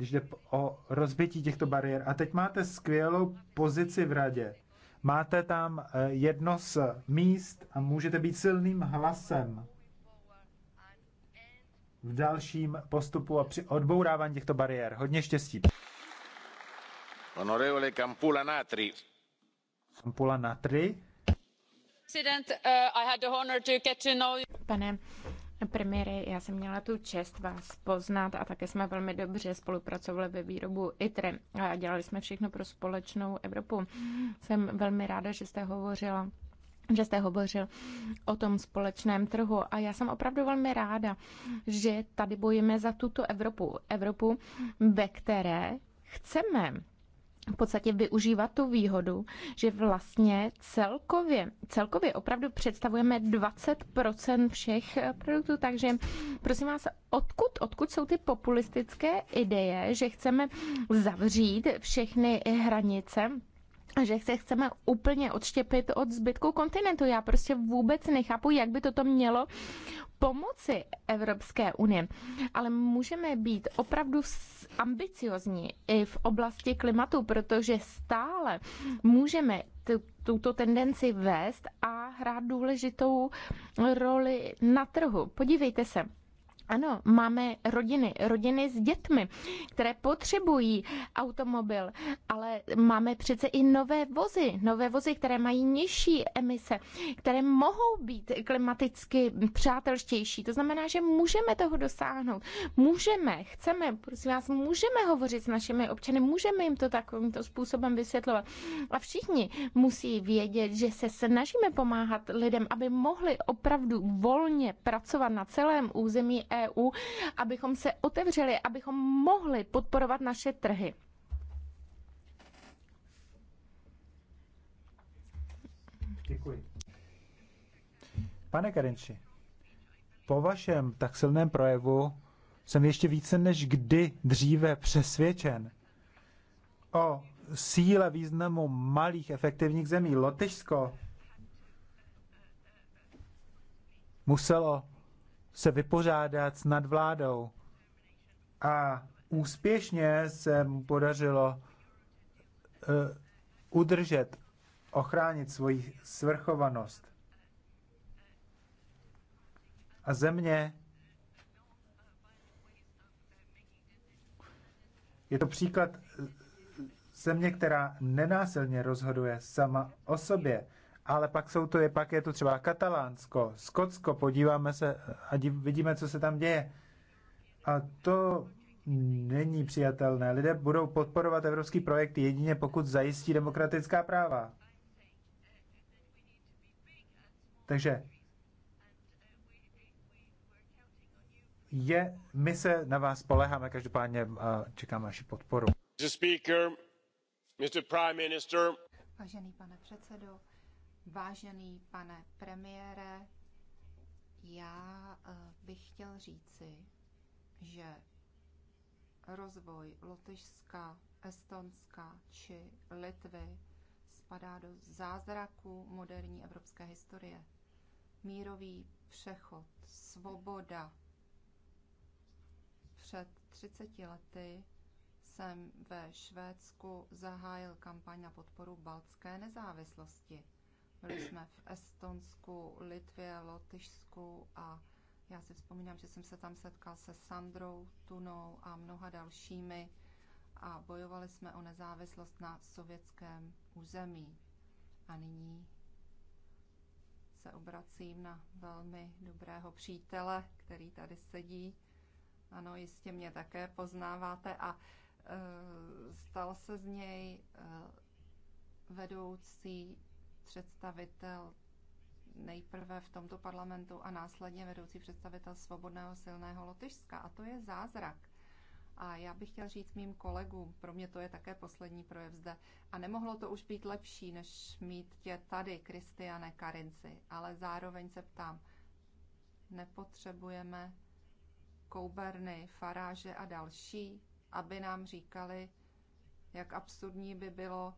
když jde o rozbití těchto bariér. A teď máte skvělou pozici v radě. Máte tam eh, jedno z míst a můžete být silným hlasem v dalším postupu a při odbourávání těchto bariér. Hodně štěstí. Honorevole Campula Natri. Campula Natri. Eh, Pane Premiéry, já jsem měla tu čest vás poznat a také jsme velmi dobře spolupracovali ve výrobu ITRE a dělali jsme všechno pro společnou Evropu. Jsem velmi ráda, že jste hovořila že jste hovořil o tom společném trhu. A já jsem opravdu velmi ráda, že tady bojíme za tuto Evropu. Evropu, ve které chceme v podstatě využívat tu výhodu, že vlastně celkově, celkově opravdu představujeme 20% všech produktů, takže prosím vás, odkud, odkud jsou ty populistické ideje, že chceme zavřít všechny hranice, že se chceme úplně odštěpit od zbytku kontinentu. Já prostě vůbec nechápu, jak by toto mělo pomoci Evropské unie. Ale můžeme být opravdu ambiciozní i v oblasti klimatu, protože stále můžeme tuto tendenci vést a hrát důležitou roli na trhu. Podívejte se, ano, máme rodiny, rodiny s dětmi, které potřebují automobil, ale máme přece i nové vozy, nové vozy, které mají nižší emise, které mohou být klimaticky přátelštější. To znamená, že můžeme toho dosáhnout. Můžeme, chceme, prosím vás, můžeme hovořit s našimi občany, můžeme jim to takovýmto způsobem vysvětlovat. A všichni musí vědět, že se snažíme pomáhat lidem, aby mohli opravdu volně pracovat na celém území EU, abychom se otevřeli, abychom mohli podporovat naše trhy. Děkuji. Pane Karinči, po vašem tak silném projevu jsem ještě více než kdy dříve přesvědčen o síle významu malých efektivních zemí. Lotyšsko muselo se vypořádat s nadvládou. A úspěšně se mu podařilo uh, udržet, ochránit svoji svrchovanost. A země je to příklad eh, země, která nenásilně rozhoduje sama o sobě ale pak, jsou to, je, pak je to třeba Katalánsko, Skotsko, podíváme se a div, vidíme, co se tam děje. A to není přijatelné. Lidé budou podporovat evropský projekt jedině pokud zajistí demokratická práva. Takže je, my se na vás spoleháme, každopádně čekáme vaši podporu. Vážený pane předsedo, Vážený pane premiére, já eh, bych chtěl říci, že rozvoj Lotyšska, Estonska či Litvy spadá do zázraku moderní evropské historie. Mírový přechod, svoboda. Před 30 lety jsem ve Švédsku zahájil kampaň na podporu baltské nezávislosti. Byli jsme v Estonsku, Litvě, Lotyšsku a já si vzpomínám, že jsem se tam setkal se Sandrou Tunou a mnoha dalšími a bojovali jsme o nezávislost na sovětském území. A nyní se obracím na velmi dobrého přítele, který tady sedí. Ano, jistě mě také poznáváte a e, stal se z něj e, vedoucí představitel nejprve v tomto parlamentu a následně vedoucí představitel svobodného silného Lotyšska. A to je zázrak. A já bych chtěl říct mým kolegům, pro mě to je také poslední projev zde, a nemohlo to už být lepší, než mít tě tady, Kristiane Karinci, ale zároveň se ptám, nepotřebujeme Kouberny, Faráže a další, aby nám říkali, jak absurdní by bylo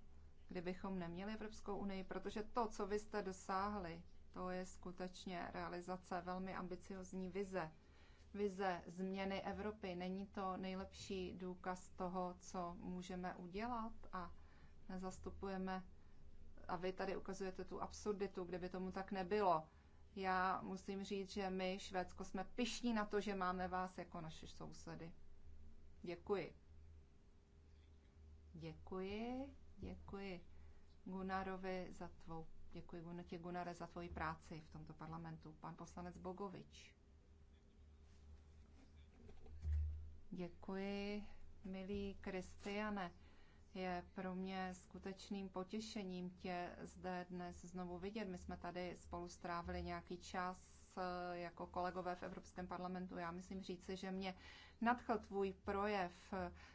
kdybychom neměli Evropskou unii, protože to, co vy jste dosáhli, to je skutečně realizace velmi ambiciozní vize. Vize změny Evropy. Není to nejlepší důkaz toho, co můžeme udělat a nezastupujeme. A vy tady ukazujete tu absurditu, kdyby tomu tak nebylo. Já musím říct, že my, Švédsko, jsme pišní na to, že máme vás jako naše sousedy. Děkuji. Děkuji. Děkuji Gunarovi za tvou, děkuji tě Gunare za tvoji práci v tomto parlamentu. Pan poslanec Bogovič. Děkuji, milý Kristiane. Je pro mě skutečným potěšením tě zde dnes znovu vidět. My jsme tady spolu strávili nějaký čas eh, jako kolegové v Evropském parlamentu. Já myslím říci, že mě nadchl tvůj projev.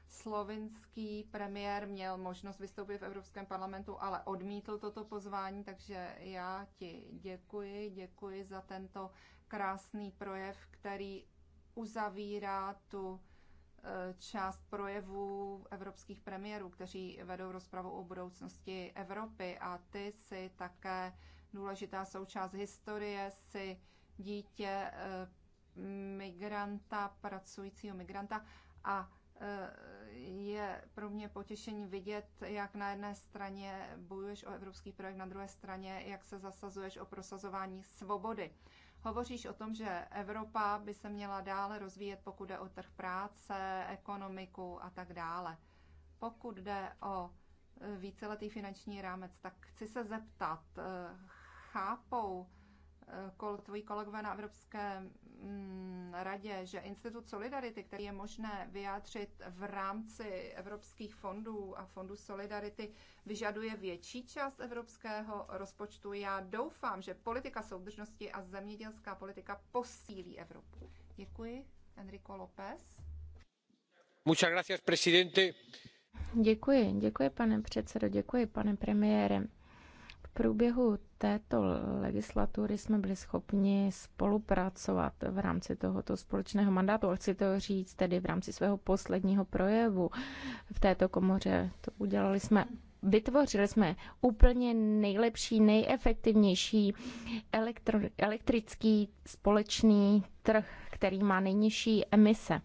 Slovinský premiér měl možnost vystoupit v Evropském parlamentu, ale odmítl toto pozvání, takže já ti děkuji, děkuji za tento krásný projev, který uzavírá tu eh, část projevů evropských premiérů, kteří vedou rozpravu o budoucnosti Evropy a ty si také důležitá součást historie, si dítě eh, migranta, pracujícího migranta a eh, je pro mě potěšení vidět, jak na jedné straně bojuješ o evropský projekt, na druhé straně, jak se zasazuješ o prosazování svobody. Hovoříš o tom, že Evropa by se měla dále rozvíjet, pokud jde o trh práce, ekonomiku a tak dále. Pokud jde o eh, víceletý finanční rámec, tak chci se zeptat, eh, chápou tvoji kolegové na Evropském Mm, radě, že Institut Solidarity, který je možné vyjádřit v rámci evropských fondů a fondu Solidarity, vyžaduje větší část evropského rozpočtu. Já doufám, že politika soudržnosti a zemědělská politika posílí Evropu. Děkuji. Enrico López. Muchas gracias, presidente. Děkuji, děkuji pane předsedo, děkuji pane premiére průběhu této legislatury jsme byli schopni spolupracovat v rámci tohoto společného mandátu, ale chci to říct tedy v rámci svého posledního projevu v této komoře. To udělali jsme vytvořili jsme úplně nejlepší, nejefektivnější elektro, elektrický společný trh, který má nejnižší emise.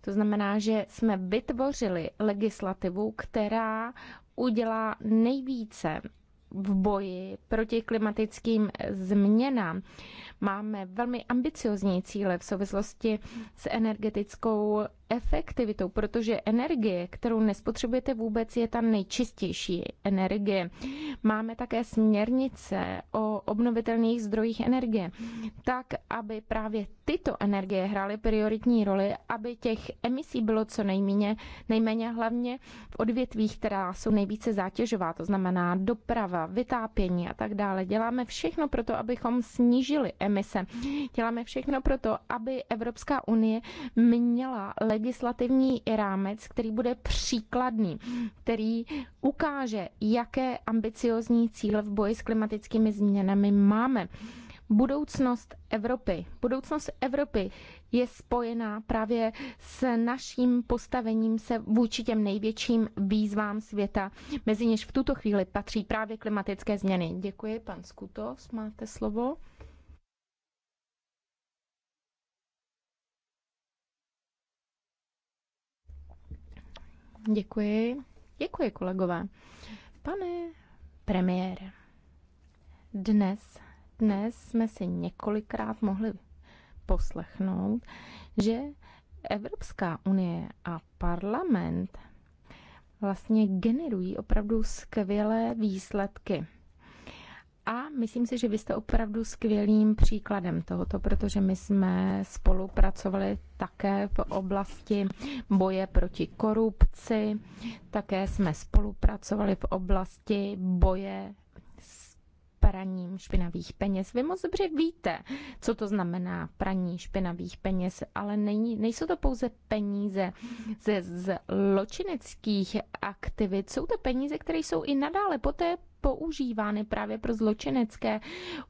To znamená, že jsme vytvořili legislativu, která udělá nejvíce v boji proti klimatickým změnám. Máme velmi ambiciozní cíle v souvislosti s energetickou efektivitou, protože energie, kterou nespotřebujete vůbec, je ta nejčistější energie. Máme také směrnice o obnovitelných zdrojích energie, tak, aby právě tyto energie hrály prioritní roli, aby těch emisí bylo co nejméně, nejméně hlavně v odvětvích, která jsou nejvíce zátěžová, to znamená doprava, vytápění a tak dále. Děláme všechno pro to, abychom snížili emise. Děláme všechno pro to, aby Evropská unie měla legislativní rámec, který bude příkladný, který ukáže, jaké ambiciozní cíle v boji s klimatickými změnami máme. Budoucnost Evropy. Budoucnost Evropy je spojená právě s naším postavením se vůči těm největším výzvám světa, mezi něž v tuto chvíli patří právě klimatické změny. Děkuji, pan Skutos, máte slovo. Děkuji. Děkuji, kolegové. Pane premiére, dnes, dnes jsme si několikrát mohli poslechnout, že Evropská unie a parlament vlastně generují opravdu skvělé výsledky. A myslím si, že vy jste opravdu skvělým příkladem tohoto, protože my jsme spolupracovali také v oblasti boje proti korupci, také jsme spolupracovali v oblasti boje s praním špinavých peněz. Vy moc dobře víte, co to znamená praní špinavých peněz, ale není, nejsou to pouze peníze ze zločineckých aktivit, jsou to peníze, které jsou i nadále poté, používány právě pro zločinecké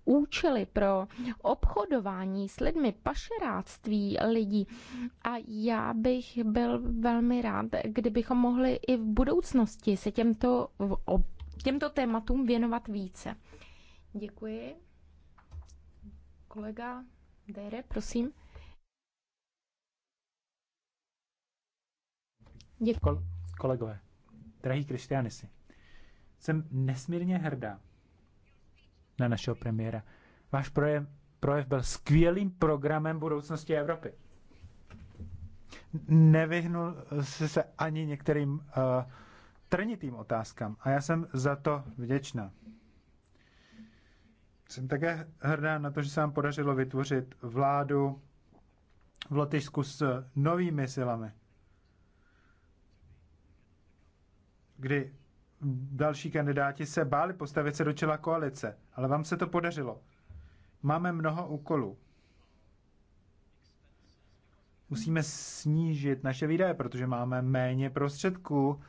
účely, pro obchodování s lidmi, pašeráctví lidí. A já bych byl velmi rád, kdybychom mohli i v budoucnosti se těmto, těmto tématům věnovat více. Děkuji. Kolega Dere, prosím. Děkuji. Kolegové, drahí Kristianisi, jsem nesmírně hrdá na našeho premiéra. Váš projev, projev byl skvělým programem budoucnosti Evropy. Nevyhnul jsi se ani některým uh, trnitým otázkám a já jsem za to vděčná. Jsem také hrdá na to, že se vám podařilo vytvořit vládu v Lotyšsku s novými silami, kdy další kandidáti se báli postavit se do čela koalice, ale vám se to podařilo. Máme mnoho úkolů. Musíme snížit naše výdaje, protože máme méně prostředků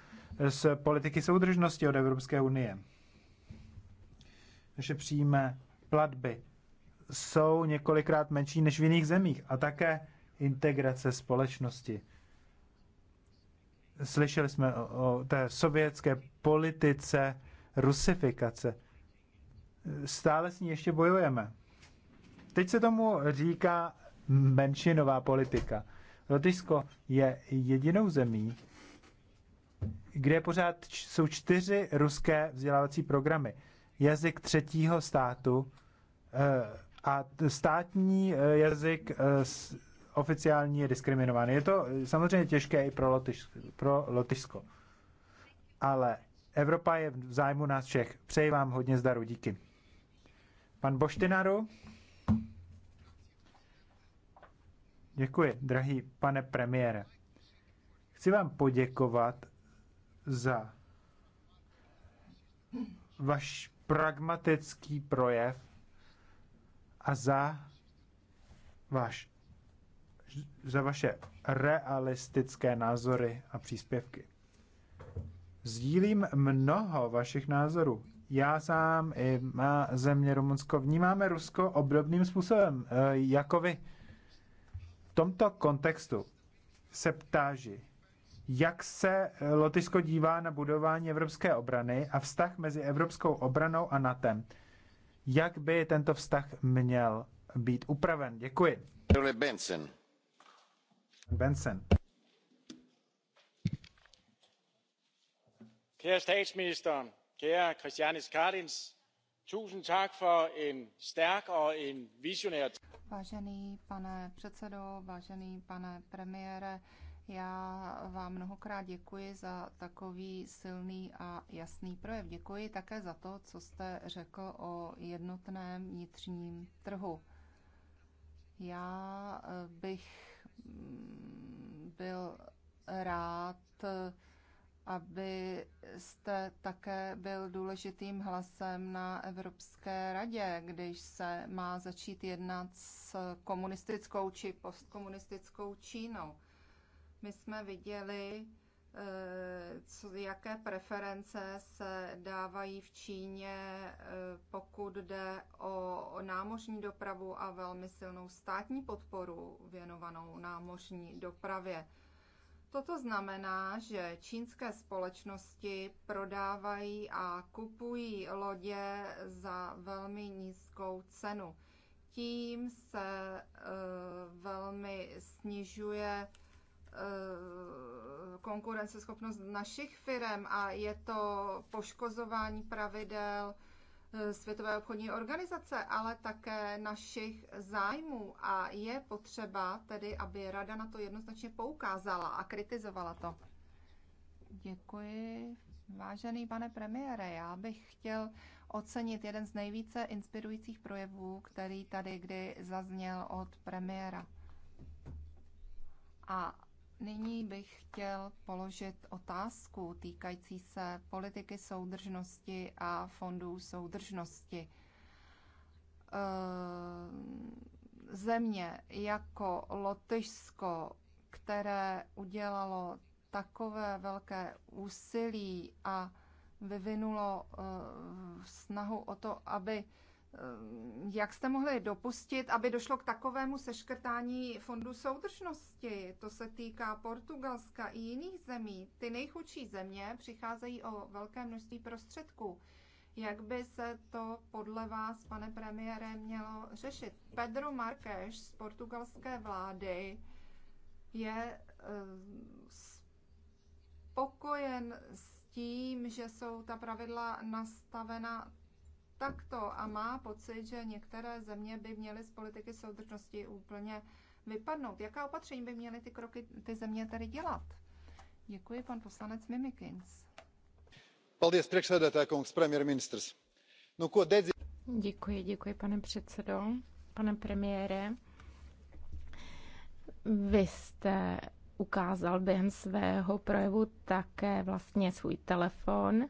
z politiky soudržnosti od Evropské unie. Naše přímé platby jsou několikrát menší než v jiných zemích a také integrace společnosti Slyšeli jsme o té sovětské politice rusifikace. Stále s ní ještě bojujeme. Teď se tomu říká menšinová politika. Lotyšsko je jedinou zemí, kde pořád jsou čtyři ruské vzdělávací programy. Jazyk třetího státu eh, a státní eh, jazyk eh, oficiální je diskriminován. Je to eh, samozřejmě těžké i pro, Lotyš, pro Lotyšsko. Ale Evropa je v zájmu nás všech. Přeji vám hodně zdaru, díky. Pan Boštinaru. Děkuji, drahý pane premiére. Chci vám poděkovat za váš pragmatický projev a za váš za vaše realistické názory a příspěvky. Sdílím mnoho vašich názorů. Já sám i má země Rumunsko vnímáme Rusko obdobným způsobem eh, jako vy. V tomto kontextu se ptáži, jak se Lotyšsko dívá na budování evropské obrany a vztah mezi evropskou obranou a NATO. Jak by tento vztah měl být upraven? Děkuji. Benson. Benson. Kære statsminister, kære Christianis Kardins, tusind tak for en stærk og en visionær... Vážený pane předsedo, vážený pane premiére, já vám mnohokrát děkuji za takový silný a jasný projev. Děkuji také za to, co jste řekl o jednotném vnitřním trhu. Já eh, bych byl rád, abyste také byl důležitým hlasem na Evropské radě, když se má začít jednat s komunistickou či postkomunistickou Čínou. My jsme viděli, Eh, co, jaké preference se dávají v Číně, eh, pokud jde o, námořní dopravu a velmi silnou státní podporu věnovanou námořní dopravě. Toto znamená, že čínské společnosti prodávají a kupují lodě za velmi nízkou cenu. Tím se e, velmi snižuje Eh, konkurenceschopnost našich firm a je to poškozování pravidel eh, Světové obchodní organizace, ale také našich zájmů. A je potřeba tedy, aby Rada na to jednoznačně poukázala a kritizovala to. Děkuji. Vážený pane premiére, já bych chtěl ocenit jeden z nejvíce inspirujících projevů, který tady kdy zazněl od premiéra. A Nyní bych chtěl položit otázku týkající se politiky soudržnosti a fondů soudržnosti. Eh, země jako Lotyšsko, které udělalo takové velké úsilí a vyvinulo eh, snahu o to, aby Ehm, jak jste mohli dopustit, aby došlo k takovému seškrtání fondu soudržnosti? To se týká Portugalska i jiných zemí. Ty nejchudší země přicházejí o velké množství prostředků. Jak by se to podle vás, pane premiére, mělo řešit? Pedro Marques z portugalské vlády je ehm, spokojen s tím, že jsou ta pravidla nastavena takto a má pocit, že některé země by měly z politiky soudržnosti úplně vypadnout. Jaká opatření by měly ty kroky ty země tady dělat? Děkuji, pan poslanec Mimikins. Děkuji, děkuji, pane předsedo, pane premiére. Vy jste ukázal během svého projevu také vlastně svůj telefon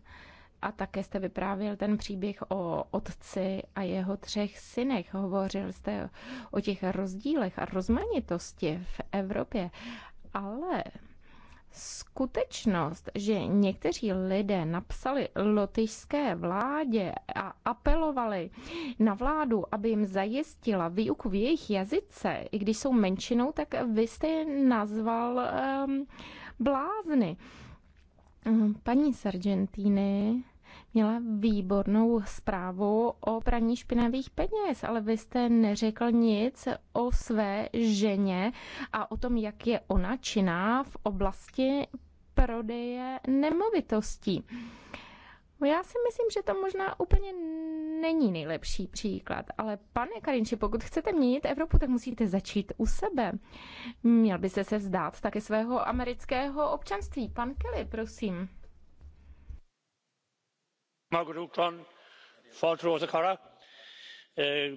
a také jste vyprávěl ten příběh o otci a jeho třech synech. Hovořil jste o těch rozdílech a rozmanitosti v Evropě. Ale skutečnost, že někteří lidé napsali lotyšské vládě a apelovali na vládu, aby jim zajistila výuku v jejich jazyce, i když jsou menšinou, tak vy jste je nazval um, blázny. Ehm, paní Sargentini měla výbornou zprávu o praní špinavých peněz, ale vy jste neřekl nic o své ženě a o tom, jak je ona činná v oblasti prodeje nemovitostí. Já si myslím, že to možná úplně není nejlepší příklad, ale pane Karinči, pokud chcete měnit Evropu, tak musíte začít u sebe. Měl byste se vzdát také svého amerického občanství. Pan Kelly, prosím. Eh,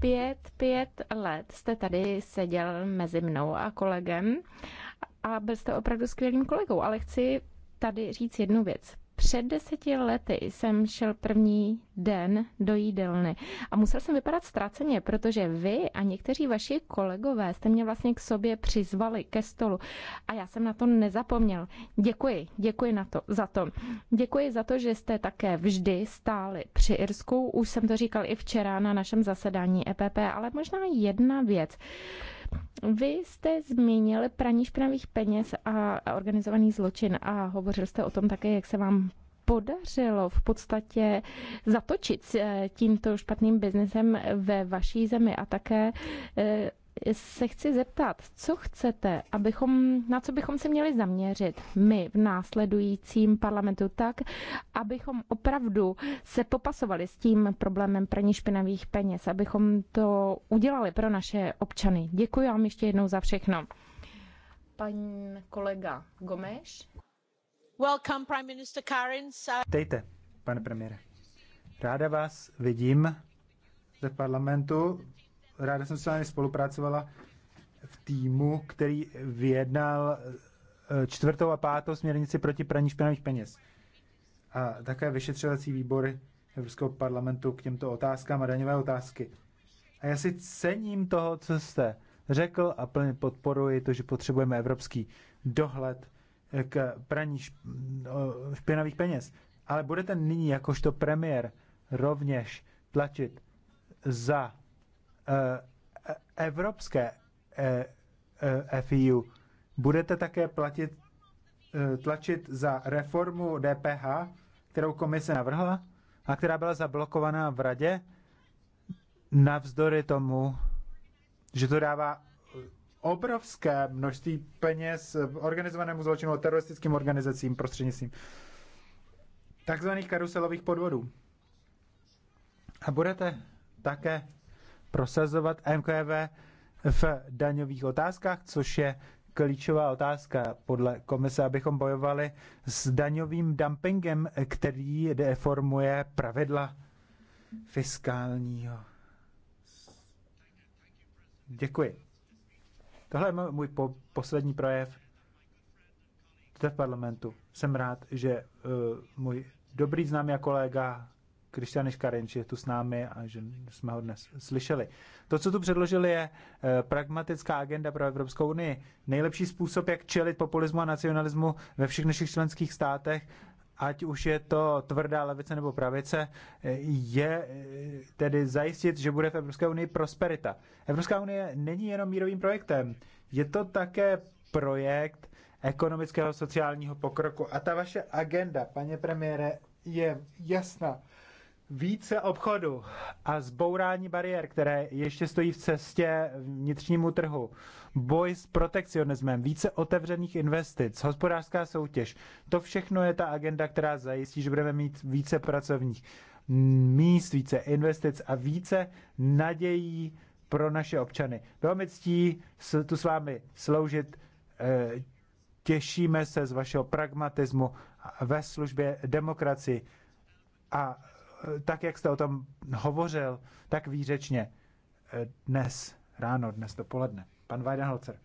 pět, pět let jste tady seděl mezi mnou a kolegem a byl jste opravdu skvělým kolegou, ale chci tady říct jednu věc. Před deseti lety jsem šel první den do jídelny a musel jsem vypadat ztraceně, protože vy a někteří vaši kolegové jste mě vlastně k sobě přizvali ke stolu a já jsem na to nezapomněl. Děkuji, děkuji na to, za to. Děkuji za to, že jste také vždy stáli při Irsku. Už jsem to říkal i včera na našem zasedání EPP, ale možná jedna věc vy jste zmínil praní špinavých peněz a organizovaný zločin a hovořil jste o tom také, jak se vám podařilo v podstatě zatočit eh, tímto špatným biznesem ve vaší zemi a také eh, se chci zeptat, co chcete, abychom, na co bychom se měli zaměřit my v následujícím parlamentu tak, abychom opravdu se popasovali s tím problémem praní špinavých peněz, abychom to udělali pro naše občany. Děkuji vám ještě jednou za všechno. Pan kolega Gomeš. Welcome, Prime Minister Karins. Dejte, pane premiére. Ráda vás vidím ze parlamentu ráda jsem s vámi spolupracovala v týmu, který vyjednal eh, čtvrtou a pátou směrnici proti praní špinavých peněz. A také vyšetřovací výbory Evropského parlamentu k těmto otázkám a daňové otázky. A já si cením toho, co jste řekl a plně podporuji to, že potřebujeme evropský dohled eh, k praní eh, špinavých peněz. Ale budete nyní jakožto premiér rovněž tlačit za Eh, eh, evropské eh, FIU budete také platit, tlačit za reformu DPH, kterou komise navrhla a která byla zablokovaná v radě, navzdory tomu, že to dává obrovské množství peněz organizovanému zločinu, teroristickým organizacím prostřednictvím takzvaných karuselových podvodů. A budete také prosazovat MKV v daňových otázkách, což je klíčová otázka podle komise, abychom bojovali s daňovým dumpingem, který deformuje pravidla fiskálního. Děkuji. Tohle je můj po- poslední projev v parlamentu. Jsem rád, že uh, můj dobrý známý a kolega Krišťan Karin, že je tu s námi a že jsme ho dnes slyšeli. To, co tu předložili, je eh, pragmatická agenda pro Evropskou unii. Nejlepší způsob, jak čelit populismu a nacionalismu ve všech našich členských státech, ať už je to tvrdá levice nebo pravice, eh, je eh, tedy zajistit, že bude v Evropské unii prosperita. Evropská unie není jenom mírovým projektem, je to také projekt ekonomického sociálního pokroku. A ta vaše agenda, paně premiére, je jasná více obchodu a zbourání bariér, které ještě stojí v cestě vnitřnímu trhu, boj s protekcionismem, více otevřených investic, hospodářská soutěž, to všechno je ta agenda, která zajistí, že budeme mít více pracovních míst, více investic a více nadějí pro naše občany. Bylo mi ctí tu s vámi sloužit. Eh, těšíme se z vašeho pragmatismu ve službě demokracii a tak, jak jste o tom hovořil, tak výřečně eh, dnes ráno, dnes dopoledne. Pan Weidenholzer.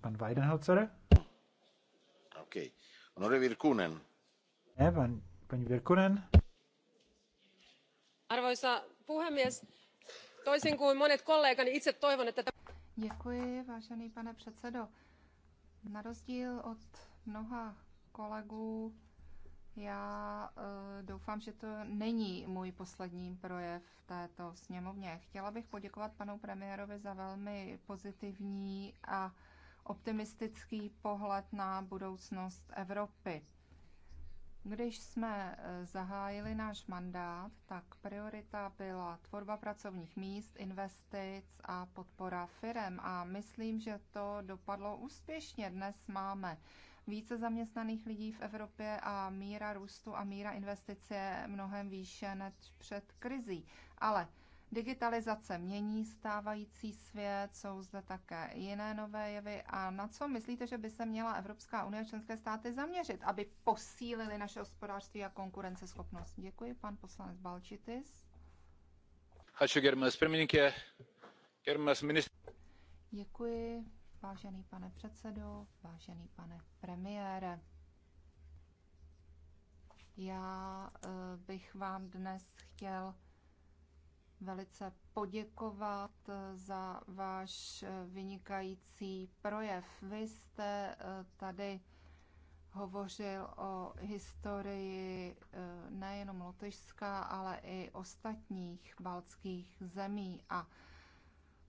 Pan Weidenholzer? OK. Honore Virkunen. Ne, pan, paní Virkunen. Arvoisa puhemies, toisin kuin monet kollegani, itse toivon, että... Děkuji, vážený pane předsedo. Na rozdíl od mnoha kolegů já uh, doufám, že to není můj poslední projev v této sněmovně. Chtěla bych poděkovat panu premiérovi za velmi pozitivní a optimistický pohled na budoucnost Evropy. Když jsme eh, zahájili náš mandát, tak priorita byla tvorba pracovních míst, investic a podpora firem. A myslím, že to dopadlo úspěšně. Dnes máme více zaměstnaných lidí v Evropě a míra růstu a míra investic je mnohem výše než před krizí. Ale digitalizace mění stávající svět, jsou zde také jiné nové jevy. A na co myslíte, že by se měla Evropská unie a členské státy zaměřit, aby posílili naše hospodářství a konkurenceschopnost? Děkuji, pan poslanec Balčitis. Ačiū, ministr. Děkuji, vážený pane předsedo, vážený pane premiére. Já eh, bych vám dnes chtěl velice poděkovat eh, za váš eh, vynikající projev. Vy jste tady hovořil o historii nejenom Lotyšska, ale i ostatních baltských zemí a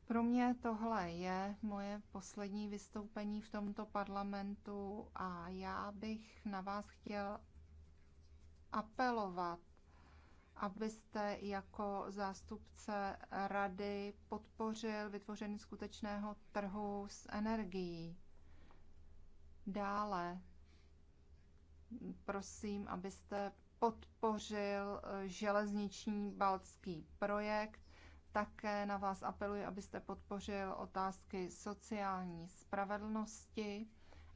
pro mě tohle je moje poslední vystoupení v tomto parlamentu a já bych na vás chtěl apelovat, abyste jako zástupce rady podpořil vytvoření skutečného trhu s energií. Dále prosím, abyste podpořil železniční baltský projekt také na vás apeluji, abyste podpořil otázky sociální spravedlnosti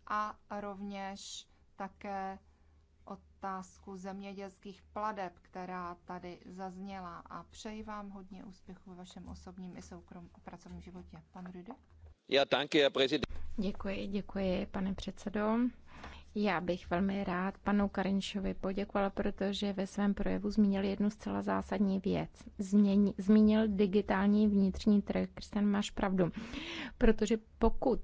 a rovněž také otázku zemědělských pladeb, která tady zazněla a přeji vám hodně úspěchů ve vašem osobním i soukromém pracovním životě. Pan Rudy? Já tanky, prezident. Děkuji, děkuji, pane předsedo. Já bych velmi rád panu Karinšovi poděkoval, protože ve svém projevu zmínil jednu zcela zásadní věc. Změni, zmínil digitální vnitřní trh. Kristen, máš pravdu. Protože pokud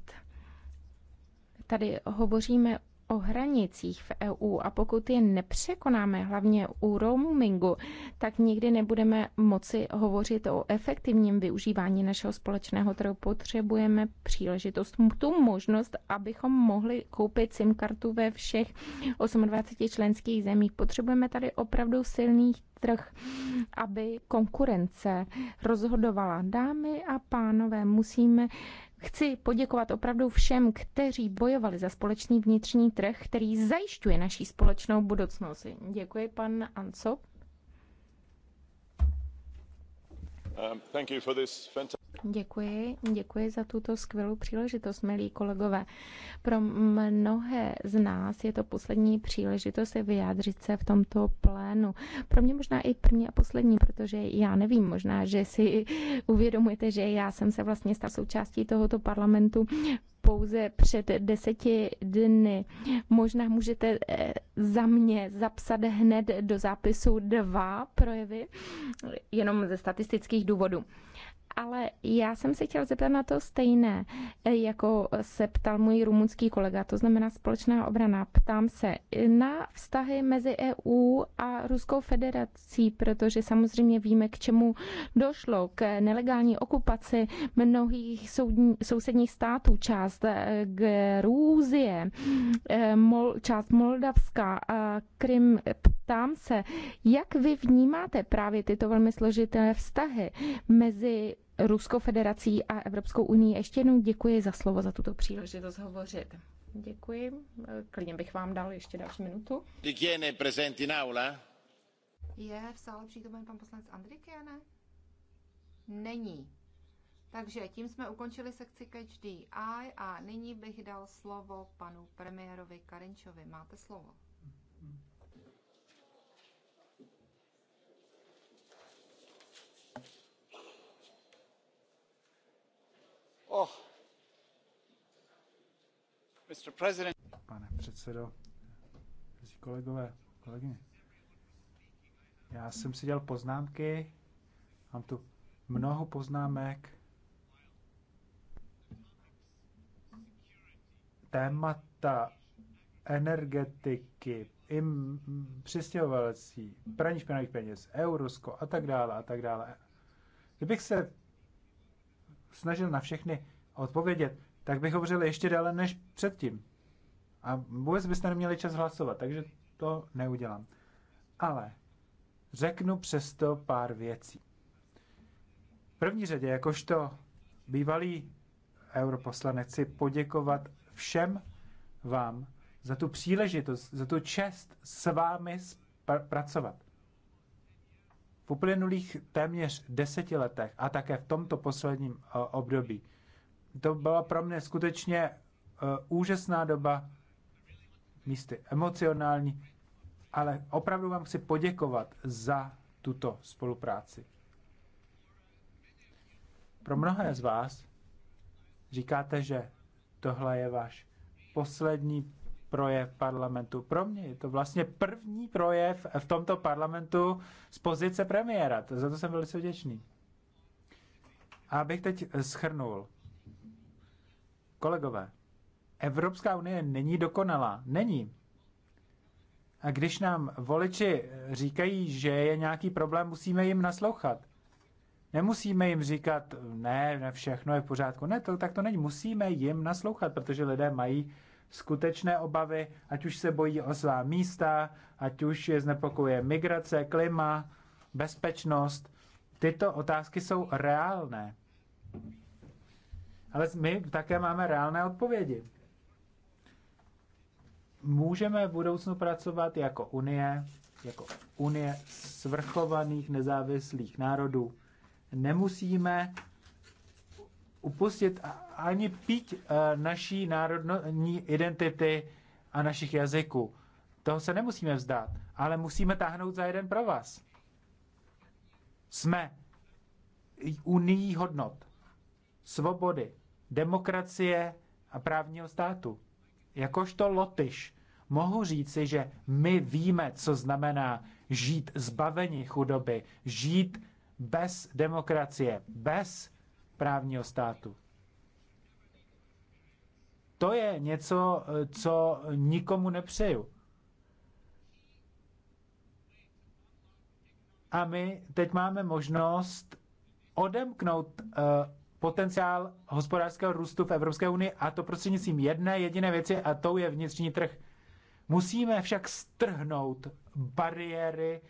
tady hovoříme o hranicích v EU a pokud je nepřekonáme, hlavně u roamingu, tak nikdy nebudeme moci hovořit o efektivním využívání našeho společného trhu. Potřebujeme příležitost, tu možnost, abychom mohli koupit SIM kartu ve všech 28 členských zemích. Potřebujeme tady opravdu silný trh, aby konkurence rozhodovala. Dámy a pánové, musíme Chci poděkovat opravdu všem, kteří bojovali za společný vnitřní trh, který zajišťuje naší společnou budoucnost. Děkuji, pan Anco. Um, děkuji, děkuji za tuto skvělou příležitost, milí kolegové. Pro mnohé z nás je to poslední příležitost se vyjádřit se v tomto plénu. Pro mě možná i první a poslední, protože já nevím, možná, že si uvědomujete, že já jsem se vlastně stal součástí tohoto parlamentu pouze před deseti dny. Možná můžete eh, za mě zapsat hned do zápisu dva projevy, jenom ze statistických důvodů ale já jsem se chtěla zeptat na to stejné, e, jako se ptal můj rumunský kolega, to znamená společná obrana. Ptám se e, na vztahy mezi EU a Ruskou federací, protože samozřejmě víme, k čemu došlo, k nelegální okupaci mnohých soudní, sousedních států, část e, Gruzie, Mol, část Moldavska, Krym. Ptám se, jak vy vnímáte právě tyto velmi složité vztahy mezi Ruskou federací a Evropskou unii. Ještě jednou děkuji za slovo, za tuto příležitost hovořit. Děkuji. Klidně bych vám dal ještě další minutu. Je v sále přítomen pan poslanec Andrikiene? Není. Takže tím jsme ukončili sekci Catch a nyní bych dal slovo panu premiérovi Karinčovi. Máte slovo. Oh. Pane předsedo, kolegové, kolegyně, já jsem si dělal poznámky, mám tu mnoho poznámek. Témata energetiky, im, přistěhovalecí, praní špinavých peněz, eurusko a tak dále a tak dále. Kdybych se snažil na všechny odpovědět, tak bych hovořil ještě déle než předtím. A vůbec byste neměli čas hlasovat, takže to neudělám. Ale řeknu přesto pár věcí. V první řadě, jakožto bývalý europoslanec, chci poděkovat všem vám za tu příležitost, za tu čest s vámi pracovat v uplynulých téměř deseti letech a také v tomto posledním eh, období. To byla pro mě skutečně eh, úžasná doba, místy emocionální, ale opravdu vám chci poděkovat za tuto spolupráci. Pro mnohé z vás říkáte, že tohle je váš poslední projev parlamentu. Pro mě je to vlastně první projev v tomto parlamentu z pozice premiéra. To, za to jsem velice vděčný. A abych teď schrnul. Kolegové, Evropská unie není dokonalá. Není. A když nám voliči říkají, že je nějaký problém, musíme jim naslouchat. Nemusíme jim říkat, ne, ne, všechno je v pořádku. Ne, to, tak to není. Musíme jim naslouchat, protože lidé mají skutečné obavy, ať už se bojí o svá místa, ať už je znepokuje migrace, klima, bezpečnost. Tyto otázky jsou reálné. Ale my také máme reálné odpovědi. Můžeme v budoucnu pracovat jako Unie, jako Unie svrchovaných nezávislých národů. Nemusíme upustit ani pít eh, naší národní identity a našich jazyků. Toho se nemusíme vzdát, ale musíme táhnout za jeden pro vás. Jsme unijí hodnot, svobody, demokracie a právního státu. Jakožto lotyš mohu říci, že my víme, co znamená žít zbavení chudoby, žít bez demokracie, bez právního státu. To je něco, co nikomu nepřeju. A my teď máme možnost odemknout eh, potenciál hospodářského růstu v Evropské unii a to prostřednictvím jedné jediné věci a tou je vnitřní trh. Musíme však strhnout bariéry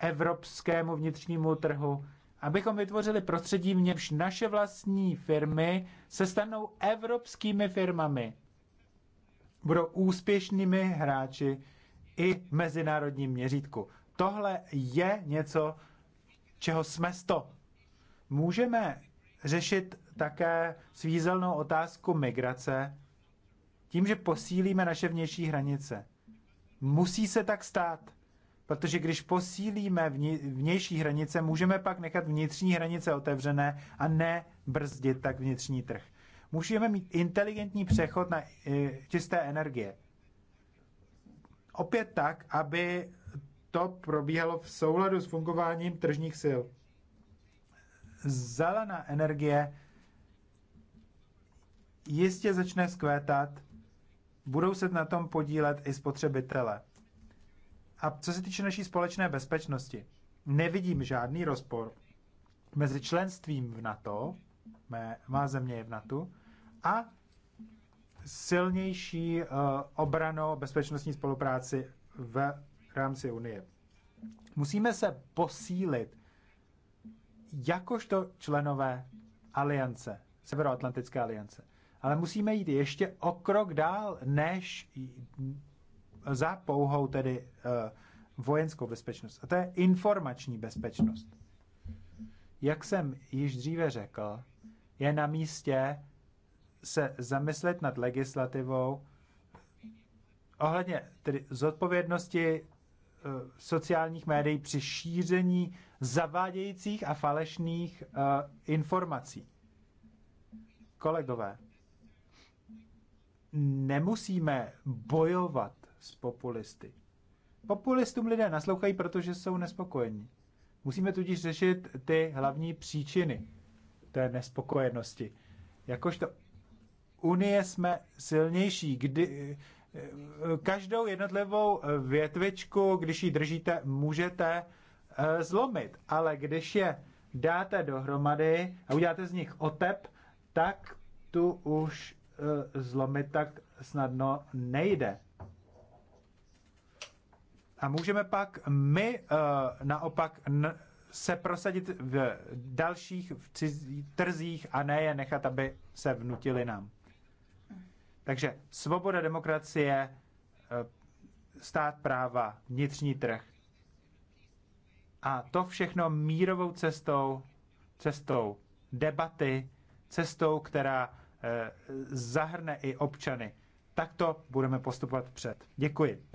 evropskému vnitřnímu trhu abychom vytvořili prostředí, v němž naše vlastní firmy se stanou evropskými firmami. Budou úspěšnými hráči i v mezinárodním měřítku. Tohle je něco, čeho jsme sto. Můžeme řešit také svízelnou otázku migrace tím, že posílíme naše vnější hranice. Musí se tak stát. Protože když posílíme vnější hranice, můžeme pak nechat vnitřní hranice otevřené a ne brzdit tak vnitřní trh. Můžeme mít inteligentní přechod na eh, čisté energie. Opět tak, aby to probíhalo v souladu s fungováním tržních sil. Zelená energie jistě začne zkvétat, budou se na tom podílet i spotřebitele. A co se týče naší společné bezpečnosti, nevidím žádný rozpor mezi členstvím v NATO, mé, má země je v NATO, a silnější uh, obrano bezpečnostní spolupráci v rámci Unie. Musíme se posílit jakožto členové aliance, Severoatlantické aliance. Ale musíme jít ještě o krok dál, než za pouhou tedy eh, vojenskou bezpečnost. A to je informační bezpečnost. Jak jsem již dříve řekl, je na místě se zamyslet nad legislativou ohledně tedy zodpovědnosti eh, sociálních médií při šíření zavádějících a falešných eh, informací. Kolegové, nemusíme bojovat s populisty. Populistům lidé naslouchají, protože jsou nespokojení. Musíme tudíž řešit ty hlavní příčiny té nespokojenosti. Jakožto Unie jsme silnější, kdy každou jednotlivou větvičku, když ji držíte, můžete eh, zlomit, ale když je dáte dohromady a uděláte z nich otep, tak tu už eh, zlomit tak snadno nejde. A můžeme pak my eh, naopak se prosadit v dalších v cizí, trzích a ne je nechat, aby se vnutili nám. Takže svoboda demokracie, eh, stát práva, vnitřní trh. A to všechno mírovou cestou, cestou debaty, cestou, která eh, zahrne i občany. Takto budeme postupovat před. Děkuji.